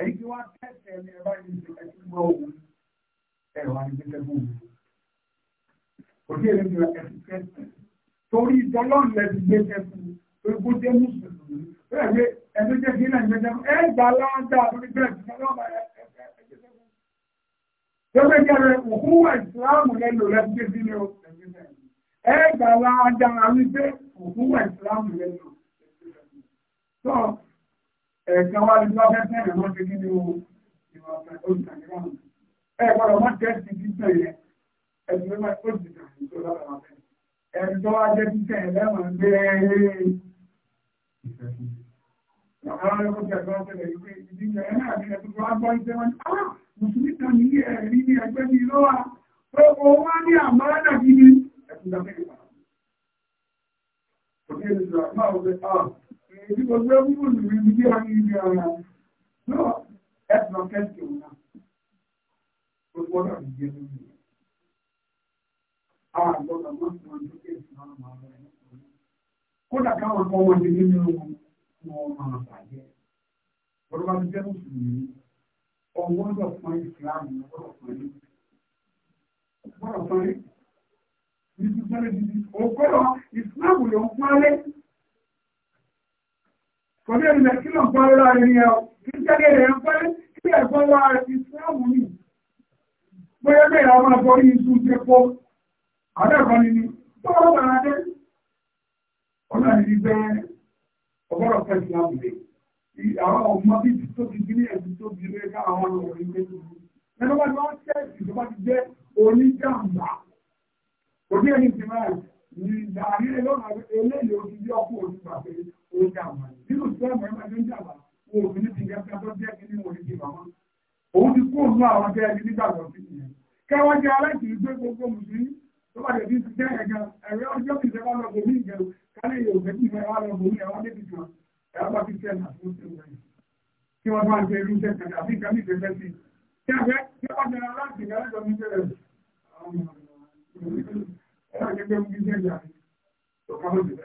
ẹni tí wọ́n tẹ̀sẹ̀ ẹni ẹ bá yẹn ṣe ẹtí gbọ́ òun ẹ̀rọ àdìgbẹ́sẹ̀ fún mi. òbí ẹni tí wọ́n ẹtí tẹ̀sẹ̀ torí ìdọ́lọ́run lẹ́bi gbẹ́sẹ̀ fún mi torí kó jẹ́ mùsùlùmí bẹ́ẹ̀ pé ẹni jẹ́ kí náà gbẹ́sẹ̀ fún ẹ gbà láńdà lórí bẹ́ẹ̀ tí wọ́n lọ́ba Gbogbo ìjọba òkúwà ìsìláàmù lẹ́nu lẹ́bi gbèsè ní o. Ẹ gbà láńdà àwọn ìgbé òkúwà ìsìláàmù lẹ́nu ẹ̀ẹ̀kan wá ní lọ́fẹ́ tẹ́lẹ̀ wọ́n ti kí ni o ìwà ọ̀fẹ́ olùtàníwọ̀n ẹ̀ gbọ́dọ̀ wọ́n jẹ́ ti títẹ̀ yẹn ẹ̀sùn mẹ́fà olùtàníwọ̀n tó lára wọn fẹ́ ẹ̀ẹ̀kan tó wá jẹ́ títẹ̀ yẹn lẹ́wọ̀n gbé ìfẹ́ fún mi. Àwọn ọmọ ìjọba ọ̀gá ọ̀tẹ̀lẹ̀ ìwé ìdíje ẹ̀ náà ní ẹ̀tùtù àgbọ̀ ìṣẹ́ wọn ni, "Ah, Mùsùlùmí kan ní ẹ̀rí ní ẹgbẹ́ mi lọ́wọ́, pé òun wá ní àmọ́ràn náà èyí mo gbé wíwò lù mí bí wọ́n ní ibi ọ̀rọ̀ náà ẹ̀sùn ọ̀kẹ́ǹtì òun náà ó gbọ́dọ̀ ní jẹ́ lórí rẹ̀. Àwọn àgbọ̀dọ̀ máa ń wọ́n tó kéèsì náà máa rẹ̀ kódà káwọn kan wọ́n ti nínú wọn máa bàjẹ́. Bọ́dọ̀ bá ti jẹ́ mùsùlùmí, ọwọ́ lọ fún ìsìláàmù lọ́wọ́ fún ẹni. Bọ́dọ̀ fún ẹni, ìsìláàmù ló fún ẹni kọ̀dé ìrìnlẹ̀ kí lọ gbọ́ lọ́la rẹ̀ ní ẹ̀ọ́ kí jẹ́gẹ̀ rẹ̀ ń pẹ́ kí ẹ̀gbọ́n wá ìsìláàmù ní bóyá bẹ́ẹ̀ àwọn àbọ̀rí iṣu jẹ pọ̀ àdẹ́kọ̀ọ́ ni ni tó wọ́n bàrà dé ọ̀nà ìdí bẹ́ẹ̀ ọgbọ́dọ̀ fẹ́ ìsìláàmù dé àwọn ọmọ bí ti tóbi bí ní ẹ̀sìn tóbi lé káwọn ọ̀rọ̀ ilé tuntun ẹni wọ́n ti wọ́n tẹ́ ìjọba ti jẹ́ oníjàmbá òbí ẹni ti máa ní ìdàrí ẹlọ́run eléyìí ojú bí ọkùnrin pàtẹ́lẹ́ ó dà wà nínú tí wọ́n mọ̀ ẹgbẹ́ dà wà ó òbí ní ti gẹ́gẹ́ tó jẹ́ kí ní wọ́n ti bà wọ́n òun ti kó òun àwọn jẹ́ ẹni nígbàgbọ́ sí ìyẹn kẹwọ́n jẹ́ aláìsí gbé gbogbo mùsùlùmí tó bá dẹ̀ bí ti jẹ́ ẹ̀gá ẹ̀rẹ́ ọjọ́ kìí sẹ́wọ́n lọ bòmí ìjẹ́ kálí yorùbá kìí sẹ́wọ́n lọ bòmí ẹ̀wọ́n débi kan ẹ̀wọ́n bá fi tẹ́ ẹ̀ kí wọ́n bá jẹ irú tẹ̀sán àbí ìkàmì ìfẹ́fẹ́ sí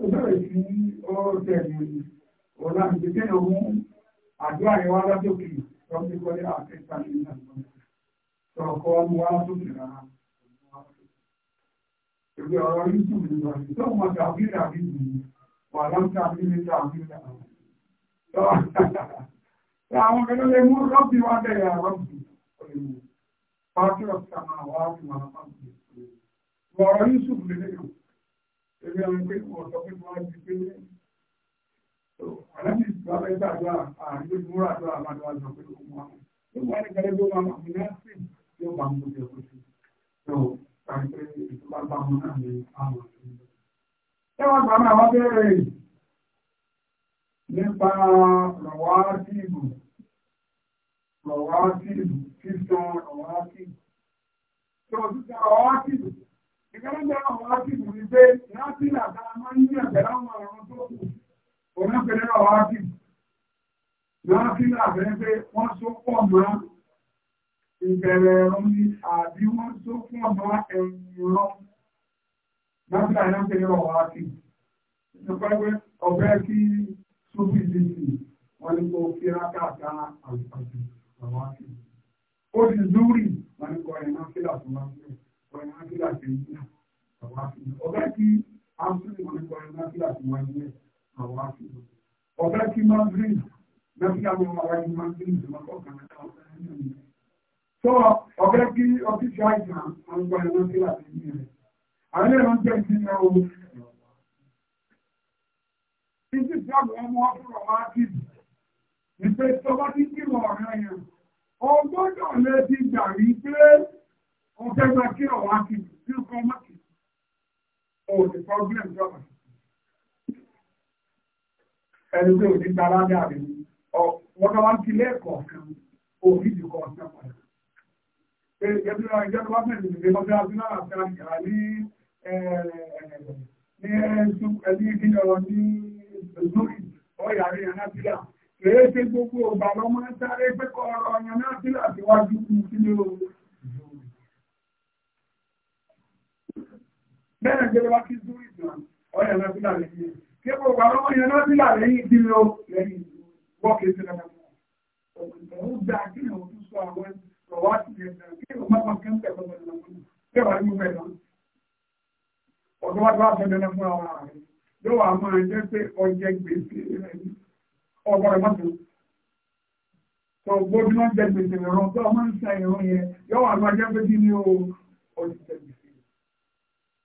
ó bẹ̀rẹ̀ sí ọ̀rọ̀ tẹ̀lé ọ̀la ìgbésẹ̀ ọmú àdúrà yẹn wá lọ́sọ̀kì lọ́sí kọ́lé àti ìsàlẹ̀ ìlànà sọ̀kọ́ ọmọ wa lọ́sọ̀kì rárá. Ìgbé ọ̀rọ̀ yìí tún lè lọ sí tọ́mọ tàbí tàbí nìyí wà lọ́sà nílé tàbí tàbí. Àwọn kan lè mú rọ́bì wá bẹ̀rẹ̀ àrọ́bì ọ̀rọ̀ yìí tún lè lọ ebi àwọn pé wọ́n sọ pé wọ́n ti pé aláàbí ìgbà bẹ́ẹ̀ sàdúrà àárín tó múra àdúrà àmàdó àjọ pé ó mú àwọn nígbà wọn kẹlẹ tó máa mú ní àṣì tí ó bá ń gbọdọ̀ kó sí tó kàrí pé ìtura bá wọn náà ní àwọn àti ìlú. ṣé wọn gbà máa wá nípa rọwá sí ìlú rọwá sí ìlú sísan rọwá tó o ti sọ ìgbàlódé àwọn ákìmù ní pé násìlà tá a máa ń ní àbẹ̀ láwọn ọ̀rọ̀ tó kù òun pẹ̀lú àwọn ákìmù násìlà bẹ́ẹ̀ pé wọ́n so pọ̀ mọ́ ìbẹ̀rẹ̀ ẹ̀rọ ni àbí wọ́n so pọ̀ mọ́ ẹ̀yìn rọ násìlà yẹn pẹ̀lú àwọn ákìmù ìpẹ́pẹ́ ọ̀bẹ́ kí sóbì lèsì wọ́n ní kó kí rákàtà àlùfàṣì àwọn ákìmù ó ti zúrì wọ́n ní kọ́ ẹ̀ násìlà tó máa ń bẹ̀rẹ̀ ọ̀rọ̀ náà fi láti ń yàn àwọn àfihàn ọ̀gá kí ámúlẹ̀ wọn kọ́ ọ̀rọ̀ náà fi láti wá ní àwọn àfihàn ọ̀gá kí mandarin náà fi àwọn ọmọ wáyé mandarin tó máa kọ́ ọ̀kan náà ọ̀gá yẹn tó ọ̀gá kí ọ́fíìsì àìsàn àwọn ọ̀gá náà fi láti ń yàn àwọn ẹ̀rọ ń jẹ́ ìsinmi ọ̀hún Títí tí àwọn ọmọ ọdún ọmọ ákìdì, ìpè tọba tí kí lọ ọ̀fẹ́ gba kí ọ̀wá kì í bí ọkọ̀ ọmọ kì í òòlù problem jọba ẹni tó ní gbára ní àrẹ wọ́n wá kí lẹ́ẹ̀kọ̀ kan òbí ti kọ̀ ọ̀sán padà ẹgbẹ́ ìjọba mẹ́rin ìgbẹ́ mọ́tẹ́ àbúrò àti àgbà ní ẹni ìdíyọrọ ní lórí ọ̀yàrí ànábílà kìí ṣe gbogbo ọgbà lọ́mọ sáré pẹ́kọ̀ọ́ ọ̀yàn náà sílà síwájú kú sílé oòrùn bẹ́ẹ̀ gẹ́gẹ́ wá kí zúrí ìgbà ọ̀yẹ̀ lọ́fílà lẹ́yìn kí kò wà lọ́wọ́ yẹn lọ́fílà lẹ́yìn kí ló lẹ́yìn wọ́ọ̀kì sí lọ́wọ́ òun gba kí ni òun sọ àwọn ọ̀wá sí yẹn kí ni òun máa kẹ́ ń tẹ̀ lọ́wọ́ lọ́wọ́ kí wà nínú bẹ́ẹ̀ lọ́wọ́ ọ̀dọ́ wá tó wá fẹ́ẹ́ lọ́wọ́ fún ara rẹ̀ yóò wà máa jẹ́ pé ọjẹ́ gbèsè rẹ̀ ọgbọ́n rẹ̀ mọ́tò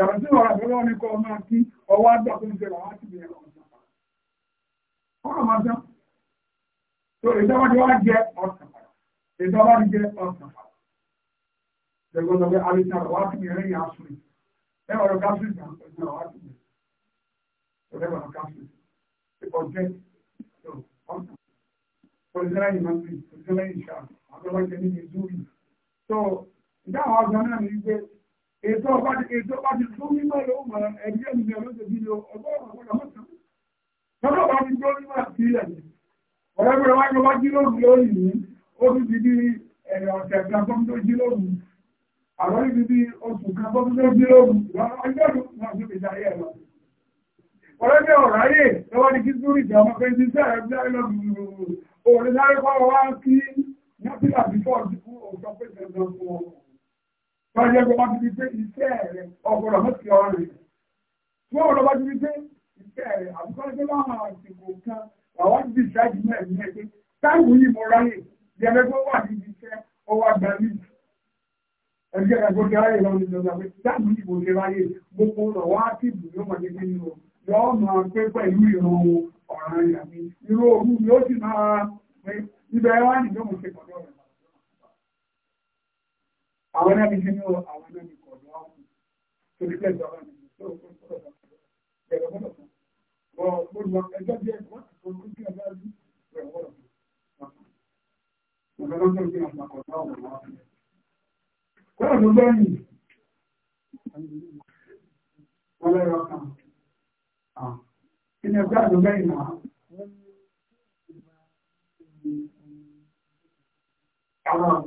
Yàrá sí ọ̀rọ̀ àti ní kọ́ máa kí ọwọ́ àgbà tó ń ṣe wàhálà sí ìyẹn lọ́wọ́ sàpà. Wọ́n kà máa sán. So ìjọba ti wá jẹ ọ̀sàpà. Ìjọba ti jẹ ọ̀sàpà. Ìjọba ti wá jẹ ọ̀sàpà. Ẹ ọ̀rọ̀ káfíìn kan ọ̀sán wá sí ìyẹn. Ọ̀rẹ́ ọ̀rọ̀ káfíìn. Ọ̀jẹ́ ọ̀sàpà. Olùsẹ́lá yìí máa ń bì, olùsẹ́lá yìí ṣáà, àgbẹ̀wájẹ ní ìzúrì. So ìjà àwọn àgbà náà ní Ètò ọba ti ètò ọba ti tó mímọ́ ló mọ̀ ẹ̀bí ẹ̀mí ni ọlọ́sẹ̀ bí lo ọgọ́rùn-ún ọgbọ́dọ̀ mọ́ta. Tọ́lọ́ ọba ti tó mímọ́ sí ilẹ̀ ni. Ọ̀rẹ́bìnrin wá ní ọba jí lóòrùn lónìí, ó ti di bí ẹ̀rọ ọ̀sẹ̀ kan tó ń tó jí lóòrùn. Àwọn ibi bí oṣù kan tó ń tó jí lóòrùn, ọjọ́ fi darí ẹ̀ lọ. Ọ̀rẹ́bìnrin ọ̀ráyè lọ́wọ́ Tọ́jẹ́ tó bá ti di pé iṣẹ́ rẹ̀ ọgbọ̀rọ̀ mọ́ sí ọrùn rẹ̀. Tí wọ́n lọ bá ti di pé iṣẹ́ rẹ̀ àbúkọ́jẹ́ láwọn àsìkò kan àwọn ti di ìṣáájú náà ní ẹgbẹ́. Táìwù yìí mo ráyè bí ẹgbẹ́ tó wà níbi iṣẹ́ ó wá gba mí. Ẹgbẹ́ ẹgbẹ́ tó ráyè lọ́wọ́ nínú ọgbà pé táìwù yìí mo lè ráyè gbogbo rọ̀ wá sí ibùdó mọ̀ nígbẹ́ nínú yọ́ọ́ máa pé pẹ̀lú ìran ọ̀ràn ìyàmí. Irú òru ni ó sì máa ibẹ̀ wá àwọn náà ní kí ní àwọn náà ní kọ̀ lọ́wọ́ torí pé ìjọba ní ìṣòro tó ń sọ̀rọ̀ kan bẹ̀rẹ̀ gbọ́dọ̀ kan wọ́n mo lọ ẹjọ́ bí ẹ̀kọ́ láti kọ́ tó kí ọba rí bẹ̀rẹ̀ gbọ́dọ̀ kan ọ̀gá ló ń sọ̀rọ̀ bí àwọn akọ̀ lọ́wọ́ wọn wá kọ́lá tó gbẹ́yìn wọ́n lẹ́rọ kan kí ni ọgbà tó gbẹ́yìn náà àwọn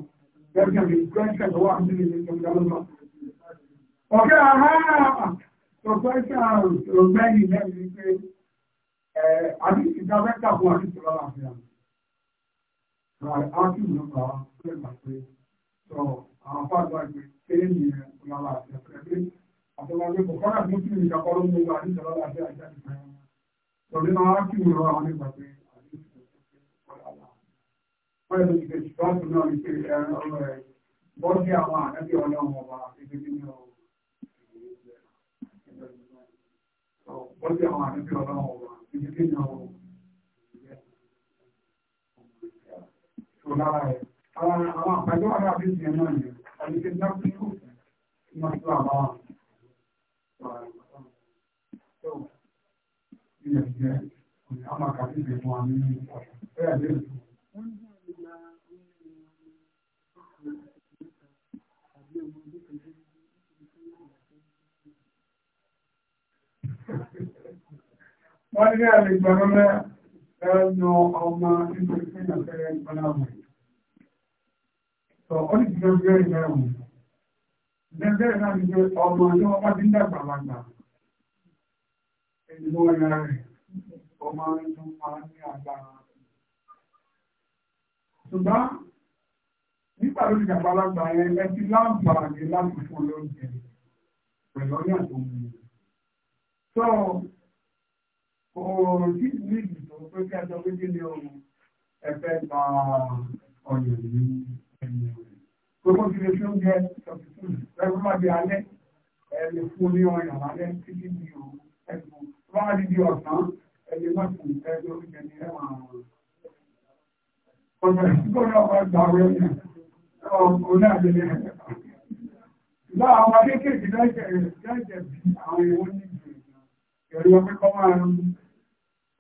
There can be question to what meaning in government. Okay, aha! So question to many men is say, àbí ìta mẹ́ta fún àti ìtura àfihàn. Right, a kì í ló bá pé mà pé. So, àwọn fàgbà ìgbé kéré ní ẹ̀ ọ̀làwà àti ẹ̀fẹ́ pé àtọ́lá pé kò kọ́nà tó kí ní ìkàkọ́ ló ń gbogbo àti ìtura àti àjẹ́ ìfẹ́. Tòlí náà a kì í lọ àwọn ìgbà pé wọ́n lè ti fèsì báńkì náà ní pé ẹran ọ̀rọ̀ ẹ̀ bọ́ sí àwọn ànábì ọlọ́run ọba ibi tí mi ò bọ́ sí àwọn ànábì ọlọ́run ọba ibi tí mi ò tó lára ẹ̀ àwọn àpájọ́ ara àbí ìsìn náà jẹ́ ọ̀nà àmàkà sí ìgbẹ̀mọ̀ àmì ọ̀sán. Bẹ́ẹ̀ lè tó. wọ́n ní àlejò ọlọ́lá ẹ̀rọ ọmọ nítorí pé ìyàfẹ́rẹ́ ìpọ́nàmù sọ ó ní ìjọ bí ẹ̀rọ ẹ̀rọ lẹ́gbẹ̀rẹ̀ náà ní pé ọmọ tí wọ́n bá ti ń dàgbà lágbà ẹ̀yìn lọ́wọ́ ẹ̀rọ rẹ̀ ọmọ tó máa ní agbára ṣùgbọ́n nígbà tó ti dàgbà lágbà yẹn ẹ ti láǹfààní láti fún lóúnjẹ pẹ̀lú ọyàn tó ń mú òòtí ìlú ìdìbò pé kí ẹjọ́ pé kí ni ohun ẹ̀fẹ́ gba ọ̀yọ̀ ní ẹ̀yìn rẹ̀. Gbogbo ti lè fi oúnjẹ sọ̀tún lẹ́gbẹ́ máa di alẹ́ ẹ̀lẹ́ fún ní ọyàn alẹ́ títí di òun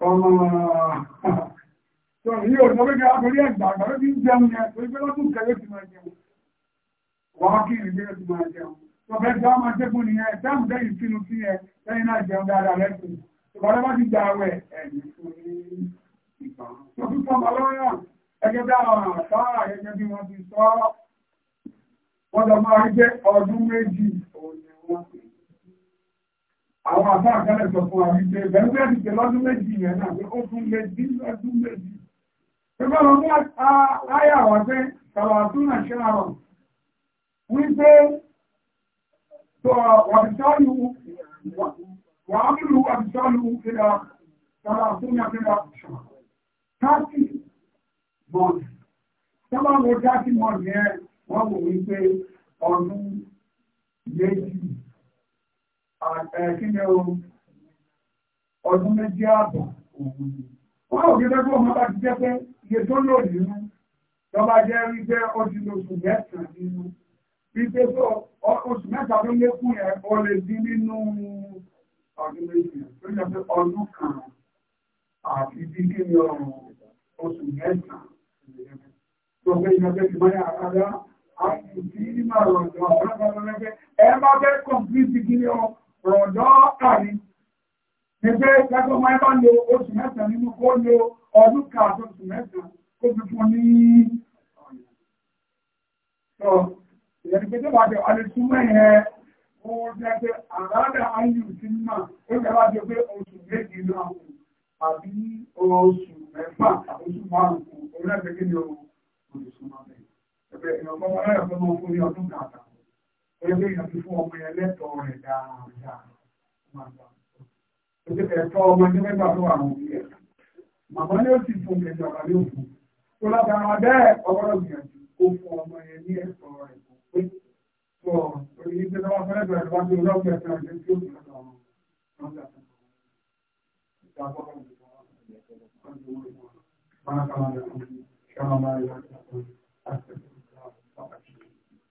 ọmọ yìí ò lọ́wọ́ gẹ́gẹ́ àgbẹ̀rí ẹ̀gbà àgbàrí bí ń jẹun yẹn tó gbé lọ́tún kẹ́lẹ́ ti máa jẹun wọ́n kí ní gbé ti máa jẹun tó fẹ́ jẹ́ ọmọ jẹ́kùn nìyẹn dáàmù lẹ́yìn sínú sí ẹ lẹ́yìn náà jẹun dáadáa lẹ́sìn ìbára bá ti gba àwẹ̀ ẹ̀yìn fún ní ìgbà ọdún méjì òun ni wọ́n pè é àwọn àbá àkálẹ̀ sọ fún wa wípé bẹ́ẹ̀ ti jẹ́ lọ́dún méjì yẹn náà pé ó tún lè dín lọ́dún méjì. pé bá wọn mú àyà wá pé sàwàtún náà ṣe àrọ̀ wípé tó wàbísọ́lù wàhálù wàbísọ́lù ìlà sàwàtún náà fi ra tààtì mọ́ọ̀nì. sábà wo tààtì mọ́ọ̀nì yẹn wọ́n wò wípé ọdún méjì kí ni o ọdún méjì ààbọ̀ òun ni wọ́n rò gẹ́gẹ́ bí ọmọ bá ti jẹ́ pé iye tó lò nínú lọ́ba jẹ́ wípé ó ti lo oṣù mẹ́sàn-án nínú wípé tó oṣù mẹ́ta ló lékún yẹn ó lè dín nínú ọdún méjì tó yẹ pé ọdún kan àti bí kí ni ọrùn oṣù mẹ́sàn-án tó pé ìyọ̀pẹ̀ ìmọ̀lẹ́ àkàdá àti ìdí ìmọ̀ ọ̀rọ̀ ìjọba ọ̀rọ̀ ẹ̀ẹ́dẹ́gbẹ́ ẹ̀ máa fẹ́ kọ̀ǹpìlì kí ni ọrùn rọ̀dọ́ kàrí ní pé kẹ́kọ̀ọ́ máa bá lo oṣù mẹ́ta nínú kó lo ọdún kààtó oṣù mẹ́ta kó fi fún ní ọ̀nà so ìyẹn pé tó bá jẹ́ alẹ́súnmọ́ yẹn ó jẹ́ pé àrádà ayù sí mímọ̀ ó jẹ́ bá jẹ́ pé oṣù méjì náà àbí oṣù mẹ́fà oṣù márùn-ún orílẹ̀-èdè kí ni oṣù márùn-ún ẹgbẹ́ ìrànlọ́wọ́ ẹ̀rọ fún ọdún kààtà ẹgbẹ́ èèyàn fi fún ọmọ ẹlẹ́tọ̀ọ́ rẹ̀ dáadáa ẹ̀tọ́ ọmọ ní mẹ́gbà tó wà wọ́n yẹ màmá ni ó sì fún mi ìjọba ló fún tó lábàárà bẹ́ẹ̀ ọgọ́rọ̀ gbìyànjú kó fún ọmọ yẹn ní ẹ̀tọ́ rẹ̀ kò pé tó orí ní tẹ́lá wọn fẹ́rẹ́ bẹ̀rẹ̀ wájú ọlọ́gbẹ̀ẹ́ tó ẹ̀jẹ̀ tí ó fi lọ́dọ̀ wọn lọ́dọ̀ tó ń bọ̀